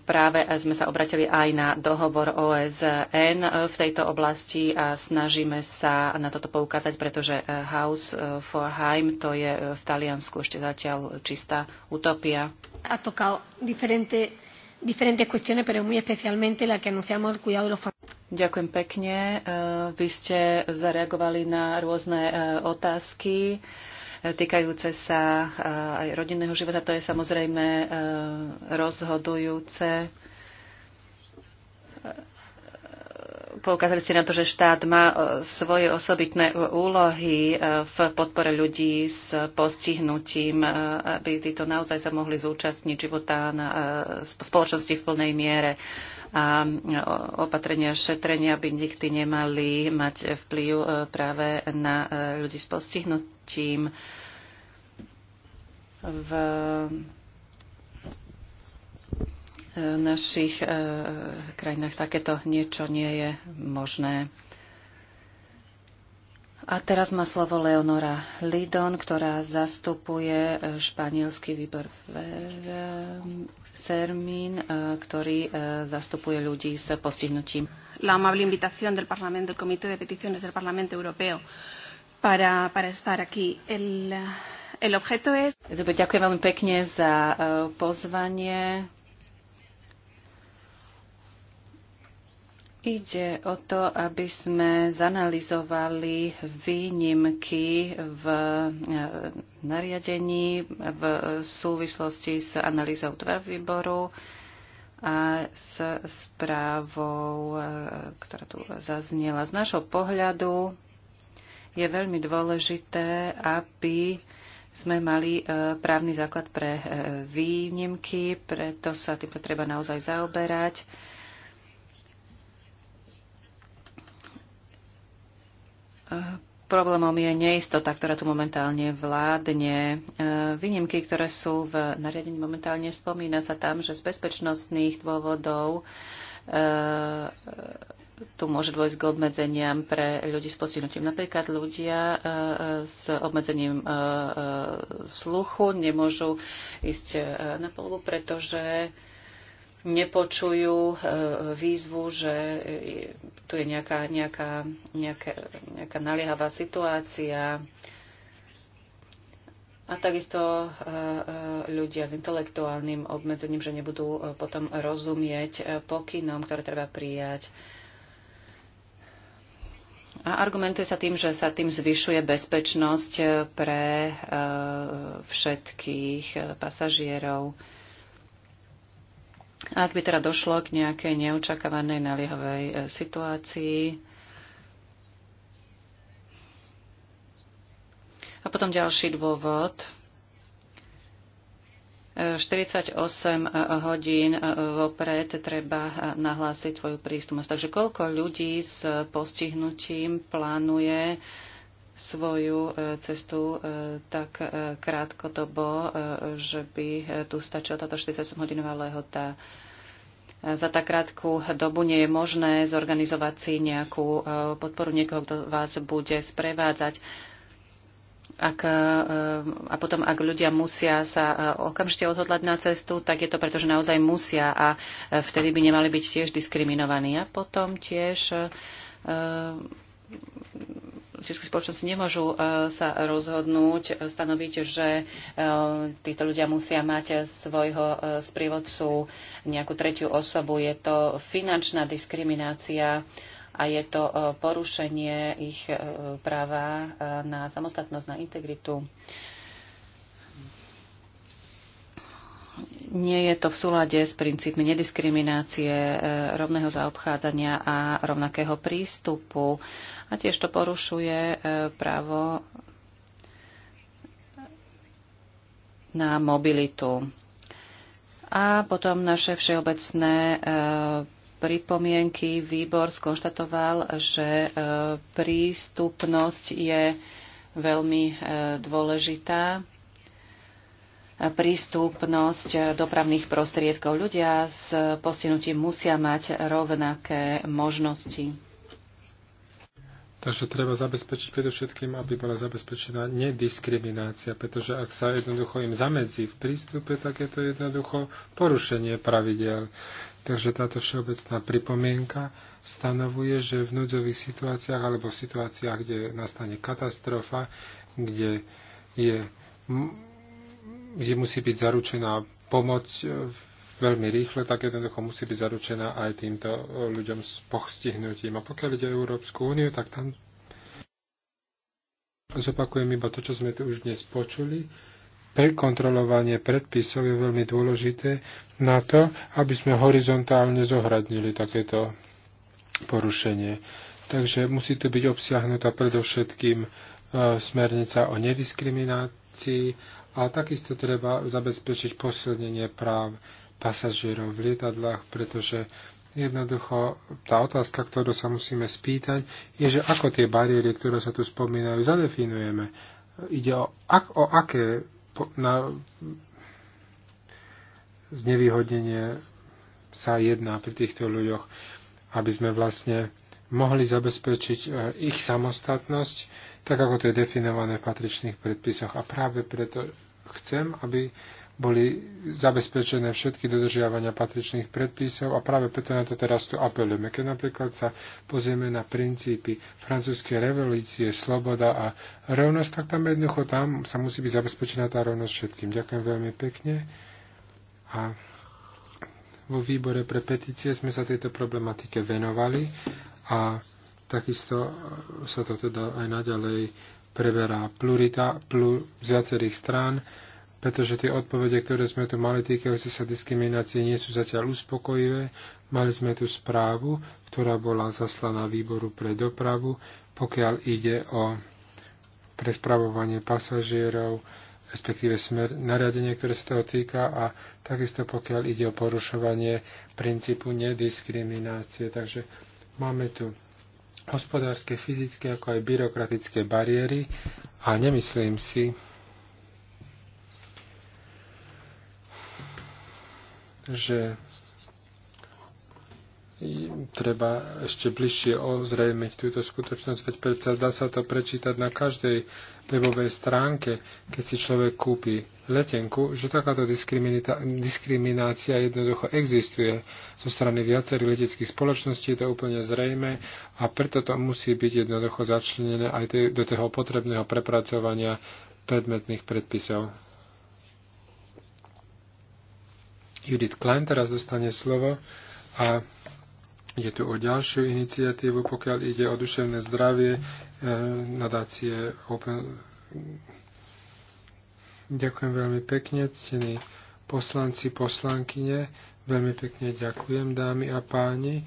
práve sme sa obratili aj na dohovor OSN v tejto oblasti a snažíme sa na toto poukázať, pretože House for Heim to je v Taliansku ešte zatiaľ čistá utopia. A tocado diferente diferentes cuestiones, pero muy especialmente la que anunciamos el cuidado de los familiares. Ďakujem pekne. Eh, vy ste zareagovali na rôzne eh, otázky eh, týkajúce sa aj rodinného života. To je samozrejme rozhodujúce Poukázali ste na to, že štát má e, svoje osobitné úlohy e, v podpore ľudí s postihnutím, e, aby títo naozaj sa mohli zúčastniť života na spoločnosti v plnej miere a opatrenia šetrenia by nikdy nemali mať vplyv práve na ľudí s postihnutím. V našich e, krajinách takéto niečo nie je možné. A teraz má slovo Leonora Lidon, ktorá zastupuje e, španielský výbor Sermín, e, ktorý zastupuje ľudí s postihnutím. La amable invitación del Parlamento, del Comité de Peticiones del Parlamento Europeo para, para estar aquí. El, el objeto es... Ďakujem veľmi pekne za pozvanie. Ide o to, aby sme zanalizovali výnimky v e, nariadení v súvislosti s analýzou dva výboru a s správou, e, ktorá tu zaznela. Z našho pohľadu je veľmi dôležité, aby sme mali e, právny základ pre výnimky, preto sa tým treba naozaj zaoberať Problémom je neistota, ktorá tu momentálne vládne. E, výnimky, ktoré sú v nariadení momentálne, spomína sa tam, že z bezpečnostných dôvodov e, tu môže dôjsť k obmedzeniam pre ľudí s postihnutím. Napríklad ľudia e, s obmedzením sluchu nemôžu ísť na polovu, pretože nepočujú e, výzvu, že e, tu je nejaká, nejaká, nejaká, nejaká naliehavá situácia. A takisto e, ľudia s intelektuálnym obmedzením, že nebudú potom rozumieť pokynom, ktoré treba prijať. A argumentuje sa tým, že sa tým zvyšuje bezpečnosť pre všetkých pasažierov. Ak by teda došlo k nejakej neočakávanej naliehovej e, situácii, A potom ďalší dôvod. 48 e, e, hodín vopred treba nahlásiť svoju prístupnosť. Takže koľko ľudí s postihnutím plánuje svoju e, cestu e, tak e, krátko dobo, že by tu stačila táto 48-hodinová lehota. Za tak krátku dobu nie je možné zorganizovať si nejakú podporu niekoho, kto vás bude sprevádzať. Ak, a potom, ak ľudia musia sa okamžite odhodlať na cestu, tak je to preto, že naozaj musia a vtedy by nemali byť tiež diskriminovaní. A potom tiež Všetky spoločnosti nemôžu e, sa rozhodnúť, e, stanoviť, že e, títo ľudia musia mať svojho sprievodcu nejakú tretiu osobu. Je to finančná diskriminácia a je to porušenie ich práva na samostatnosť, na integritu. nie je to v súlade s princípmi nediskriminácie, rovného zaobchádzania a rovnakého prístupu a tiež to porušuje e, právo na mobilitu. A potom naše všeobecné e, pripomienky výbor skonštatoval, že e, prístupnosť je veľmi dôležitá. Prístupnosť dopravných prostriedkov. Ľudia s postihnutím musia mať rovnaké možnosti.
Takže treba zabezpečiť predovšetkým, aby bola zabezpečená nediskriminácia, pretože ak sa jednoducho im zamedzí v prístupe, tak je to jednoducho porušenie pravidel. Takže táto všeobecná pripomienka stanovuje, že v núdzových situáciách alebo v situáciách, kde nastane katastrofa, kde, je, kde musí byť zaručená pomoc v veľmi rýchle, tak jednoducho musí byť zaručená aj týmto e, ľuďom s pochstihnutím. A pokiaľ ide o Európsku úniu, tak tam zopakujem iba to, čo sme tu už dnes počuli. Prekontrolovanie predpisov je veľmi dôležité na to, aby sme horizontálne zohradnili takéto porušenie. Takže musí tu byť obsiahnutá predovšetkým e, smernica o nediskriminácii a takisto treba zabezpečiť posilnenie práv pasažierov v lietadlách, pretože Jednoducho, tá otázka, ktorú sa musíme spýtať, je, že ako tie bariéry, ktoré sa tu spomínajú, zadefinujeme. Ide o, ak, o aké po, na, znevýhodnenie sa jedná pri týchto ľuďoch, aby sme vlastne mohli zabezpečiť eh, ich samostatnosť, tak ako to je definované v patričných predpisoch. A práve preto chcem, aby boli zabezpečené všetky dodržiavania patričných predpisov a práve preto na to teraz tu apelujeme. Keď napríklad sa pozrieme na princípy francúzskej revolúcie, sloboda a rovnosť, tak tam jednoducho tam sa musí byť zabezpečená tá rovnosť všetkým. Ďakujem veľmi pekne a vo výbore pre petície sme sa tejto problematike venovali a takisto sa to teda aj naďalej preberá plurita plur, z viacerých strán pretože tie odpovede, ktoré sme tu mali týkajúce sa diskriminácie, nie sú zatiaľ uspokojivé. Mali sme tu správu, ktorá bola zaslaná výboru pre dopravu, pokiaľ ide o prespravovanie pasažierov, respektíve smer, nariadenie, ktoré sa toho týka a takisto pokiaľ ide o porušovanie princípu nediskriminácie. Takže máme tu hospodárske, fyzické, ako aj byrokratické bariéry a nemyslím si, že treba ešte bližšie ozrejmiť túto skutočnosť, veď predsa dá sa to prečítať na každej webovej stránke, keď si človek kúpi letenku, že takáto diskriminácia jednoducho existuje zo strany viacerých leteckých spoločností, je to úplne zrejme a preto to musí byť jednoducho začlenené aj do toho potrebného prepracovania predmetných predpisov. Judith Klein teraz dostane slovo a je tu o ďalšiu iniciatívu, pokiaľ ide o duševné zdravie e, nadácie Open. Ďakujem veľmi pekne, ctení poslanci, poslankyne. Veľmi pekne ďakujem, dámy a páni.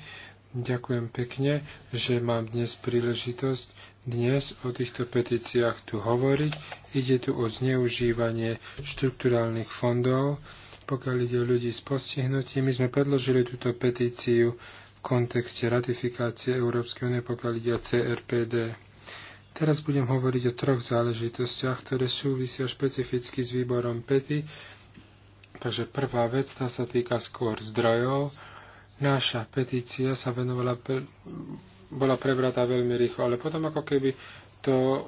Ďakujem pekne, že mám dnes príležitosť dnes o týchto petíciách tu hovoriť. Ide tu o zneužívanie štrukturálnych fondov pokiaľ ide o ľudí s postihnutím, my sme predložili túto petíciu v kontexte ratifikácie Európskej únie, pokiaľ ide o CRPD. Teraz budem hovoriť o troch záležitostiach, ktoré súvisia špecificky s výborom PETI. Takže prvá vec, tá sa týka skôr zdrojov. Naša petícia sa venovala, bola prebratá veľmi rýchlo, ale potom ako keby to,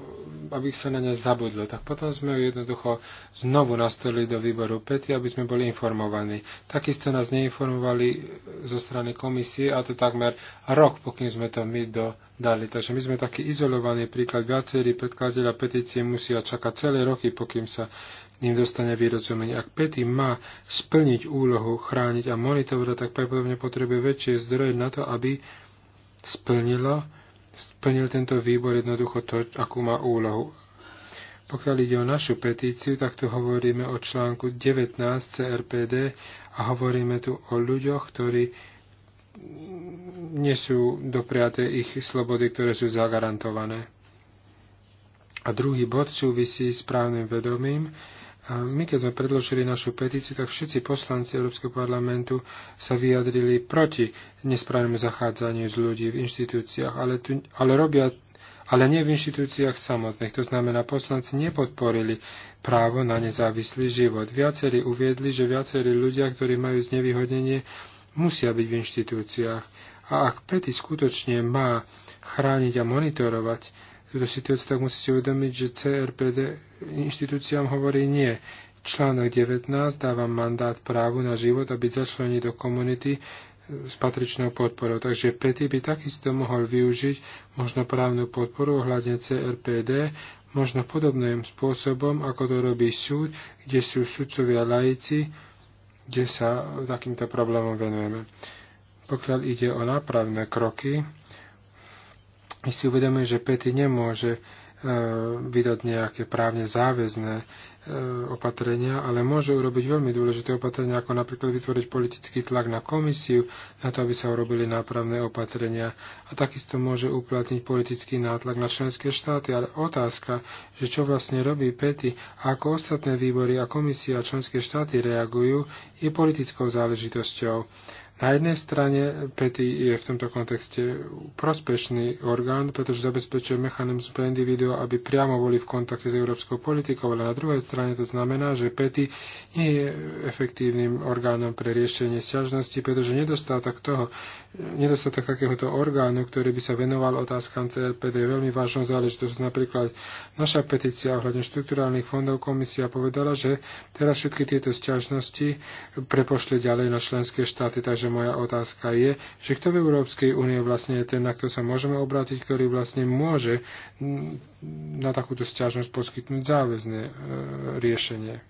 aby sa na ne zabudlo. Tak potom sme ju jednoducho znovu nastolili do výboru PETI, aby sme boli informovaní. Takisto nás neinformovali e, zo strany komisie a to takmer rok, pokým sme to my dodali. Takže my sme taký izolovaný príklad. Viacerí predkladateľa petície musia čakať celé roky, pokým sa ním dostane vyrozumenie. Ak PETI má splniť úlohu chrániť a monitorovať, tak pravdepodobne potrebuje väčšie zdroje na to, aby splnilo splnil tento výbor jednoducho to, akú má úlohu. Pokiaľ ide o našu petíciu, tak tu hovoríme o článku 19 CRPD a hovoríme tu o ľuďoch, ktorí nie sú dopriaté ich slobody, ktoré sú zagarantované. A druhý bod súvisí s právnym vedomím a my, keď sme predložili našu petíciu, tak všetci poslanci Európskeho parlamentu sa vyjadrili proti nesprávnemu zachádzaniu z ľudí v inštitúciách, ale, tu, ale robia ale nie v inštitúciách samotných. To znamená, poslanci nepodporili právo na nezávislý život. Viacerí uviedli, že viacerí ľudia, ktorí majú znevýhodnenie, musia byť v inštitúciách. A ak PETI skutočne má chrániť a monitorovať túto situáciu, tak musíte uvedomiť, že CRPD inštitúciám hovorí nie. Článok 19 dáva mandát právu na život a byť začlený do komunity e, s patričnou podporou. Takže Peti by takisto mohol využiť možno právnu podporu ohľadne CRPD, možno podobným spôsobom, ako to robí súd, kde sú sudcovia laici, kde sa takýmto problémom venujeme. Pokiaľ ide o nápravné kroky, my si uvedomujeme, že PETI nemôže e, vydať nejaké právne záväzné e, opatrenia, ale môže urobiť veľmi dôležité opatrenia, ako napríklad vytvoriť politický tlak na komisiu, na to, aby sa urobili nápravné opatrenia. A takisto môže uplatniť politický nátlak na členské štáty. Ale otázka, že čo vlastne robí PETI ako ostatné výbory a komisia a členské štáty reagujú, je politickou záležitosťou. Na jednej strane PETI je v tomto kontexte prospešný orgán, pretože zabezpečuje mechanizmus pre individu, aby priamo boli v kontakte s európskou politikou, ale na druhej strane to znamená, že PETI nie je efektívnym orgánom pre riešenie sťažnosti, pretože nedostatok, toho, nedostatok takéhoto orgánu, ktorý by sa venoval otázkam CLPD, je veľmi vážnou záležitosť. Napríklad naša petícia ohľadne štrukturálnych fondov komisia povedala, že teraz všetky tieto sťažnosti prepošle ďalej na členské štáty, takže Takže moja otázka je, že kto v Európskej únie vlastne je ten, na kto sa môžeme obrátiť, ktorý vlastne môže na takúto stiažnosť poskytnúť záväzne e, riešenie.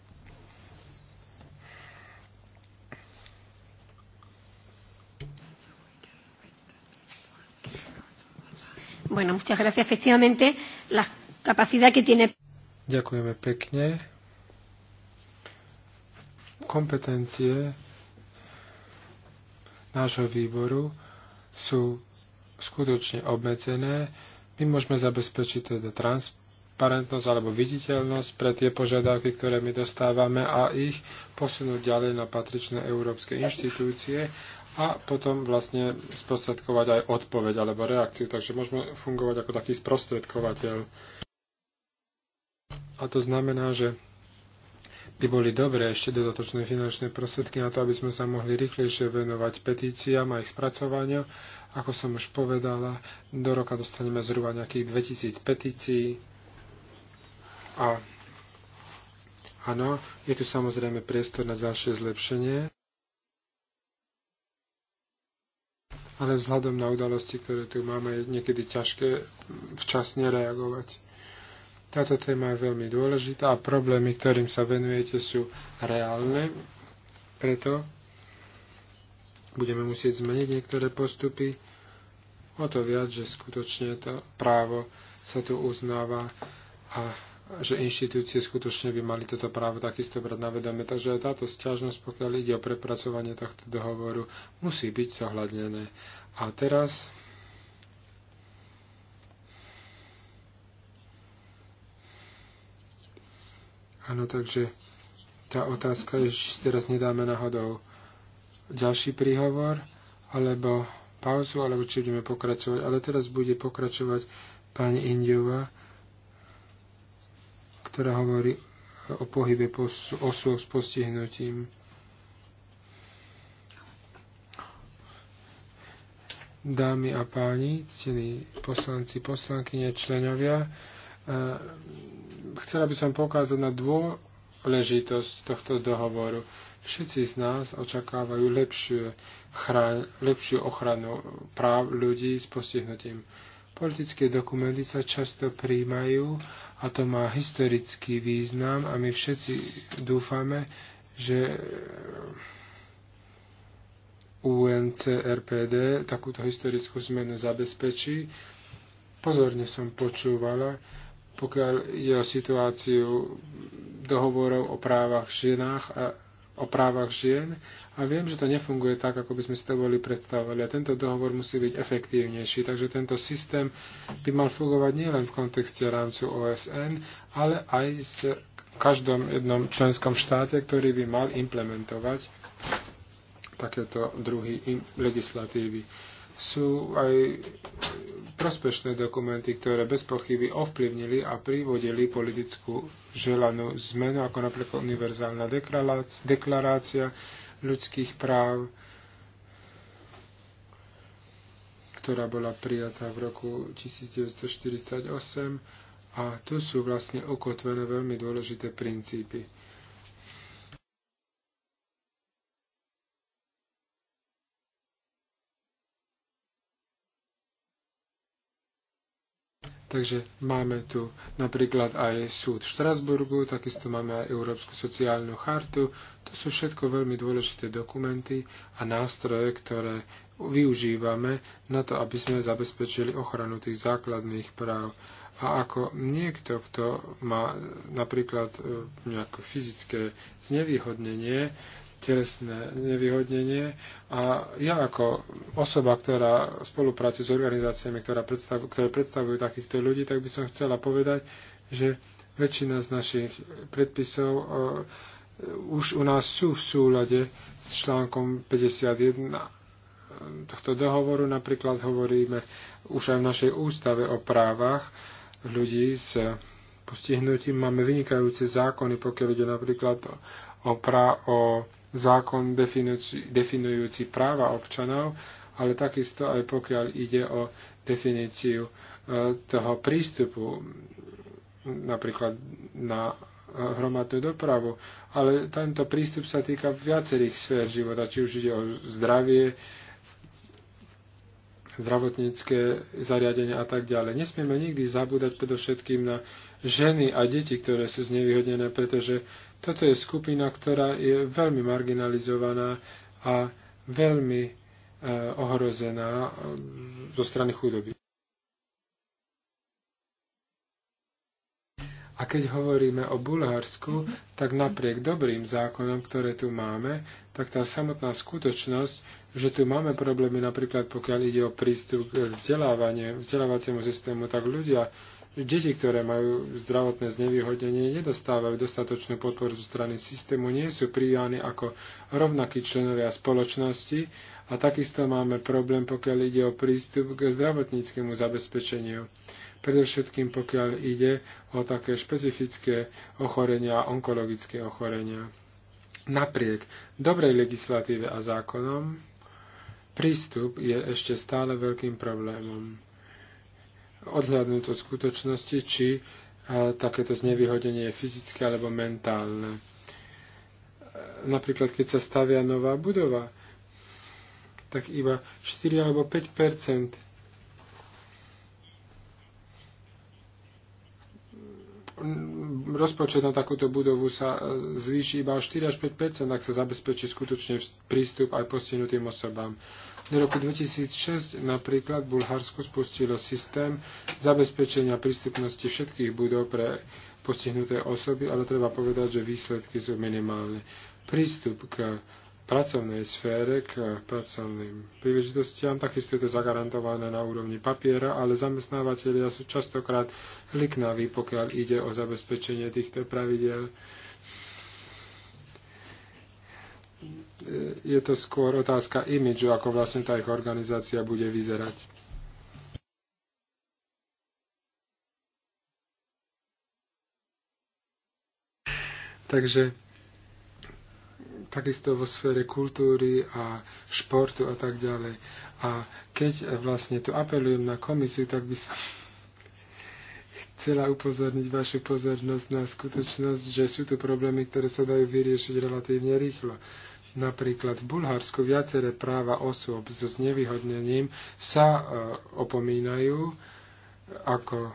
Bueno, muchas gracias. Efectivamente, la capacidad que tiene.
Ďakujeme pekne. Kompetencie nášho výboru sú skutočne obmedzené. My môžeme zabezpečiť teda transparentnosť alebo viditeľnosť pre tie požiadavky, ktoré my dostávame a ich posunúť ďalej na patričné európske inštitúcie a potom vlastne sprostredkovať aj odpoveď alebo reakciu. Takže môžeme fungovať ako taký sprostredkovateľ. A to znamená, že by boli dobré ešte dodatočné finančné prostriedky na to, aby sme sa mohli rýchlejšie venovať petíciám a ich spracovaniu. Ako som už povedala, do roka dostaneme zhruba nejakých 2000 petícií a áno, je tu samozrejme priestor na ďalšie zlepšenie. ale vzhľadom na udalosti, ktoré tu máme, je niekedy ťažké včasne reagovať. Táto téma je veľmi dôležitá a problémy, ktorým sa venujete, sú reálne. Preto budeme musieť zmeniť niektoré postupy. O to viac, že skutočne to právo sa tu uznáva a že inštitúcie skutočne by mali toto právo takisto brať na vedomie. Takže aj táto sťažnosť, pokiaľ ide o prepracovanie tohto dohovoru, musí byť zohľadnené. A teraz Áno, takže tá otázka je, teraz nedáme náhodou ďalší príhovor, alebo pauzu, alebo či budeme pokračovať. Ale teraz bude pokračovať pani Indiova, ktorá hovorí o pohybe osôb s postihnutím. Dámy a páni, ctení poslanci, poslankyne, členovia, Eh, Chcela by som pokázať na dôležitosť tohto dohovoru. Všetci z nás očakávajú lepšiu, chraň, lepšiu ochranu práv ľudí s postihnutím. Politické dokumenty sa často príjmajú a to má historický význam a my všetci dúfame, že eh, UNCRPD takúto historickú zmenu zabezpečí. Pozorne som počúvala pokiaľ je o situáciu dohovorov o právach ženách a o právach žien a viem, že to nefunguje tak, ako by sme si to boli predstavovali. A tento dohovor musí byť efektívnejší, takže tento systém by mal fungovať nielen v kontexte rámcu OSN, ale aj s každom jednom členskom štáte, ktorý by mal implementovať takéto druhy legislatívy sú aj prospešné dokumenty, ktoré bez pochyby ovplyvnili a privodili politickú želanú zmenu, ako napríklad univerzálna deklarácia ľudských práv, ktorá bola prijatá v roku 1948. A tu sú vlastne ukotvené veľmi dôležité princípy. Takže máme tu napríklad aj súd v Štrasburgu, takisto máme aj Európsku sociálnu chartu. To sú všetko veľmi dôležité dokumenty a nástroje, ktoré využívame na to, aby sme zabezpečili ochranu tých základných práv. A ako niekto, kto má napríklad e, nejaké fyzické znevýhodnenie, telesné nevyhodnenie. A ja ako osoba, ktorá spolupracuje s organizáciami, ktorá predstav, ktoré predstavujú takýchto ľudí, tak by som chcela povedať, že väčšina z našich predpisov e, už u nás sú v súlade s článkom 51 tohto dohovoru. Napríklad hovoríme už aj v našej ústave o právach ľudí s postihnutím. Máme vynikajúce zákony, pokiaľ ide napríklad o, pra, o zákon definujúci, definujúci práva občanov, ale takisto aj pokiaľ ide o definíciu toho prístupu napríklad na hromadnú dopravu. Ale tento prístup sa týka viacerých sfér života, či už ide o zdravie, zdravotnícke zariadenia a tak ďalej. Nesmieme nikdy zabúdať predovšetkým na ženy a deti, ktoré sú znevýhodnené, pretože toto je skupina, ktorá je veľmi marginalizovaná a veľmi e, ohrozená e, zo strany chudoby. A keď hovoríme o Bulharsku, tak napriek dobrým zákonom, ktoré tu máme, tak tá samotná skutočnosť, že tu máme problémy napríklad pokiaľ ide o prístup k vzdelávaniu, vzdelávaciemu systému, tak ľudia, deti, ktoré majú zdravotné znevýhodnenie, nedostávajú dostatočnú podporu zo strany systému, nie sú prijáni ako rovnakí členovia spoločnosti a takisto máme problém, pokiaľ ide o prístup k zdravotníckému zabezpečeniu. Predovšetkým pokiaľ ide o také špecifické ochorenia, a onkologické ochorenia. Napriek dobrej legislatíve a zákonom, prístup je ešte stále veľkým problémom odhľadnúť od skutočnosti, či e, takéto znevýhodenie je fyzické alebo mentálne. E, napríklad, keď sa stavia nová budova, tak iba 4 alebo 5 rozpočet na takúto budovu sa e, zvýši iba o 4 až 5 ak sa zabezpečí skutočne prístup aj postihnutým osobám. Do roku 2006 napríklad Bulharsko spustilo systém zabezpečenia prístupnosti všetkých budov pre postihnuté osoby, ale treba povedať, že výsledky sú minimálne. Prístup k pracovnej sfére, k pracovným príležitostiam. Takisto je to zagarantované na úrovni papiera, ale zamestnávateľia sú častokrát liknaví, pokiaľ ide o zabezpečenie týchto pravidel je to skôr otázka imidžu, ako vlastne tá ich organizácia bude vyzerať. Takže takisto vo sfére kultúry a športu a tak ďalej. A keď vlastne tu apelujem na komisiu, tak by som (laughs) chcela upozorniť vašu pozornosť na skutočnosť, že sú tu problémy, ktoré sa dajú vyriešiť relatívne rýchlo. Napríklad v Bulharsku viaceré práva osôb so znevýhodnením sa e, opomínajú ako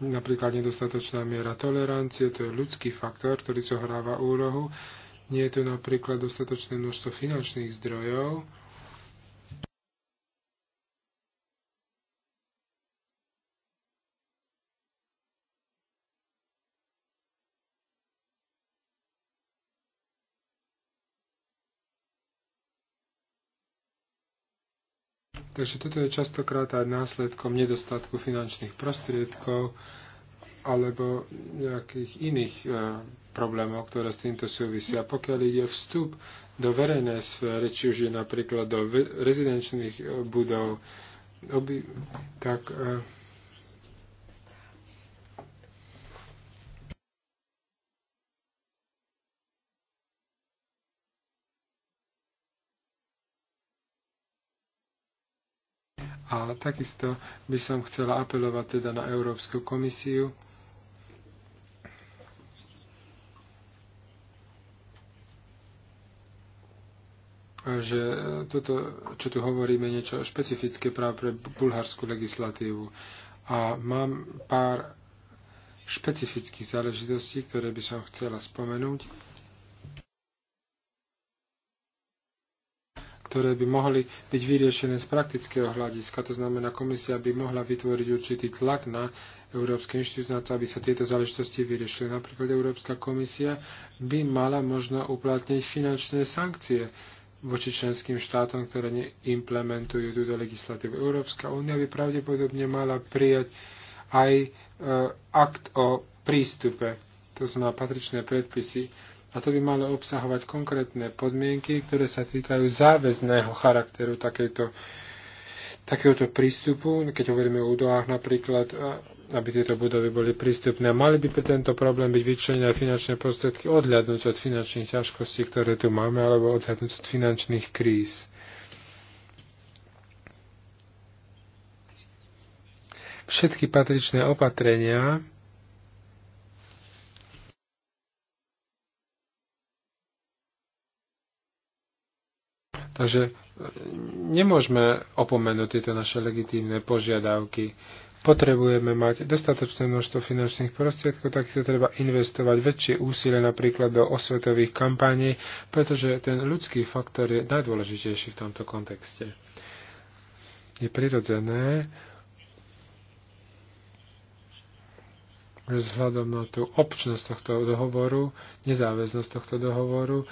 napríklad nedostatočná miera tolerancie, to je ľudský faktor, ktorý zohráva úlohu. Nie je tu napríklad dostatočné množstvo finančných zdrojov, Takže toto je častokrát aj následkom nedostatku finančných prostriedkov alebo nejakých iných e, problémov, ktoré s týmto súvisia. Pokiaľ ide vstup do verejnej sféry, či už je napríklad do rezidenčných e, budov, oby, tak e, takisto by som chcela apelovať teda na Európsku komisiu, že toto, čo tu hovoríme, niečo špecifické práve pre bulharskú legislatívu. A mám pár špecifických záležitostí, ktoré by som chcela spomenúť. ktoré by mohli byť vyriešené z praktického hľadiska. To znamená, komisia by mohla vytvoriť určitý tlak na Európske inštitúcie na to, aby sa tieto záležitosti vyriešili. Napríklad Európska komisia by mala možno uplatniť finančné sankcie voči členským štátom, ktoré neimplementujú túto legislatívu. Európska únia by pravdepodobne mala prijať aj e, akt o prístupe, to znamená patričné predpisy a to by malo obsahovať konkrétne podmienky, ktoré sa týkajú záväzného charakteru takejto, takéhoto prístupu, keď hovoríme o údoách napríklad, aby tieto budovy boli prístupné. Mali by pre tento problém byť vyčlenené finančné prostriedky odhľadnúť od finančných ťažkostí, ktoré tu máme, alebo odhľadnúť od finančných kríz. Všetky patričné opatrenia Takže e, nemôžeme opomenúť tieto naše legitímne požiadavky. Potrebujeme mať dostatočné množstvo finančných prostriedkov, tak sa treba investovať väčšie úsilie napríklad do osvetových kampaní, pretože ten ľudský faktor je najdôležitejší v tomto kontexte. Je prirodzené, vzhľadom na tú občnosť tohto dohovoru, nezáväznosť tohto dohovoru,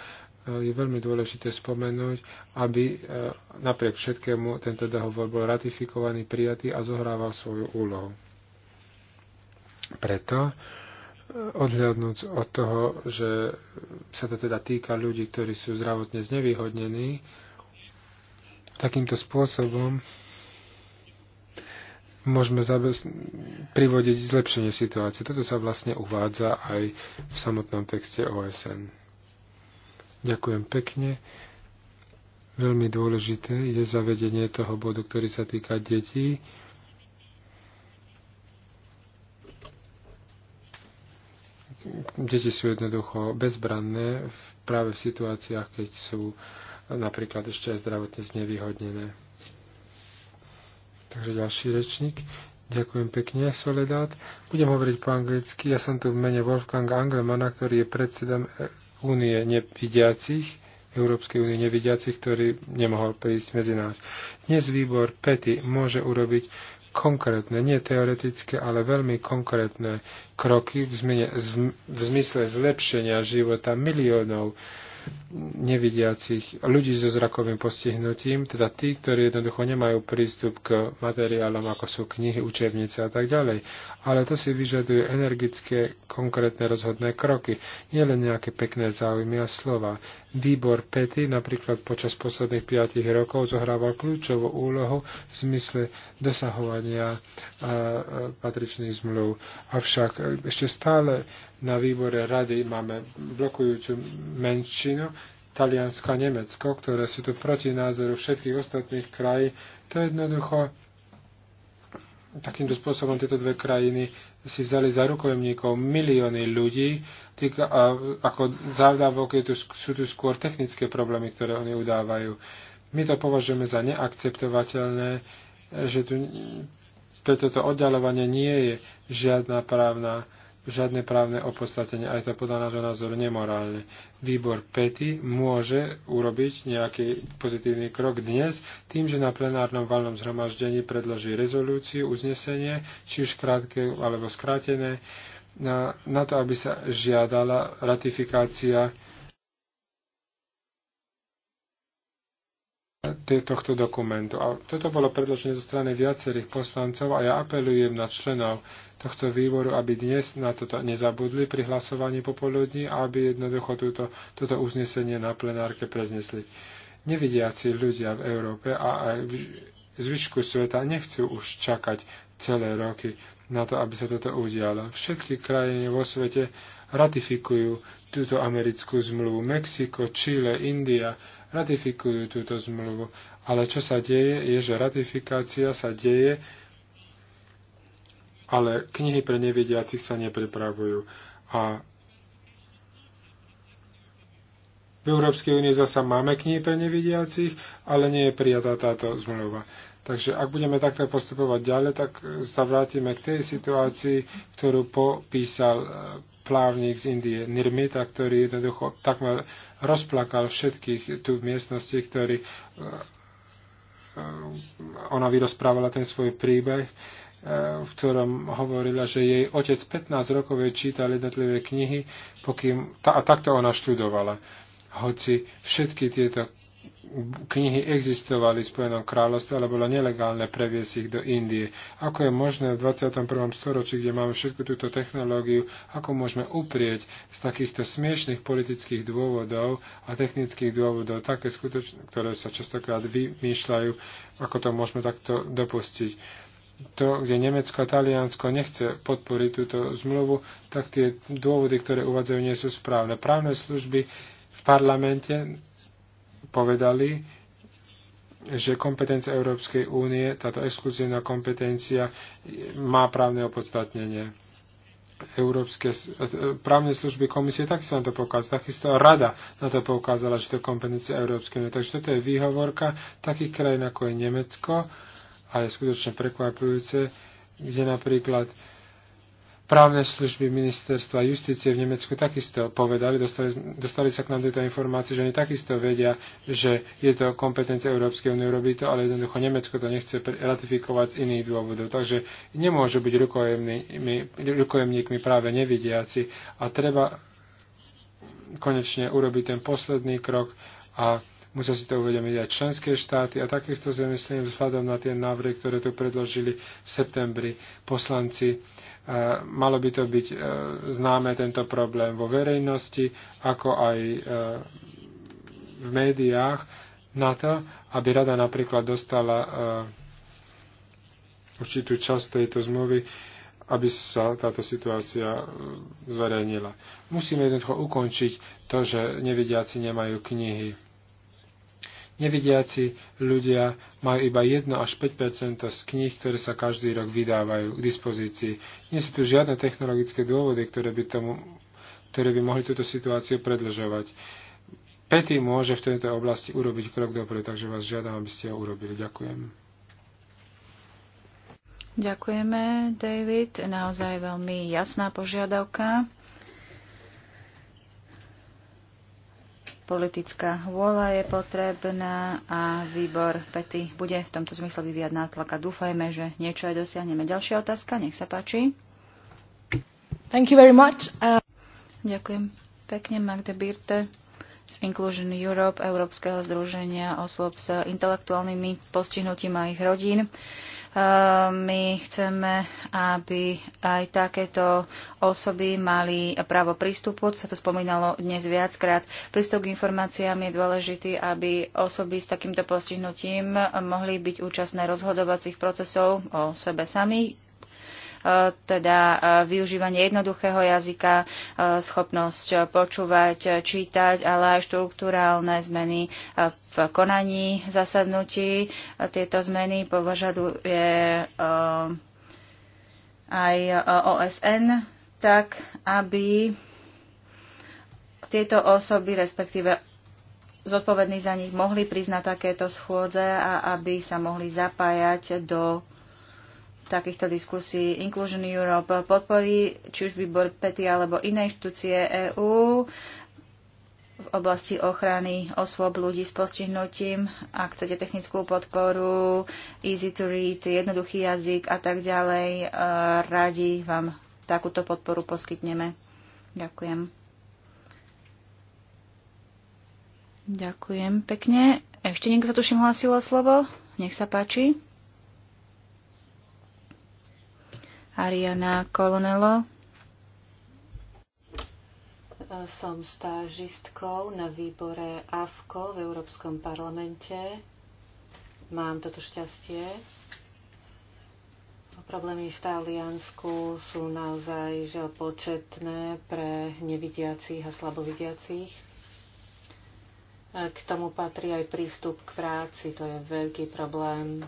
je veľmi dôležité spomenúť, aby e, napriek všetkému tento dohovor bol ratifikovaný, prijatý a zohrával svoju úlohu. Preto, e, odhľadnúc od toho, že sa to teda týka ľudí, ktorí sú zdravotne znevýhodnení, takýmto spôsobom môžeme privodiť zlepšenie situácie. Toto sa vlastne uvádza aj v samotnom texte OSN. Ďakujem pekne. Veľmi dôležité je zavedenie toho bodu, ktorý sa týka detí. Deti sú jednoducho bezbranné práve v situáciách, keď sú napríklad ešte aj zdravotne znevýhodnené. Takže ďalší rečník. Ďakujem pekne, Soledad. Budem hovoriť po anglicky. Ja som tu v mene Wolfganga Anglemana, ktorý je predsedom únie nevidiacich, Európskej únie nevidiacich, ktorý nemohol prísť medzi nás. Dnes výbor PETI môže urobiť konkrétne, nie teoretické, ale veľmi konkrétne kroky v, zmene, v zmysle zlepšenia života miliónov nevidiacich ľudí so zrakovým postihnutím, teda tí, ktorí jednoducho nemajú prístup k materiálom, ako sú knihy, učebnice a tak ďalej. Ale to si vyžaduje energické, konkrétne rozhodné kroky, nielen nejaké pekné záujmy a slova. Výbor Pety napríklad počas posledných 5 rokov zohrával kľúčovú úlohu v zmysle dosahovania patričných zmluv. Avšak ešte stále na výbore rady máme blokujúcu menšinu, Taliansko a Nemecko, ktoré sú tu proti názoru všetkých ostatných krajín. To jednoducho takýmto spôsobom tieto dve krajiny si vzali za rukojemníkov milióny ľudí. Týka, a, ako závdavok je tu, sú tu skôr technické problémy, ktoré oni udávajú. My to považujeme za neakceptovateľné, že tu preto to oddalovanie nie je žiadna právna žiadne právne opodstatenie. Aj to podľa nášho názoru nemorálne. Výbor Pety môže urobiť nejaký pozitívny krok dnes tým, že na plenárnom valnom zhromaždení predloží rezolúciu, uznesenie, či už krátke alebo skrátené, na, na to, aby sa žiadala ratifikácia tohto dokumentu. A toto bolo predložené zo strany viacerých poslancov a ja apelujem na členov tohto výboru, aby dnes na toto nezabudli pri hlasovaní popoludní a aby jednoducho túto, toto uznesenie na plenárke preznesli. Nevidiaci ľudia v Európe a aj v zvyšku sveta nechcú už čakať celé roky na to, aby sa toto udialo. Všetky krajiny vo svete ratifikujú túto americkú zmluvu. Mexiko, Chile, India, ratifikujú túto zmluvu. Ale čo sa deje, je, že ratifikácia sa deje, ale knihy pre nevidiacich sa nepripravujú. A v Európskej únii zasa máme knihy pre nevidiacich, ale nie je prijatá táto zmluva. Takže ak budeme takto postupovať ďalej, tak e, sa vrátime k tej situácii, ktorú popísal e, plávnik z Indie Nirmita, ktorý jednoducho takmer rozplakal všetkých tu v miestnosti, ktorí e, ona vyrozprávala ten svoj príbeh, v ktorom hovorila, že jej otec 15 rokov je čítal jednotlivé knihy, pokým, a takto ona študovala. Hoci všetky tieto knihy existovali v Spojenom kráľovstve, ale bolo nelegálne previesť ich do Indie. Ako je možné v 21. storočí, kde máme všetku túto technológiu, ako môžeme uprieť z takýchto smiešných politických dôvodov a technických dôvodov, také skutočne, ktoré sa častokrát vymýšľajú, ako to môžeme takto dopustiť. To, kde Nemecko a Taliansko nechce podporiť túto zmluvu, tak tie dôvody, ktoré uvádzajú, nie sú správne. Právne služby v parlamente povedali, že kompetencia Európskej únie, táto exkluzívna kompetencia má právne opodstatnenie. Európske e, e, právne služby komisie takisto na to poukázala, takisto rada na to poukázala, že to je kompetencia Európskej únie. Takže toto je výhovorka takých krajín ako je Nemecko a je skutočne prekvapujúce, kde napríklad právne služby ministerstva justície v Nemecku takisto povedali, dostali, dostali sa k nám tieto informácie, že oni takisto vedia, že je to kompetencia Európskej únie urobiť to, ale jednoducho Nemecko to nechce ratifikovať z iných dôvodov. Takže nemôžu byť rukojemníkmi práve nevidiaci a treba konečne urobiť ten posledný krok a Musia si to uvedomiť aj členské štáty a takisto si myslím vzhľadom na tie návrhy, ktoré tu predložili v septembri poslanci. E, malo by to byť e, známe tento problém vo verejnosti, ako aj e, v médiách, na to, aby rada napríklad dostala určitú časť tejto zmluvy, aby sa táto situácia zverejnila. Musíme jednoducho ukončiť to, že nevidiaci nemajú knihy. Nevidiaci ľudia majú iba 1 až 5 z kníh, ktoré sa každý rok vydávajú k dispozícii. Nie sú tu žiadne technologické dôvody, ktoré by, tomu, ktoré by mohli túto situáciu predlžovať. Pety môže v tejto oblasti urobiť krok dopredu, takže vás žiadam, aby ste ho urobili. Ďakujem.
Ďakujeme, David. Naozaj veľmi jasná požiadavka. politická vôľa je potrebná a výbor Pety bude v tomto zmysle vyviať nátlak a dúfajme, že niečo aj dosiahneme. Ďalšia otázka, nech sa páči. Thank you very much. Uh... Ďakujem pekne, Magde Birte z Inclusion Europe, Európskeho združenia osôb s intelektuálnymi postihnutím a ich rodín. Uh, my chceme, aby aj takéto osoby mali právo prístupu, sa to spomínalo dnes viackrát. Prístup k informáciám je dôležitý, aby osoby s takýmto postihnutím mohli byť účastné rozhodovacích procesov o sebe sami, E, teda e, využívanie jednoduchého jazyka, e, schopnosť počúvať, čítať, ale aj štruktúrálne zmeny v konaní zasadnutí. Tieto zmeny považaduje aj OSN tak, aby tieto osoby, respektíve zodpovední za nich mohli priznať takéto schôdze a aby sa mohli zapájať do takýchto diskusí Inclusion Europe podporí, či už bol PETI alebo iné inštitúcie EÚ v oblasti ochrany osôb ľudí s postihnutím, ak chcete technickú podporu, easy to read, jednoduchý jazyk a tak ďalej, e, radi vám takúto podporu poskytneme. Ďakujem. Ďakujem pekne. Ešte niekto tuším hlasilo slovo? Nech sa páči. Ariana Colonello.
Som stážistkou na výbore AFKO v Európskom parlamente. Mám toto šťastie. Problémy v Taliansku sú naozaj že početné pre nevidiacich a slabovidiacich. K tomu patrí aj prístup k práci, to je veľký problém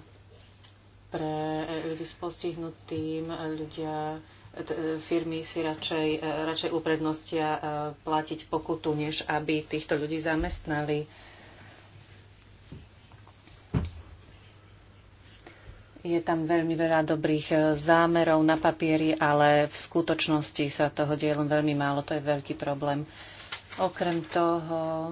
pre ľudí e s postihnutým. Ľudia, e, firmy si radšej, e, radšej uprednostia platiť pokutu, než aby týchto ľudí zamestnali. Je tam veľmi veľa dobrých zámerov na papieri, ale v skutočnosti sa toho deje len veľmi málo. To je veľký problém. Okrem toho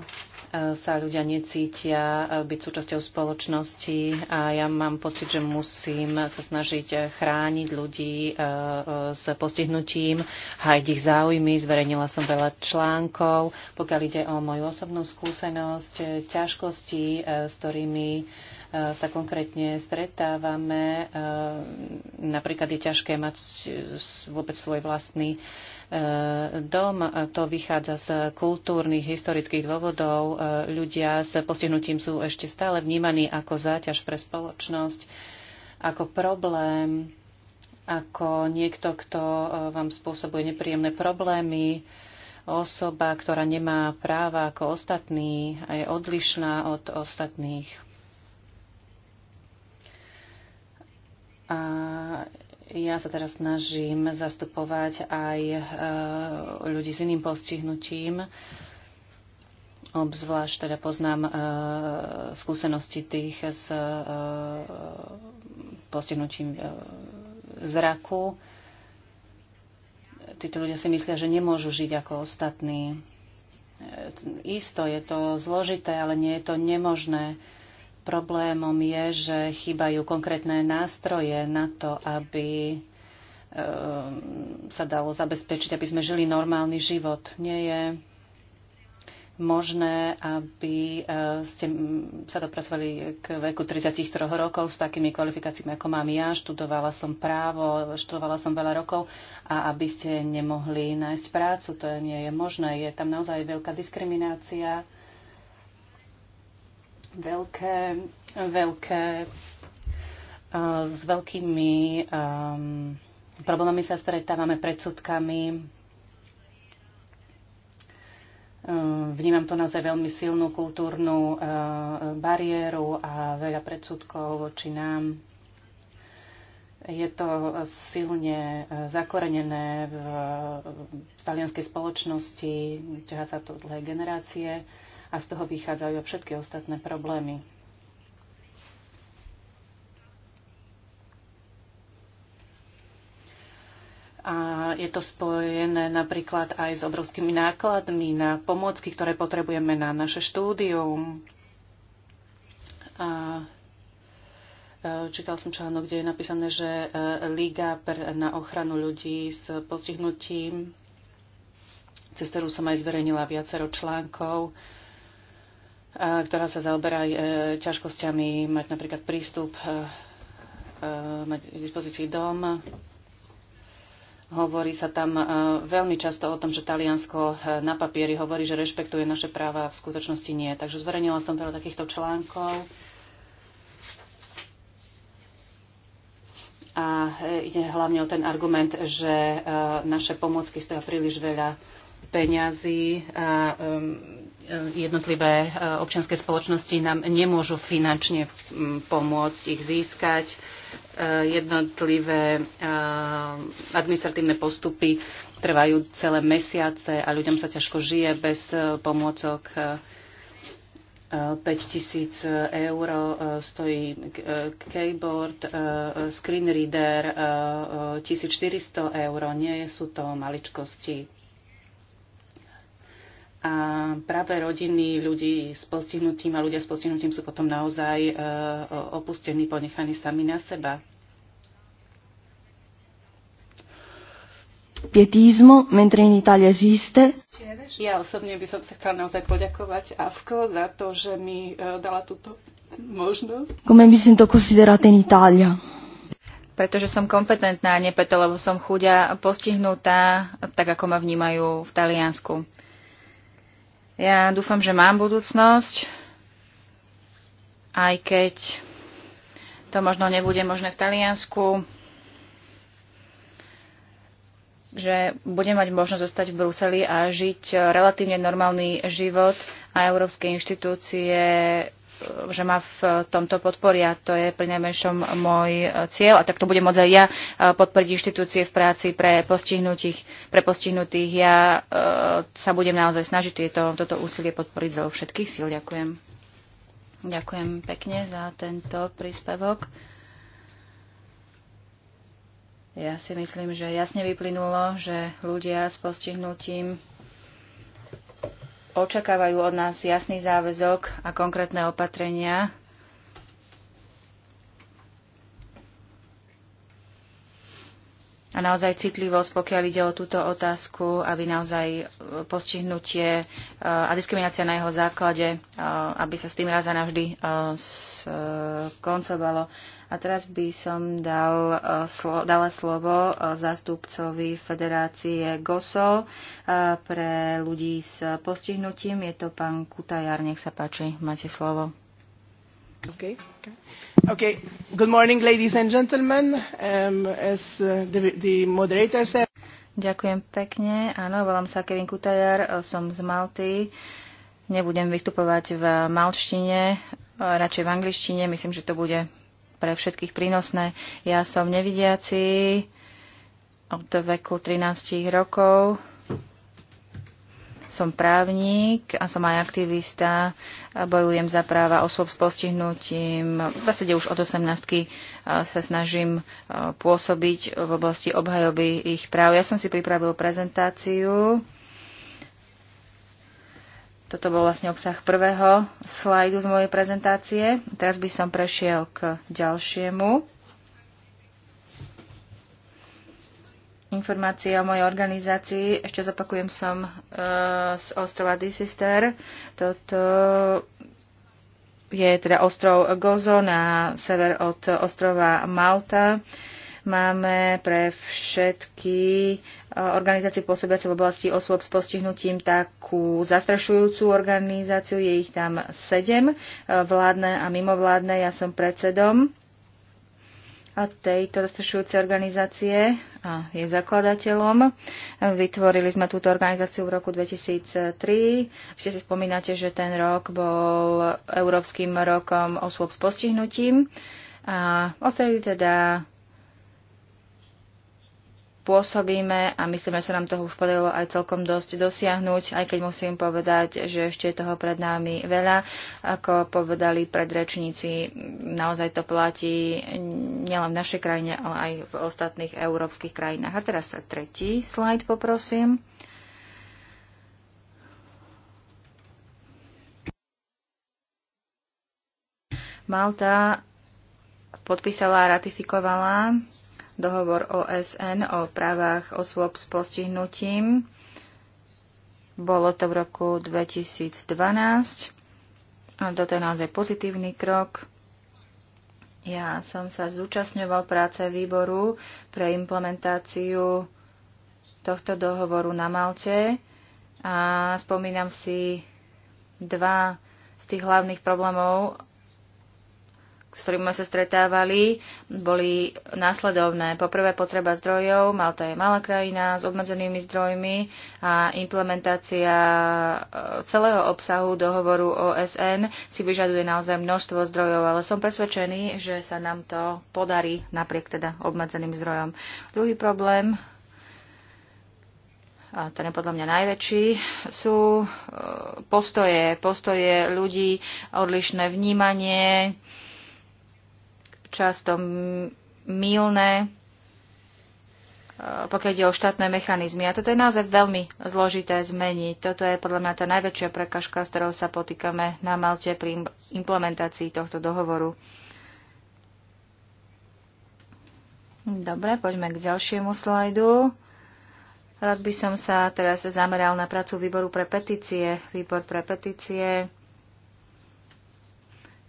sa ľudia necítia eh, byť súčasťou spoločnosti a ja mám pocit, že musím sa snažiť eh, chrániť ľudí eh, s postihnutím, hajť ich záujmy. Zverejnila som veľa článkov, pokiaľ ide o moju osobnú skúsenosť, ťažkosti, s ktorými sa konkrétne stretávame. Napríklad je ťažké mať vôbec svoj vlastný dom. To vychádza z kultúrnych, historických dôvodov. Ľudia s postihnutím sú ešte stále vnímaní ako záťaž pre spoločnosť, ako problém, ako niekto, kto e, vám spôsobuje nepríjemné problémy, osoba, ktorá nemá práva ako ostatní a je odlišná od ostatných. A ja sa teraz snažím zastupovať aj e, ľudí s iným postihnutím. Obzvlášť teda poznám e, skúsenosti tých s e, postihnutím zraku. Títo ľudia si myslia, že nemôžu žiť ako ostatní. Isto je to zložité, ale nie je to nemožné Problémom je, že chýbajú konkrétne nástroje na to, aby ehm, sa dalo zabezpečiť, aby sme žili normálny život. Nie je možné, aby e, ste sa dopracovali k veku 33 rokov s takými kvalifikáciami, ako mám ja. Študovala som právo, študovala som veľa rokov a aby ste nemohli nájsť prácu, to nie je možné. Je tam naozaj veľká diskriminácia veľké, veľké s veľkými um, problémami sa stretávame, predsudkami. Um, vnímam to naozaj veľmi silnú kultúrnu uh, bariéru a veľa predsudkov voči nám. Je to silne uh, zakorenené v, v talianskej spoločnosti, ťaha sa to dlhé generácie. Uh, a z toho vychádzajú všetky ostatné problémy. A je to spojené napríklad aj s obrovskými nákladmi na pomôcky, ktoré potrebujeme na naše štúdium. A e, čítal som článok, kde je napísané, že e, Liga na ochranu ľudí s postihnutím, cez ktorú som aj zverejnila viacero článkov, ktorá sa zaoberá e, ťažkosťami mať napríklad prístup, e, e, mať v dispozícii dom. Hovorí sa tam veľmi často o tom, že Taliansko na papieri hovorí, že rešpektuje naše práva a v skutočnosti nie. Takže zverejnila som veľa takýchto článkov. A ide hlavne o ten argument, že naše pomocky stoja príliš veľa peňazí a um, E, jednotlivé e, občianske spoločnosti nám nemôžu finančne pomôcť ich získať. E, jednotlivé administratívne postupy trvajú celé mesiace a ľuďom sa ťažko žije bez pomôcok. 5 tisíc eur stojí keyboard, screen reader, 1400 eur, nie sú to maličkosti. A práve rodiny ľudí s postihnutím a ľudia s postihnutím sú potom naozaj e, opustení, ponechaní sami na seba. Pietismo, mentre in Italia esiste. Ja osobne by som sa chcela naozaj poďakovať Avko za to, že mi e, dala túto
možnosť. Come mi sento considerata in Italia? Pretože som kompetentná, nepeto, lebo som chudia postihnutá, tak ako ma vnímajú v Taliansku. Ja dúfam, že mám budúcnosť, aj keď to možno nebude možné v Taliansku, že budem mať možnosť zostať v Bruseli a žiť relatívne normálny život a európske inštitúcie že ma v tomto podporia. To je pri najmenšom môj cieľ a tak to budem môcť aj ja eh, podporiť inštitúcie v práci pre postihnutých. Pre postihnutých ja eh, sa budem naozaj snažiť tieto, toto úsilie podporiť zo všetkých síl. Ďakujem. Ďakujem pekne za tento príspevok. Ja si myslím, že jasne vyplynulo, že ľudia s postihnutím očakávajú od nás jasný záväzok a konkrétne opatrenia, a naozaj citlivosť, pokiaľ ide o túto otázku, aby naozaj e, postihnutie e, a diskriminácia na jeho základe, e, aby sa s tým raz a navždy skoncovalo. A teraz by som dal, slo, dala slovo zástupcovi Federácie GOSO pre ľudí s postihnutím. Je to pán Kutajar, nech sa páči, máte slovo. Okay. Okay. Good morning, ladies and gentlemen. Um, as uh, the, the moderator said... Ďakujem pekne. Áno, volám sa Kevin Kutajar, eh, som z Malty. Nebudem vystupovať v malštine, eh, radšej v angličtine. Myslím, že to bude pre všetkých prínosné. Ja som nevidiaci od veku 13 rokov som právnik a som aj aktivista. bojujem za práva osôb s postihnutím. V zásade už od 18 e, sa snažím e, pôsobiť v oblasti obhajoby ich práv. Ja som si pripravil prezentáciu. Toto bol vlastne obsah prvého slajdu z mojej prezentácie. Teraz by som prešiel k ďalšiemu. informácie o mojej organizácii. Ešte zopakujem, som e, z ostrova Sister. Toto je teda ostrov Gozo na sever od ostrova Malta. Máme pre všetky e, organizácie pôsobiace v oblasti osôb s postihnutím takú zastrašujúcu organizáciu. Je ich tam sedem, e, vládne a mimovládne. Ja som predsedom a tejto zastrešujúcej organizácie a je zakladateľom. Vytvorili sme túto organizáciu v roku 2003. Všetci si spomínate, že ten rok bol Európskym rokom osôb s postihnutím. A osobi teda pôsobíme a myslíme, že sa nám toho už podarilo aj celkom dosť dosiahnuť, aj keď musím povedať, že ešte je toho pred nami veľa. Ako povedali predrečníci, naozaj to platí nielen v našej krajine, ale aj v ostatných európskych krajinách. A teraz sa tretí slajd poprosím. Malta podpísala a ratifikovala dohovor OSN o právach osôb s postihnutím. Bolo to v roku 2012. A toto je naozaj pozitívny krok. Ja som sa zúčastňoval práce výboru pre implementáciu tohto dohovoru na Malte a spomínam si dva z tých hlavných problémov, s ktorými sme sa stretávali, boli následovné. Poprvé potreba zdrojov, Malta je malá krajina s obmedzenými zdrojmi a implementácia e, celého obsahu dohovoru OSN si vyžaduje naozaj množstvo zdrojov, ale som presvedčený, že sa nám to podarí napriek teda obmedzeným zdrojom. Druhý problém, a ten je podľa mňa najväčší, sú e, postoje, postoje ľudí, odlišné vnímanie, často mylné, e, pokiaľ ide o štátne mechanizmy. A toto je naozaj veľmi zložité zmeniť. Toto je podľa mňa tá najväčšia prekažka, s ktorou sa potýkame na Malte pri implementácii tohto dohovoru. Dobre, poďme k ďalšiemu slajdu. Rád by som sa teraz zameral na prácu výboru pre petície. Výbor pre petície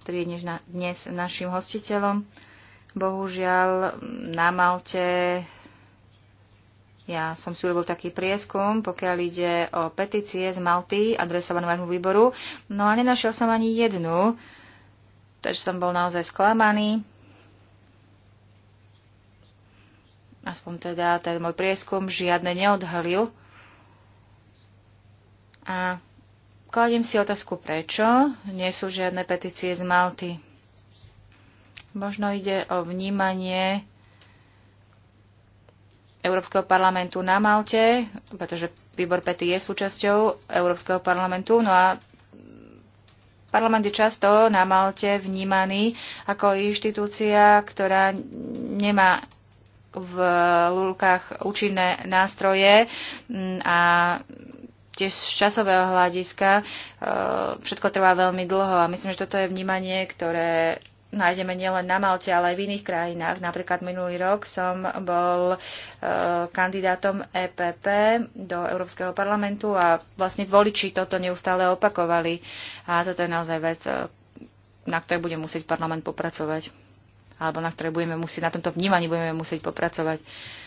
ktorý je dnes našim hostiteľom. Bohužiaľ, na Malte ja som si urobil taký prieskum, pokiaľ ide o petície z Malty adresovanú vášmu výboru, no a nenašiel som ani jednu, takže som bol naozaj sklamaný. Aspoň teda ten môj prieskum žiadne neodhalil. A Kladím si otázku, prečo nie sú žiadne petície z Malty. Možno ide o vnímanie Európskeho parlamentu na Malte, pretože výbor Pety je súčasťou Európskeho parlamentu, no a parlament je často na Malte vnímaný ako inštitúcia, ktorá nemá v lulkách účinné nástroje mm, a tiež z časového hľadiska e, všetko trvá veľmi dlho a myslím, že toto je vnímanie, ktoré nájdeme nielen na Malte, ale aj v iných krajinách. Napríklad minulý rok som bol e, kandidátom EPP do Európskeho parlamentu a vlastne voliči toto neustále opakovali. A toto je naozaj vec, e, na ktorej bude musieť parlament popracovať. Alebo na ktorej budeme musieť, na tomto vnímaní budeme musieť popracovať. Uh,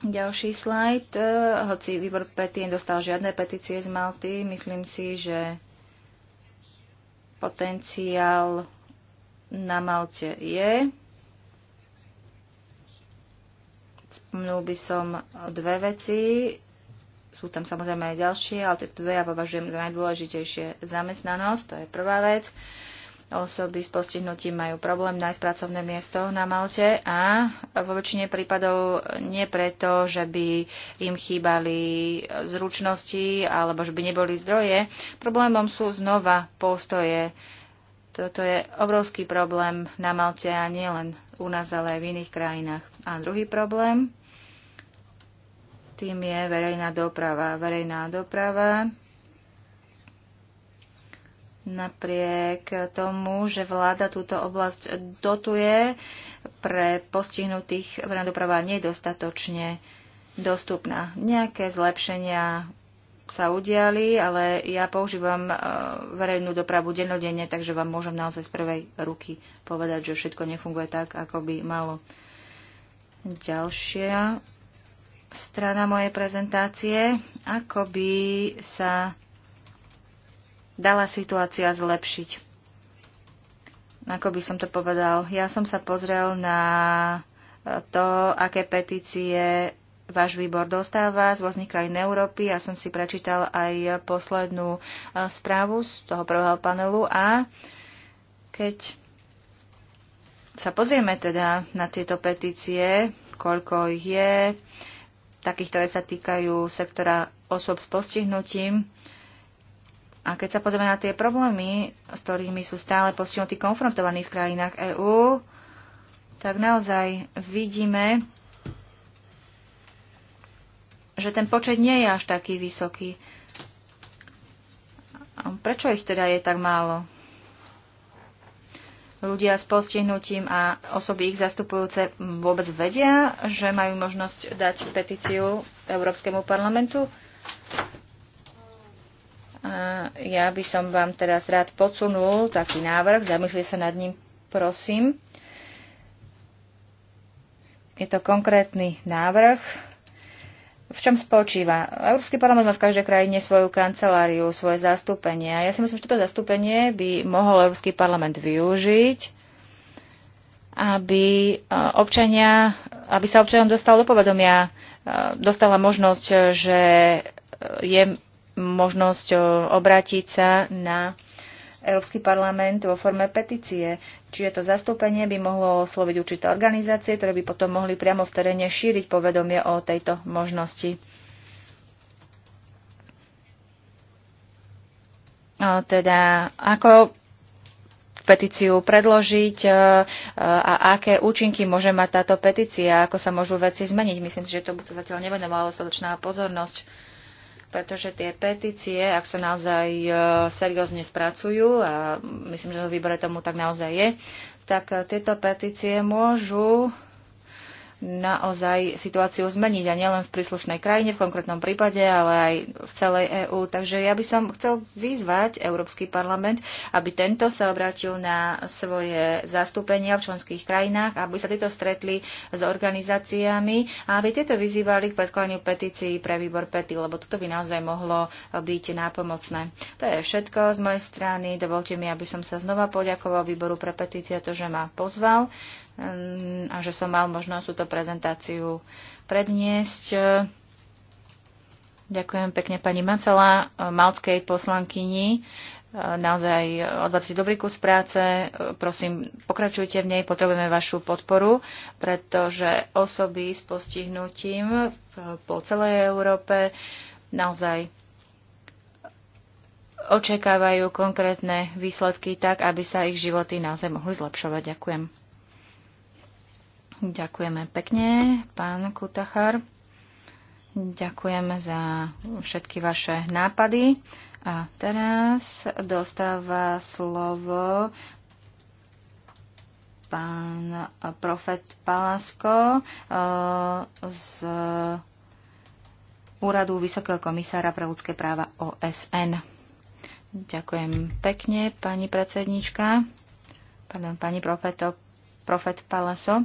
Ďalší slajd. E, hoci výbor petí nedostal žiadne petície z Malty, myslím si, že potenciál na Malte je. Spomnul by som dve veci. Sú tam samozrejme aj ďalšie, ale tie dve ja považujem za najdôležitejšie. Zamestnanosť, to je prvá vec. Uh, osoby s postihnutím majú problém nájsť pracovné miesto na Malte a vo väčšine prípadov nie preto, že by im chýbali zručnosti alebo že by neboli zdroje. Problémom sú znova postoje. Toto je obrovský problém na Malte a nielen u nás, ale aj v iných krajinách. A druhý problém, tým je verejná doprava. Verejná doprava napriek tomu, že vláda túto oblasť dotuje pre postihnutých verejná doprava nedostatočne dostupná. Nejaké zlepšenia sa udiali, ale ja používam e, verejnú dopravu dennodenne, takže vám môžem naozaj z prvej ruky povedať, že všetko nefunguje tak, ako by malo. Ďalšia strana mojej prezentácie, ako by sa dala situácia zlepšiť. Ako by som to povedal, ja som sa pozrel na to, aké petície váš výbor dostáva z rôznych krajín Európy. Ja som si prečítal aj poslednú e, správu z toho prvého panelu a keď sa pozrieme teda na tieto petície, koľko ich je, takých, ktoré sa týkajú sektora osôb s postihnutím, a keď sa pozrieme na tie problémy, s ktorými sú stále postihnutí konfrontovaní v krajinách EÚ, tak naozaj vidíme, že ten počet nie je až taký vysoký. A prečo ich teda je tak málo? Ľudia s postihnutím a osoby ich zastupujúce vôbec vedia, že majú možnosť dať petíciu Európskemu parlamentu? Eh, ja by som vám teraz rád podsunul taký návrh, zamyslite sa nad ním, prosím. Je to konkrétny návrh. V čom spočíva? Európsky parlament má v každej krajine svoju kanceláriu, svoje zastúpenie. A ja si myslím, že toto zastúpenie by mohol Európsky parlament využiť, aby, eh, občania, aby sa občanom dostalo do povedomia, eh, dostala možnosť, že je možnosť e, obrátiť sa na Európsky parlament vo forme petície. Čiže to zastúpenie by mohlo osloviť určité organizácie, ktoré by potom mohli priamo v teréne šíriť povedomie o tejto možnosti. A teda ako petíciu predložiť e, a aké účinky môže mať táto petícia, ako sa môžu veci zmeniť. Myslím si, že by sa zatiaľ nevenovala dostatočná pozornosť pretože tie petície, ak sa naozaj e, seriózne spracujú, a myslím, že na výbore tomu tak naozaj je, tak e, tieto petície môžu naozaj situáciu zmeniť a nielen v príslušnej krajine v konkrétnom prípade, ale aj v celej EÚ. Takže ja by som chcel vyzvať Európsky parlament, aby tento sa obrátil na svoje zastúpenia v členských krajinách, aby sa tieto stretli s organizáciami a aby tieto vyzývali k predkladaniu petícií pre výbor pety, lebo toto by naozaj mohlo byť nápomocné. To je všetko z mojej strany. Dovolte mi, aby som sa znova poďakoval výboru pre petície, to, že ma pozval a že som mal možnosť túto prezentáciu predniesť. Ďakujem pekne pani Macela, malckej poslankyni. Naozaj odvádzate dobrý kus práce. Prosím, pokračujte v nej, potrebujeme vašu podporu, pretože osoby s postihnutím po celej Európe naozaj očakávajú konkrétne výsledky tak, aby sa ich životy naozaj mohli zlepšovať. Ďakujem. Ďakujeme pekne, pán Kutachar. Ďakujeme za všetky vaše nápady. A teraz dostáva slovo pán profet Palasko eh, z Úradu Vysokého komisára pre ľudské práva OSN. Ďakujem pekne, pani predsednička, pardon, pani profeto, profet Palaso. Uh,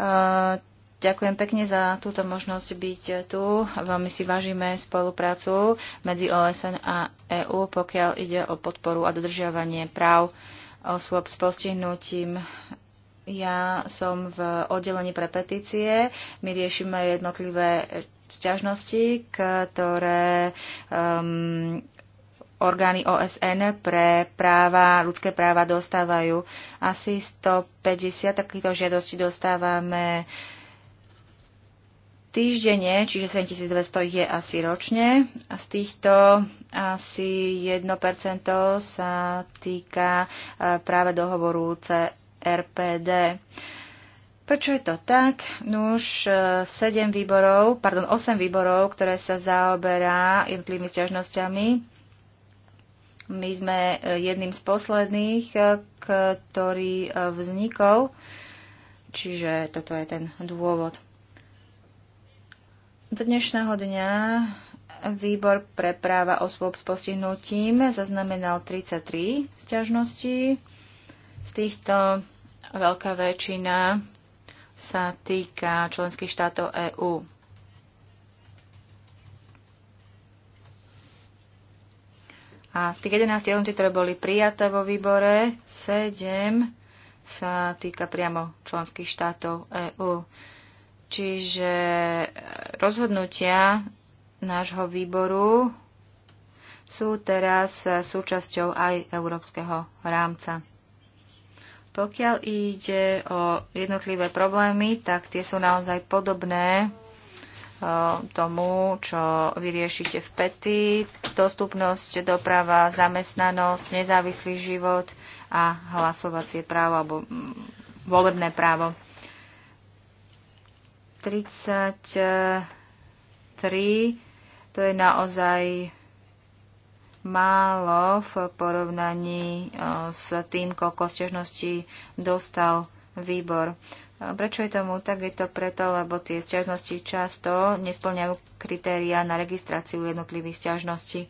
Eh, ďakujem pekne za túto možnosť byť tu. Veľmi si vážime spoluprácu medzi OSN a EÚ, pokiaľ ide o podporu a dodržiavanie práv osôb s postihnutím. Ja som v oddelení pre petície. My riešime jednotlivé sťažnosti, ktoré um, orgány OSN pre práva, ľudské práva dostávajú. Asi 150 takýchto žiadostí dostávame týždenne, čiže 7200 je asi ročne. A z týchto asi 1% sa týka e, práve dohovoru CRPD. Prečo je to tak? No už 7 výborov, pardon, 8 výborov, ktoré sa zaoberá jednotlivými sťažnosťami my sme e, jedným z posledných, e, ktorý e, vznikol, čiže toto je ten dôvod. Do dnešného dňa výbor pre práva osôb s postihnutím zaznamenal 33 stiažnosti. Z týchto veľká väčšina sa týka členských štátov EÚ. A z tých 11 rozhodnutí, ktoré boli prijaté vo výbore, 7 sa týka priamo členských štátov EÚ. Čiže e, rozhodnutia nášho výboru sú teraz e, súčasťou aj európskeho rámca. Pokiaľ ide o jednotlivé problémy, tak tie sú naozaj podobné Eh, tomu, čo vyriešite v pety, dostupnosť, doprava, zamestnanosť, nezávislý život a hlasovacie právo alebo mm, volebné právo. 33 to je naozaj málo v porovnaní eh, s tým, koľko stežností dostal výbor. Prečo je tomu tak? Je to preto, lebo tie sťažnosti často nesplňajú kritéria na registráciu jednotlivých sťažností.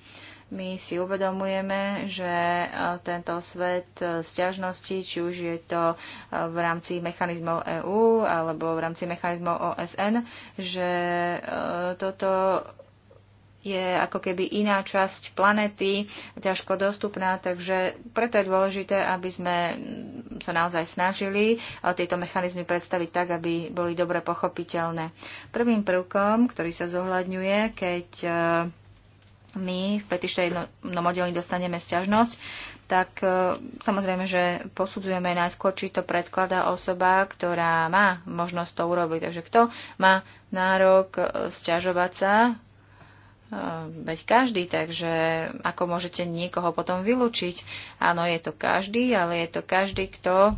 My si uvedomujeme, že e, tento svet e, sťažnosti, či už je to e, v rámci mechanizmov EÚ alebo v rámci mechanizmov OSN, že toto je ako keby iná časť planéty, ťažko dostupná, takže preto je dôležité, aby sme sa naozaj snažili tieto mechanizmy predstaviť tak, aby boli dobre pochopiteľné. Prvým prvkom, ktorý sa zohľadňuje, keď e, my v jednom oddelení dostaneme sťažnosť, tak e, samozrejme, že posudzujeme najskôr, či to predkladá osoba, ktorá má možnosť to urobiť. Takže kto má nárok e, sťažovať sa Eh, veď každý, takže ako môžete niekoho potom vylúčiť? Áno, je to každý, ale je to každý, kto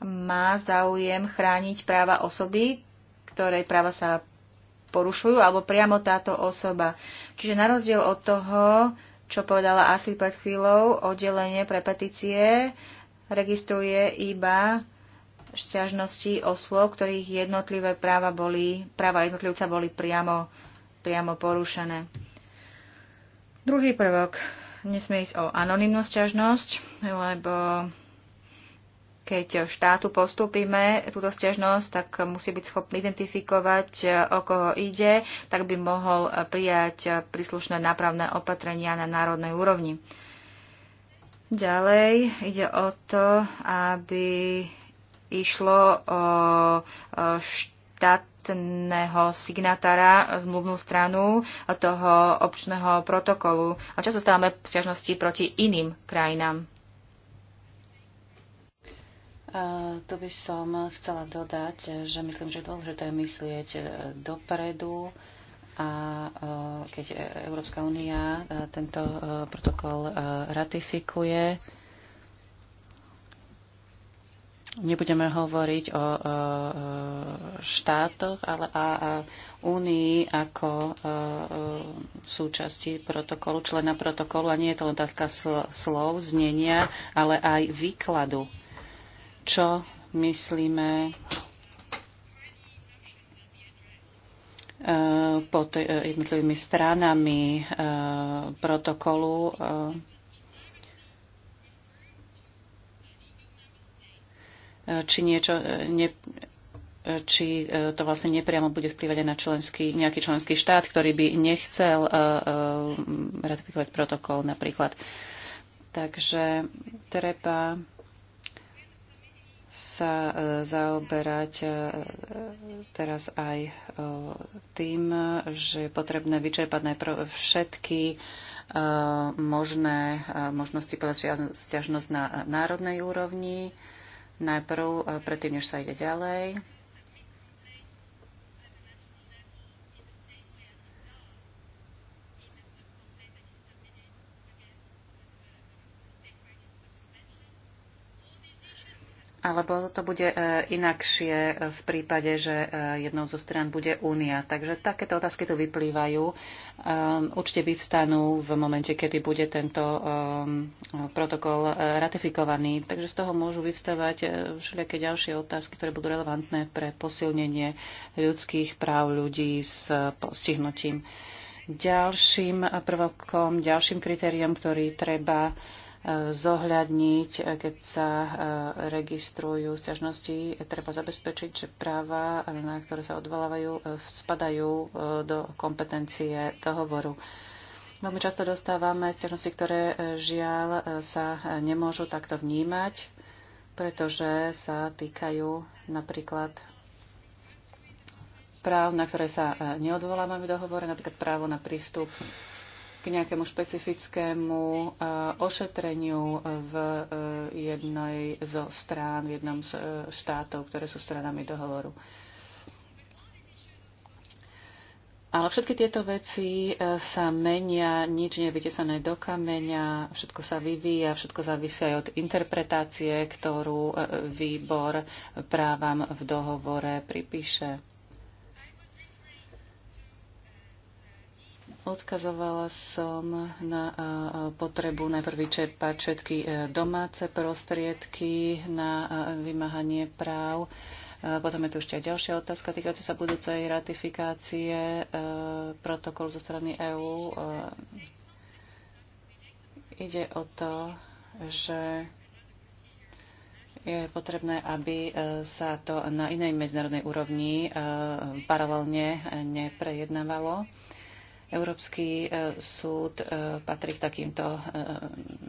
má záujem chrániť práva osoby, ktorej práva sa porušujú, alebo priamo táto osoba. Čiže na rozdiel od toho, čo povedala Asi pred chvíľou, oddelenie pre petície registruje iba šťažnosti osôb, ktorých jednotlivé práva, boli, práva jednotlivca boli priamo, priamo porušené. Druhý prvok. Nesmie ísť o anonimnú sťažnosť, lebo keď štátu postupíme túto stiažnosť, tak musí byť schopný identifikovať, o koho ide, tak by mohol prijať príslušné nápravné opatrenia na národnej úrovni. Ďalej ide o to, aby išlo o štátneho signatára, zmluvnú stranu toho občného protokolu. A často stávame ťažnosti proti iným krajinám.
Uh, tu by som chcela dodať, že myslím, že je dôležité myslieť dopredu a uh, keď Európska únia uh, tento e, protokol e, ratifikuje, Nebudeme hovoriť o štátoch, ale a, únii ako súčasti protokolu, člena protokolu. A nie je to len otázka slov, znenia, ale aj výkladu. Čo myslíme e, pod e, jednotlivými stranami e, protokolu či niečo e, ne, e, či e, to vlastne nepriamo bude vplývať aj na členský, nejaký členský štát, ktorý by nechcel ratifikovať protokol napríklad. Takže treba sa zaoberať teraz aj tým, že je potrebné vyčerpať najprv všetky možné možnosti podať stiažnosť na národnej úrovni, Najprv, eh, predtým, než sa ide ďalej, Alebo to bude e, inakšie e, v prípade, že e, jednou zo strán bude únia. Takže takéto otázky tu vyplývajú. Určite vyvstanú v momente, kedy bude tento protokol ratifikovaný. Takže z toho môžu vyvstávať všelijaké ďalšie otázky, ktoré budú relevantné pre posilnenie ľudských práv ľudí s postihnutím. Ďalším prvokom, ďalším kritériom, ktorý treba zohľadniť, eh, keď sa eh, registrujú sťažnosti. Treba zabezpečiť, že práva, eh, na ktoré sa odvolávajú, spadajú do kompetencie dohovoru. Veľmi často dostávame sťažnosti, ktoré žiaľ sa nemôžu takto vnímať, pretože sa týkajú napríklad práv, na ktoré sa neodvolávame v dohovore, napríklad právo na prístup k nejakému špecifickému e, ošetreniu v e, jednej zo strán, v jednom z e, štátov, ktoré sú stranami dohovoru. Ale všetky tieto veci sa menia, nič nie je vytesané do kameňa, všetko sa vyvíja, všetko závisia aj od interpretácie, ktorú výbor právam v dohovore pripíše. Odkazovala som na potrebu najprv vyčerpať všetky e, domáce prostriedky na vymáhanie práv. Potom je tu ešte aj ďalšia otázka týkajúca sa budúcej ratifikácie e, protokolu zo strany EÚ. E, ide o to, že je potrebné, aby sa to na inej medzinárodnej úrovni paralelne neprejednávalo. Európsky e, súd e, patrí k takýmto e,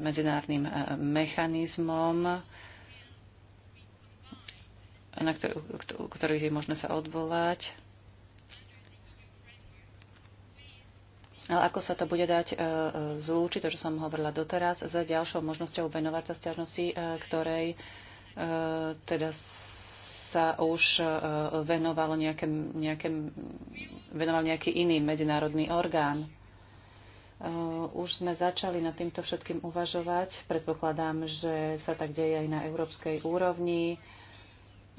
medzinárodným mechanizmom, na ktorých je možné sa odvolať. Ale ako sa to bude dať zlúčiť, to, čo som hovorila doteraz, s ďalšou možnosťou venovať sa stiažnosti, ktorej teda sa už e, venoval nejaké, nejaké, venoval nejaký iný medzinárodný orgán. E, už sme začali nad týmto všetkým uvažovať. Predpokladám, že sa tak deje aj na európskej úrovni. E,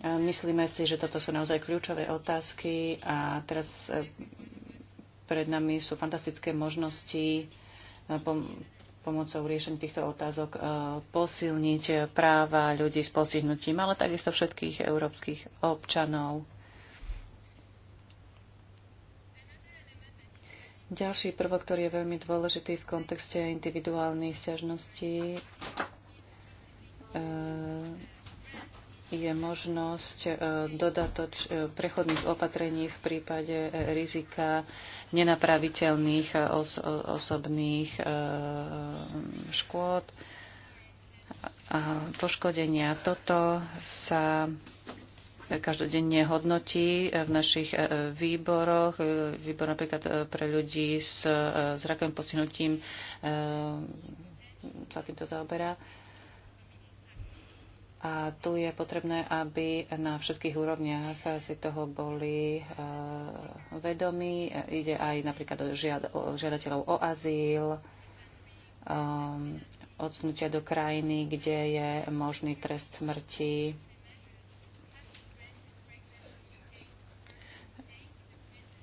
myslíme si, že toto sú naozaj kľúčové otázky a teraz pred nami sú fantastické možnosti pomocou riešenia týchto otázok e, posilniť práva ľudí s postihnutím, ale takisto všetkých európskych občanov. Ďalší prvok, ktorý je veľmi dôležitý v kontexte individuálnej sťažnosti, je možnosť e, dodatoč e, prechodných opatrení v prípade e, rizika nenapraviteľných os- osobných škôd a poškodenia. Toto sa každodenne hodnotí v našich výboroch, výbor napríklad pre ľudí s zrakovým postihnutím sa týmto zaoberá. A tu je potrebné, aby na všetkých úrovniach si toho boli eh, vedomí. Ide aj napríklad o, žiad- o žiadateľov o azyl, um, eh, odsnutia do krajiny, kde je možný trest smrti.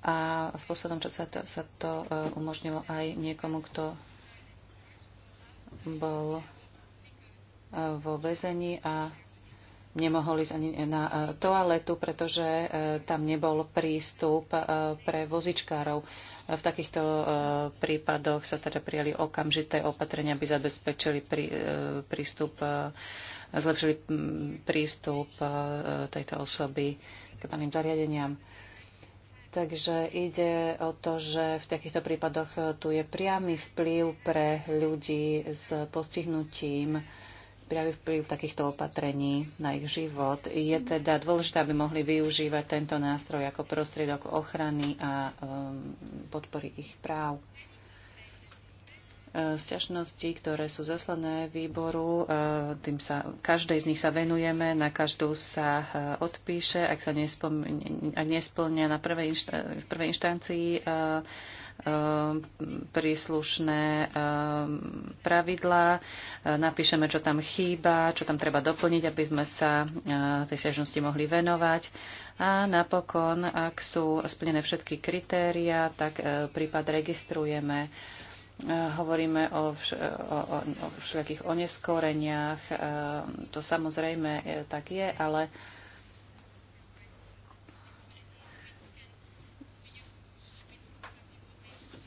A v poslednom čase to, sa to eh, umožnilo aj niekomu, kto bol vo väzení a nemohol ísť ani na e, toaletu, pretože e, tam nebol prístup e, pre vozičkárov. V takýchto prípadoch sa teda prijali okamžité opatrenia, aby zabezpečili prístup, zlepšili prístup tejto osoby k daným zariadeniam. Takže ide o to, že v takýchto prípadoch tu je priamy vplyv pre ľudí s postihnutím priamy vplyv takýchto opatrení na ich život. Je teda dôležité, aby mohli využívať tento nástroj ako prostriedok ochrany a um, podpory ich práv. E, sťažnosti, ktoré sú zaslané výboru, e, tým sa, každej z nich sa venujeme, na každú sa e, odpíše, ak sa nespom, ak nesplňa na prvej, inšta, prvej inštancii Ehm, príslušné ehm, pravidlá, ehm, napíšeme, čo tam chýba, čo tam treba doplniť, aby sme sa tej stiažnosti mohli venovať. A napokon, ak sú splnené všetky kritéria, tak prípad registrujeme. Hovoríme o, vš- o, o, o oneskoreniach. To samozrejme e, tak je, ale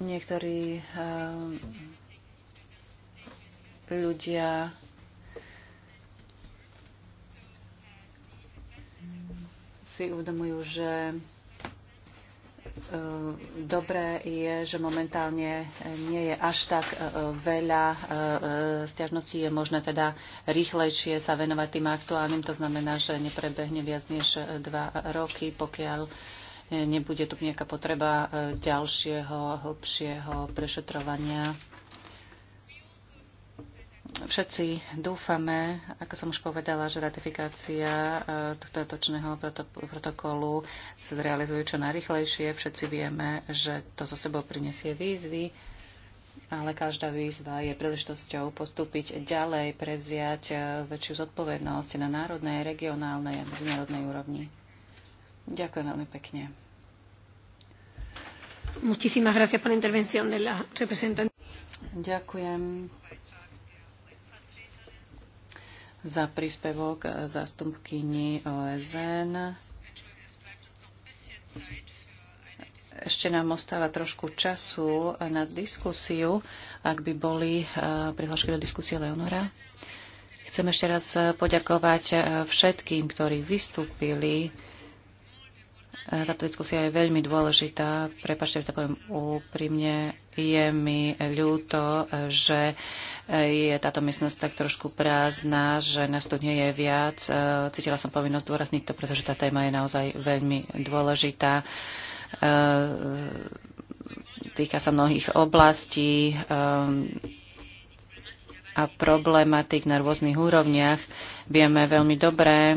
Niektorí eh, ľudia si uvedomujú, že eh, dobré je, že momentálne nie je až tak eh, veľa stiažností. Je možné teda rýchlejšie sa venovať tým aktuálnym. To znamená, že neprebehne viac než dva roky, pokiaľ nebude tu nejaká potreba e, ďalšieho, hlbšieho prešetrovania. Všetci dúfame, ako som už povedala, že ratifikácia e, tohto točného protokolu sa zrealizuje čo najrychlejšie. Všetci vieme, že to so sebou prinesie výzvy, ale každá výzva je príležitosťou postúpiť ďalej, prevziať e, väčšiu zodpovednosť na národnej, regionálnej a medzinárodnej úrovni. Ďakujem veľmi pekne. Muchísimas gracias por la intervención de la representante. Ďakujem za príspevok zástupkyni OSN. Ešte nám ostáva trošku času na diskusiu, ak by boli eh, prihlášky do diskusie Leonora. Chcem ešte raz poďakovať eh, všetkým, ktorí vystúpili táto diskusia je veľmi dôležitá. Prepačte, že to poviem úprimne. Je mi ľúto, že je táto miestnosť tak trošku prázdna, že nás tu nie je viac. E, Cítila som povinnosť dôrazniť to, pretože tá téma je naozaj veľmi dôležitá. E, Týka sa mnohých oblastí e, a problematik na rôznych úrovniach. Vieme veľmi dobre,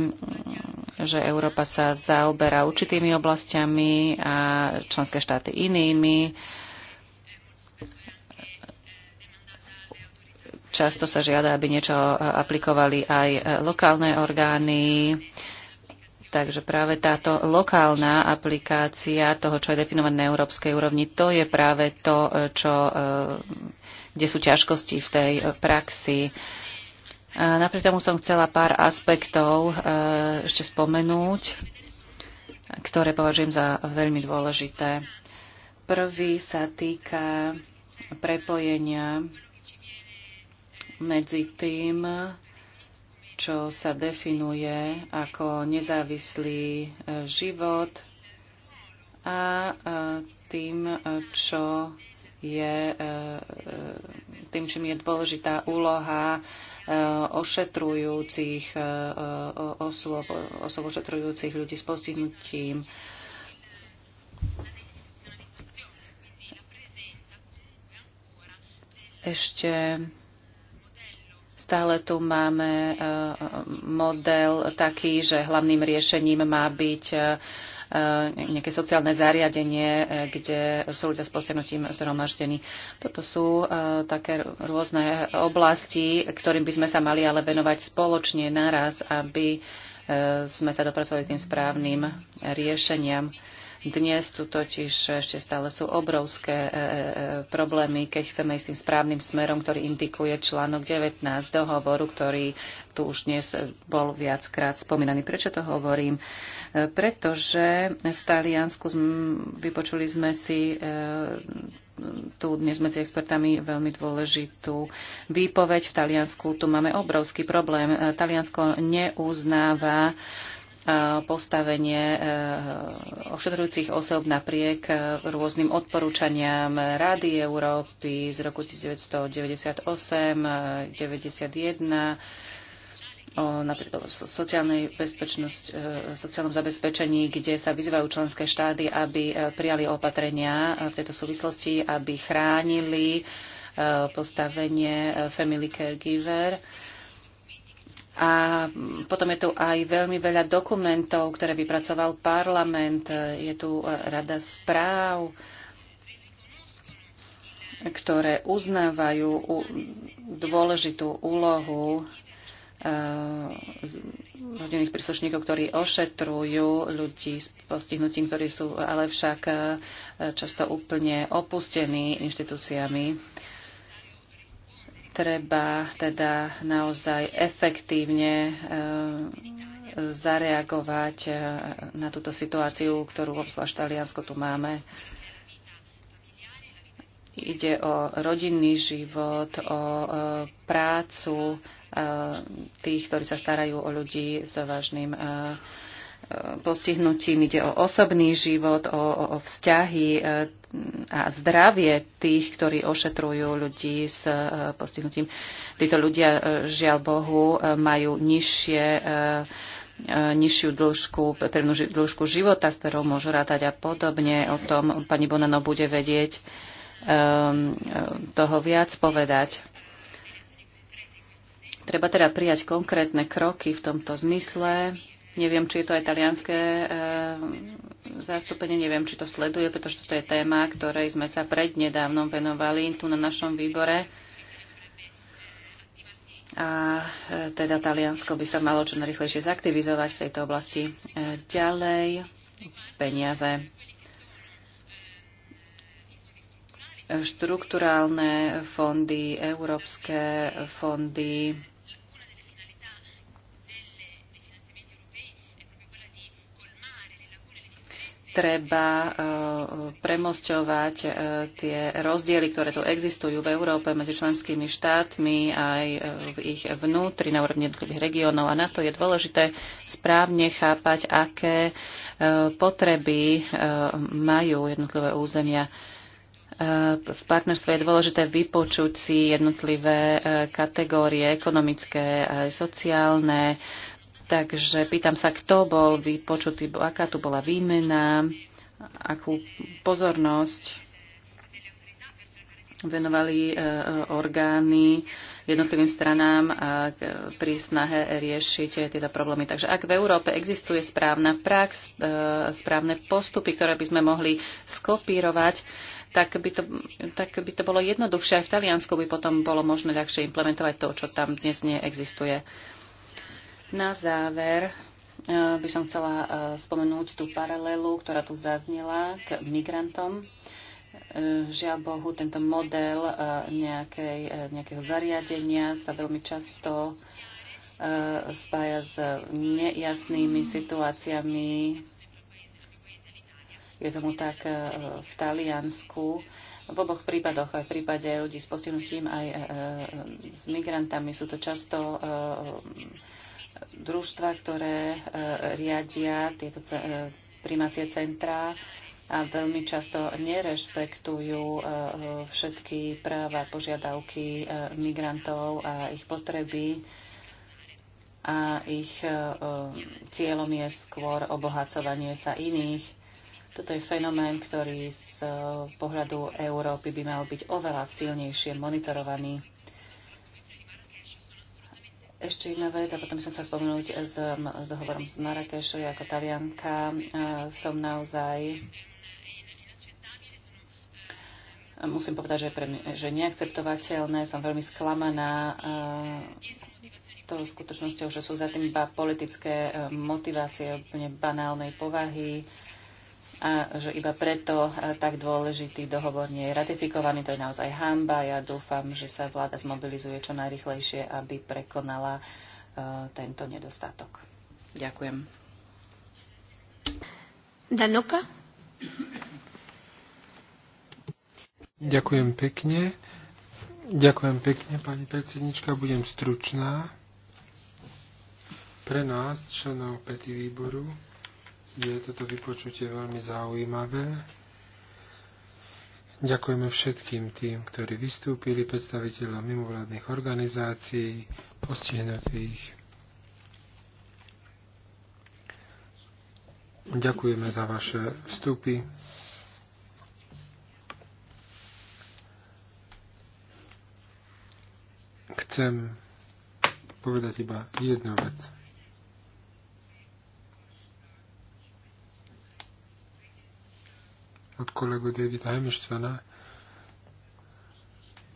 že Európa sa zaoberá určitými oblastiami a členské štáty inými. Často sa žiada, aby niečo aplikovali aj lokálne orgány. Takže práve táto lokálna aplikácia toho, čo je definované na európskej úrovni, to je práve to, čo, eh, kde sú ťažkosti v tej praxi. Napriek tomu som chcela pár aspektov e, ešte spomenúť, ktoré považujem za veľmi dôležité. Prvý sa týka prepojenia medzi tým, čo sa definuje ako nezávislý e, život a e, tým, čo je, tým, čím je dôležitá úloha Eh, ošetrujúcich eh, eh, osôb, osôb ošetrujúcich ľudí s postihnutím. Ešte stále tu máme model taký, že hlavným riešením má byť E, nejaké sociálne zariadenie, e, kde sú ľudia s postihnutím zhromaždení. Toto sú e, také rôzne oblasti, ktorým by sme sa mali ale venovať spoločne naraz, aby sme sa dopracovali tým správnym riešeniam. Dnes tu totiž ešte stále sú obrovské e, e, e, problémy, keď chceme ísť tým správnym smerom, ktorý indikuje článok 19 dohovoru, ktorý tu už dnes bol viackrát spomínaný. Prečo to hovorím? Pretože v Taliansku vypočuli sme si tu dnes medzi expertami veľmi dôležitú výpoveď v Taliansku. Tu máme obrovský problém. Taliansko neuznáva postavenie e, ošetrujúcich osob napriek e, rôznym odporúčaniam Rady Európy z roku 1998, 91 e, o napríklad o sociálnej bezpečnosť, sociálnom zabezpečení, kde sa vyzývajú členské štáty, aby prijali opatrenia v tejto súvislosti, aby chránili postavenie family caregiver a potom je tu aj veľmi veľa dokumentov, ktoré vypracoval parlament. Je tu e, rada správ, ktoré uznávajú dôležitú úlohu e, rodinných príslušníkov, ktorí ošetrujú ľudí s postihnutím, ktorí sú ale však e, často úplne opustení inštitúciami treba teda naozaj efektívne e, zareagovať e, na túto situáciu, ktorú obzvlášť Taliansko tu máme. Ide o rodinný život, o e, prácu tých, ktorí sa starajú o ľudí s vážnym postihnutím ide o osobný život, o, o vzťahy e, a zdravie tých, ktorí ošetrujú ľudí s e, postihnutím. Títo ľudia, e, žiaľ Bohu, majú nižšie nižšiu dĺžku, pevnú dĺžku života, s ktorou môžu rátať a podobne. O tom pani Bonano bude vedieť um, toho viac povedať. Treba teda prijať konkrétne kroky v tomto zmysle. Neviem, či je to aj talianské eh, zastúpenie, neviem, či to sleduje, pretože toto je téma, ktorej sme sa prednedávnom venovali tu na našom výbore. A eh, teda Taliansko by sa malo čo najrychlejšie zaktivizovať v tejto oblasti. Eh, ďalej, peniaze. Štrukturálne fondy, európske fondy, treba eh, premosťovať eh, tie rozdiely, ktoré tu existujú v Európe medzi členskými štátmi aj eh, v ich vnútri na úrovni jednotlivých regiónov. A na to je dôležité správne chápať, aké potreby majú jednotlivé územia. V partnerstve je dôležité vypočuť si jednotlivé kategórie ekonomické a sociálne, Takže pýtam sa, kto bol vypočutý, aká tu bola výmena, akú pozornosť venovali e, e, orgány jednotlivým stranám pri snahe riešiť teda problémy. Takže ak v Európe existuje správna prax, e, správne postupy, ktoré by sme mohli skopírovať, tak by, to, tak by to bolo jednoduchšie. Aj v Taliansku by potom bolo možné ľahšie implementovať to, čo tam dnes neexistuje. Na záver eh, by som chcela eh, spomenúť tú paralelu, ktorá tu zaznela k migrantom. Eh, žiaľ Bohu, tento model nejakej, nejakého zariadenia sa veľmi často spája s nejasnými situáciami. Je tomu tak v Taliansku. V oboch prípadoch, aj v prípade ľudí s postihnutím, aj s migrantami sú to často družstva, ktoré e, riadia tieto e, primacie centrá a veľmi často nerešpektujú e, všetky práva, požiadavky migrantov a ich potreby a ich cieľom je skôr obohacovanie sa iných. Toto je fenomén, ktorý z pohľadu Európy by mal byť oveľa silnejšie monitorovaný. Ešte jedna vec, a potom som sa spomenúť eh, s dohovorom z Marrakešu. ako talianka eh, som naozaj eh, musím povedať, že, pre mňa, že neakceptovateľné. Som veľmi sklamaná tou skutočnosťou, že sú za tým iba politické motivácie úplne banálnej povahy a že iba preto e, tak dôležitý dohovor nie je ratifikovaný. To je naozaj hamba. Ja dúfam, že sa vláda zmobilizuje čo najrychlejšie, aby prekonala e, tento nedostatok. Ďakujem. Danoka?
Ďakujem pekne. Ďakujem pekne, pani predsednička. Budem stručná. Pre nás, členov pety výboru, je toto vypočutie veľmi zaujímavé. Ďakujeme všetkým tým, ktorí vystúpili, predstaviteľom mimovládnych organizácií, postihnutých. Ďakujeme za vaše vstupy. Chcem povedať iba jednu vec. od kolegu Davida Hemštona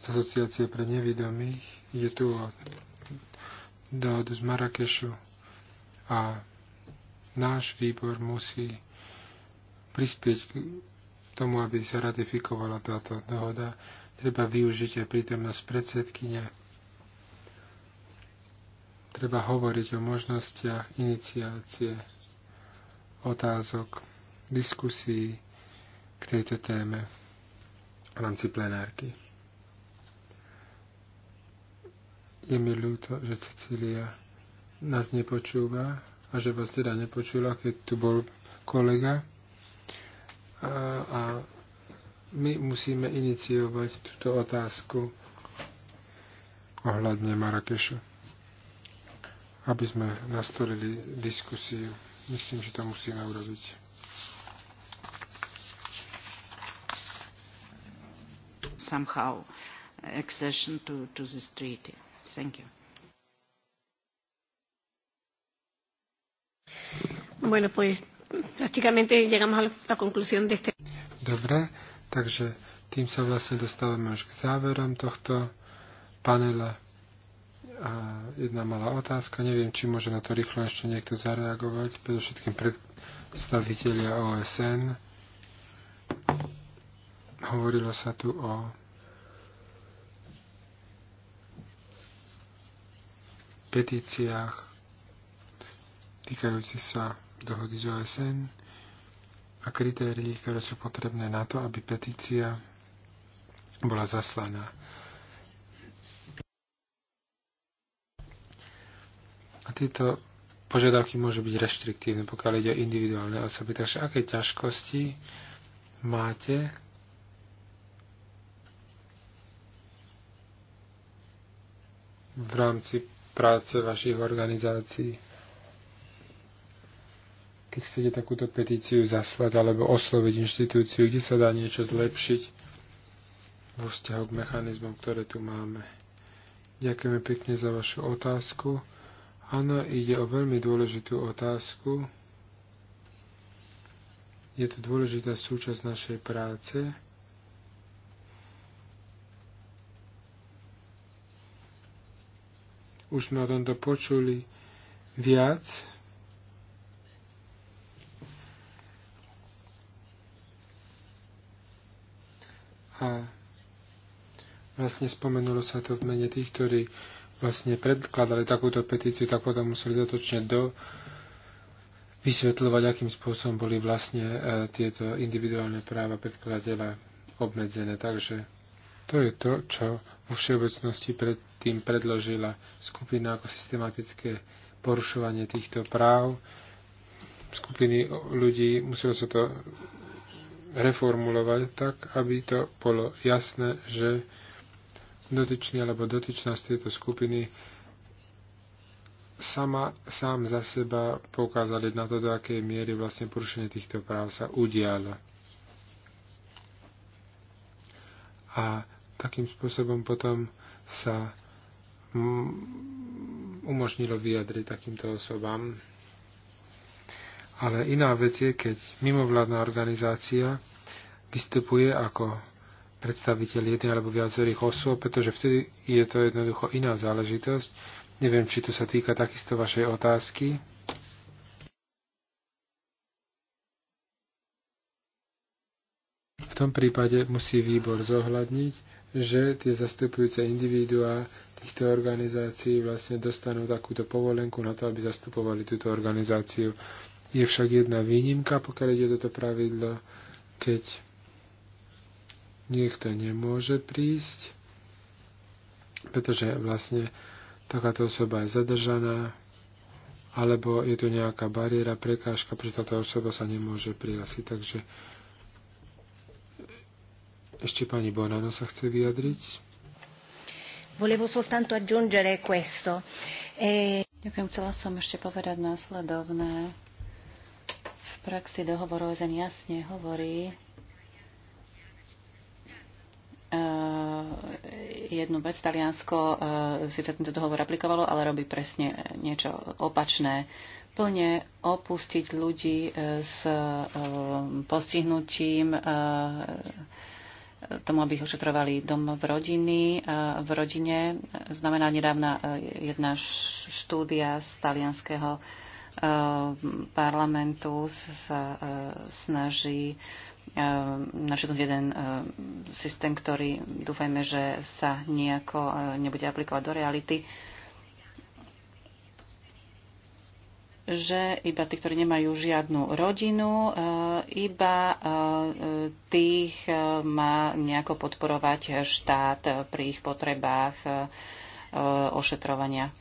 z asociácie pre nevidomých. Je tu o dohodu z Marrakešu a náš výbor musí prispieť k tomu, aby sa ratifikovala táto dohoda. Treba využiť aj prítomnosť predsedkyne. Treba hovoriť o možnostiach iniciácie, otázok, diskusí k tejto téme v rámci plenárky. Je mi ľúto, že Cecília nás nepočúva a že vás teda nepočula, keď tu bol kolega. A, a my musíme iniciovať túto otázku ohľadne marakešu. aby sme nastolili diskusiu. Myslím, že to musíme urobiť.
somehow accession to, to this treaty. Thank you.
Bueno, pues prácticamente llegamos a la conclusión de este.
Dobre, takže tým sa vlastne dostávame už k záverom tohto panela. A jedna malá otázka, neviem, či môže na to rýchlo ešte niekto zareagovať, predovšetkým predstaviteľia OSN. Hovorilo sa tu o petíciách týkajúci sa dohody z OSN a kritérií, ktoré sú potrebné na to, aby petícia bola zaslaná. A tieto požiadavky môžu byť reštriktívne, pokiaľ ide o individuálne osoby. Takže aké ťažkosti máte, v rámci práce vašich organizácií. Keď chcete takúto petíciu zaslať alebo osloviť inštitúciu, kde sa dá niečo zlepšiť vo vzťahu k mechanizmom, ktoré tu máme. Ďakujeme pekne za vašu otázku. Áno, ide o veľmi dôležitú otázku. Je to dôležitá súčasť našej práce. Už sme o tomto počuli viac. A vlastne spomenulo sa to v mene tých, ktorí vlastne predkladali takúto petíciu, tak potom museli dotočne do vysvetľovať, akým spôsobom boli vlastne e, tieto individuálne práva predkladateľa obmedzené. Takže to je to, čo vo všeobecnosti predtým predložila skupina ako systematické porušovanie týchto práv. Skupiny ľudí muselo sa to reformulovať tak, aby to bolo jasné, že dotyčný alebo dotyčná z tejto skupiny sama, sám za seba poukázali na to, do akej miery vlastne porušenie týchto práv sa udialo. A takým spôsobom potom sa mm, umožnilo vyjadriť takýmto osobám. Ale iná vec je, keď mimovládna organizácia vystupuje ako predstaviteľ jednej alebo viacerých osôb, pretože vtedy je to jednoducho iná záležitosť. Neviem, či to sa týka takisto vašej otázky. V tom prípade musí výbor zohľadniť, že tie zastupujúce individuá týchto organizácií vlastne dostanú takúto povolenku na to, aby zastupovali túto organizáciu. Je však jedna výnimka, pokiaľ ide toto pravidlo, keď niekto nemôže prísť, pretože vlastne takáto osoba je zadržaná, alebo je tu nejaká bariéra, prekážka, pretože táto osoba sa nemôže prihlásiť. Takže ešte pani Bonano sa chce vyjadriť.
Volevo soltanto aggiungere questo. E...
Ďakujem, chcela som ešte povedať následovné. V praxi dohovor OSN jasne hovorí uh, jednu vec. Taliansko uh, síce tento dohovor aplikovalo, ale robí presne niečo opačné. Plne opustiť ľudí uh, s uh, postihnutím uh, tomu, aby ošetrovali v rodiny. V rodine znamená nedávna e, jedna štúdia z talianského e, parlamentu sa e, snaží našetnúť jeden systém, ktorý dúfajme, že sa nejako nebude aplikovať do reality. že iba tí, ktorí nemajú žiadnu rodinu, e, iba e, tých e, má nejako podporovať štát pri ich potrebách ošetrovania.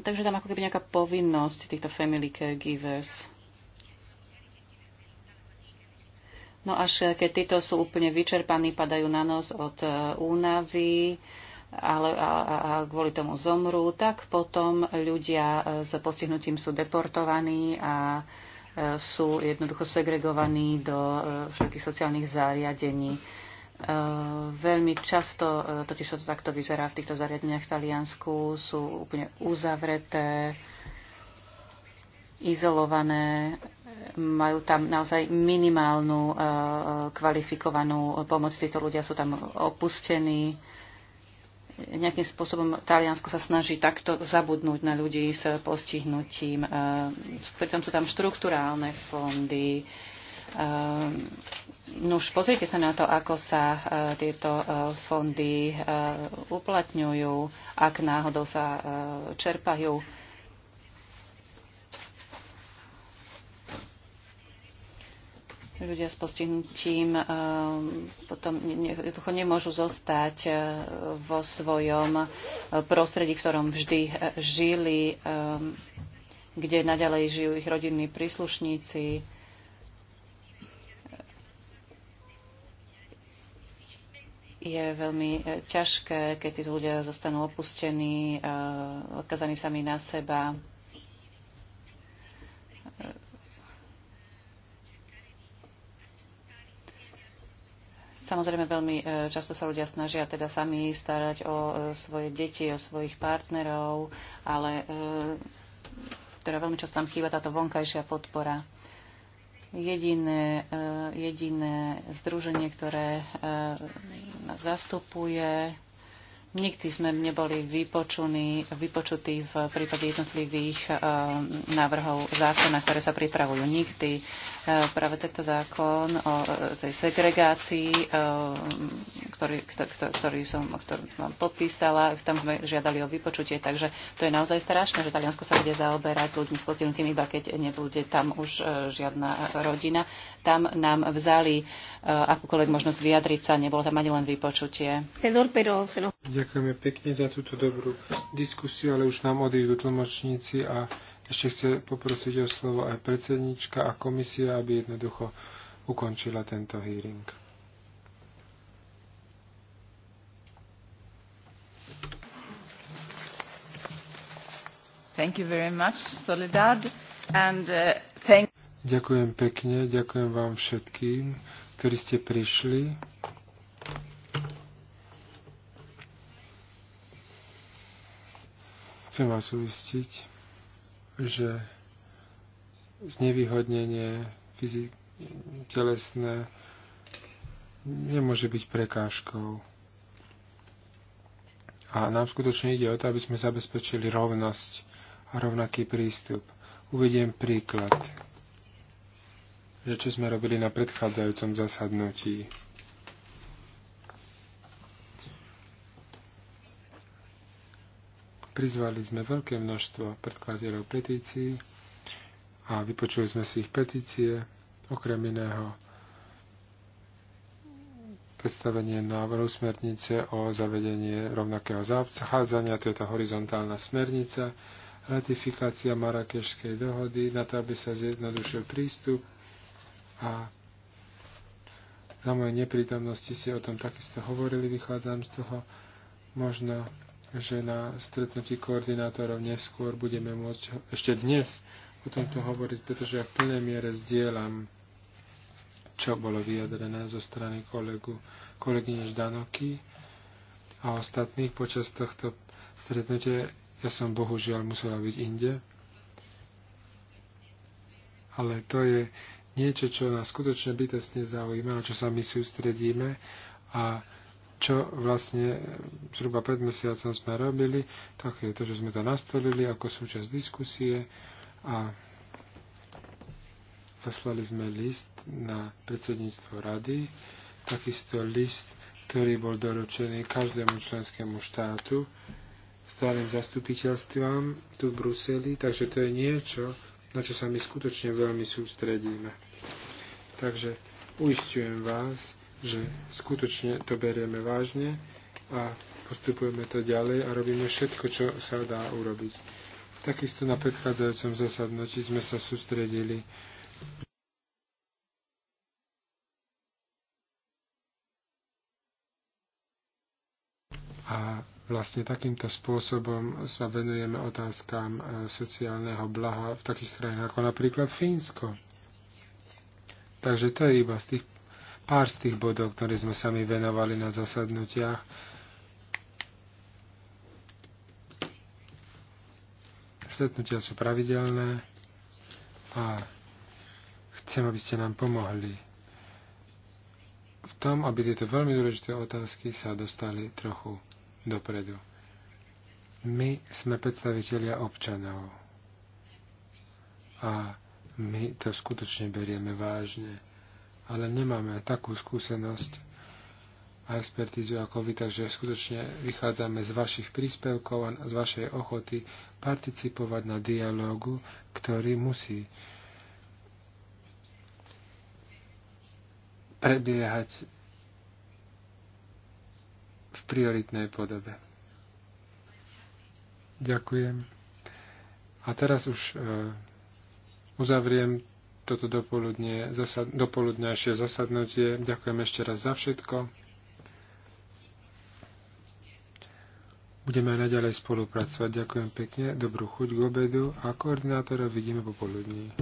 Takže tam ako keby nejaká povinnosť týchto family caregivers. No až keď títo sú úplne vyčerpaní, padajú na nos od únavy, uh, ale, a, a kvôli tomu zomrú, tak potom ľudia e, s postihnutím sú deportovaní a e, sú jednoducho segregovaní do e, všetkých sociálnych zariadení. Veľmi často, totiž to takto vyzerá v týchto zariadeniach v Taliansku, sú úplne uzavreté, izolované, majú tam naozaj minimálnu kvalifikovanú pomoc. Títo ľudia sú tam opustení nejakým spôsobom Taliansko sa snaží takto zabudnúť na ľudí s postihnutím. E, pritom sú tam štruktúrálne fondy. E, no už pozrite sa na to, ako sa e, tieto fondy uplatňujú, ak náhodou sa čerpajú ľudia s postihnutím eh, potom jednoducho nemôžu zostať eh, vo svojom eh, prostredí, v ktorom vždy žili, kde naďalej žijú ich rodinní príslušníci. Je veľmi ťažké, keď tí ľudia zostanú opustení, odkazaní sami na seba Samozrejme, veľmi e, často sa ľudia snažia teda sami starať o e, svoje deti, o svojich partnerov, ale e, teda veľmi často tam chýba táto vonkajšia podpora jediné, jediné združenie, ktoré zastupuje, Nikdy sme neboli vypočuní, vypočutí v prípade jednotlivých eh, návrhov zákona, ktoré sa pripravujú. Nikdy eh, práve tento zákon o eh, tej segregácii, ktorý, ktorý, ktorý som ktorý vám popísala, tam sme žiadali o vypočutie, takže to je naozaj strašné, že Taliansko sa bude zaoberať ľuďmi s postihnutím, iba keď nebude tam už žiadna rodina. Tam nám vzali akúkoľvek možnosť vyjadriť sa, nebolo tam ani len vypočutie.
Pedro, pero se
Ďakujeme pekne za túto dobrú diskusiu, ale už nám odídu tlmočníci a ešte chce poprosiť o slovo aj predsednička a komisia, aby jednoducho ukončila tento hearing.
Thank you very much, Soledad. And, uh,
thank... Ďakujem pekne, ďakujem vám všetkým, ktorí ste prišli. Chcem vás uistiť, že znevýhodnenie fyzik- telesné nemôže byť prekážkou. A nám skutočne ide o to, aby sme zabezpečili rovnosť a rovnaký prístup. Uvediem príklad, že čo sme robili na predchádzajúcom zasadnutí. Prizvali sme veľké množstvo predkladateľov petícií a vypočuli sme si ich petície, okrem iného predstavenie návrhu smernice o zavedenie rovnakého zaobchádzania, to je tá horizontálna smernica, ratifikácia Marakešskej dohody na to, aby sa zjednodušil prístup a za mojej neprítomnosti si o tom takisto hovorili, vychádzam z toho, možno že na stretnutí koordinátorov neskôr budeme môcť ešte dnes o tomto hovoriť, pretože ja v plnej miere zdieľam, čo bolo vyjadrené zo strany kolegu, kolegyne Ždanoky a ostatných počas tohto stretnutia. Ja som bohužiaľ musela byť inde, ale to je niečo, čo nás skutočne bytostne zaujíma, na čo sa my sústredíme a čo vlastne zhruba pred mesiacom sme robili, tak je to, že sme to nastolili ako súčasť diskusie a zaslali sme list na predsedníctvo rady, takisto list, ktorý bol doručený každému členskému štátu, stálym zastupiteľstvám tu v Bruseli, takže to je niečo, na čo sa my skutočne veľmi sústredíme. Takže uistujem vás, že skutočne to berieme vážne a postupujeme to ďalej a robíme všetko, čo sa dá urobiť. Takisto na predchádzajúcom zasadnutí sme sa sústredili a vlastne takýmto spôsobom sa venujeme otázkam e, sociálneho blaha v takých krajinách ako napríklad Fínsko. Takže to je iba z tých pár z tých bodov, ktoré sme sami venovali na zasadnutiach. Zasadnutia sú pravidelné a chcem, aby ste nám pomohli v tom, aby tieto veľmi dôležité otázky sa dostali trochu dopredu. My sme predstavitelia občanov a my to skutočne berieme vážne ale nemáme takú skúsenosť a expertízu ako vy, takže skutočne vychádzame z vašich príspevkov a z vašej ochoty participovať na dialógu, ktorý musí prebiehať v prioritnej podobe. Ďakujem. A teraz už e, uzavriem toto dopoludne, zasad, dopoludnejšie zasadnutie. Ďakujem ešte raz za všetko. Budeme aj naďalej spolupracovať. Ďakujem pekne, dobrú chuť k obedu a koordinátora vidíme popoludní.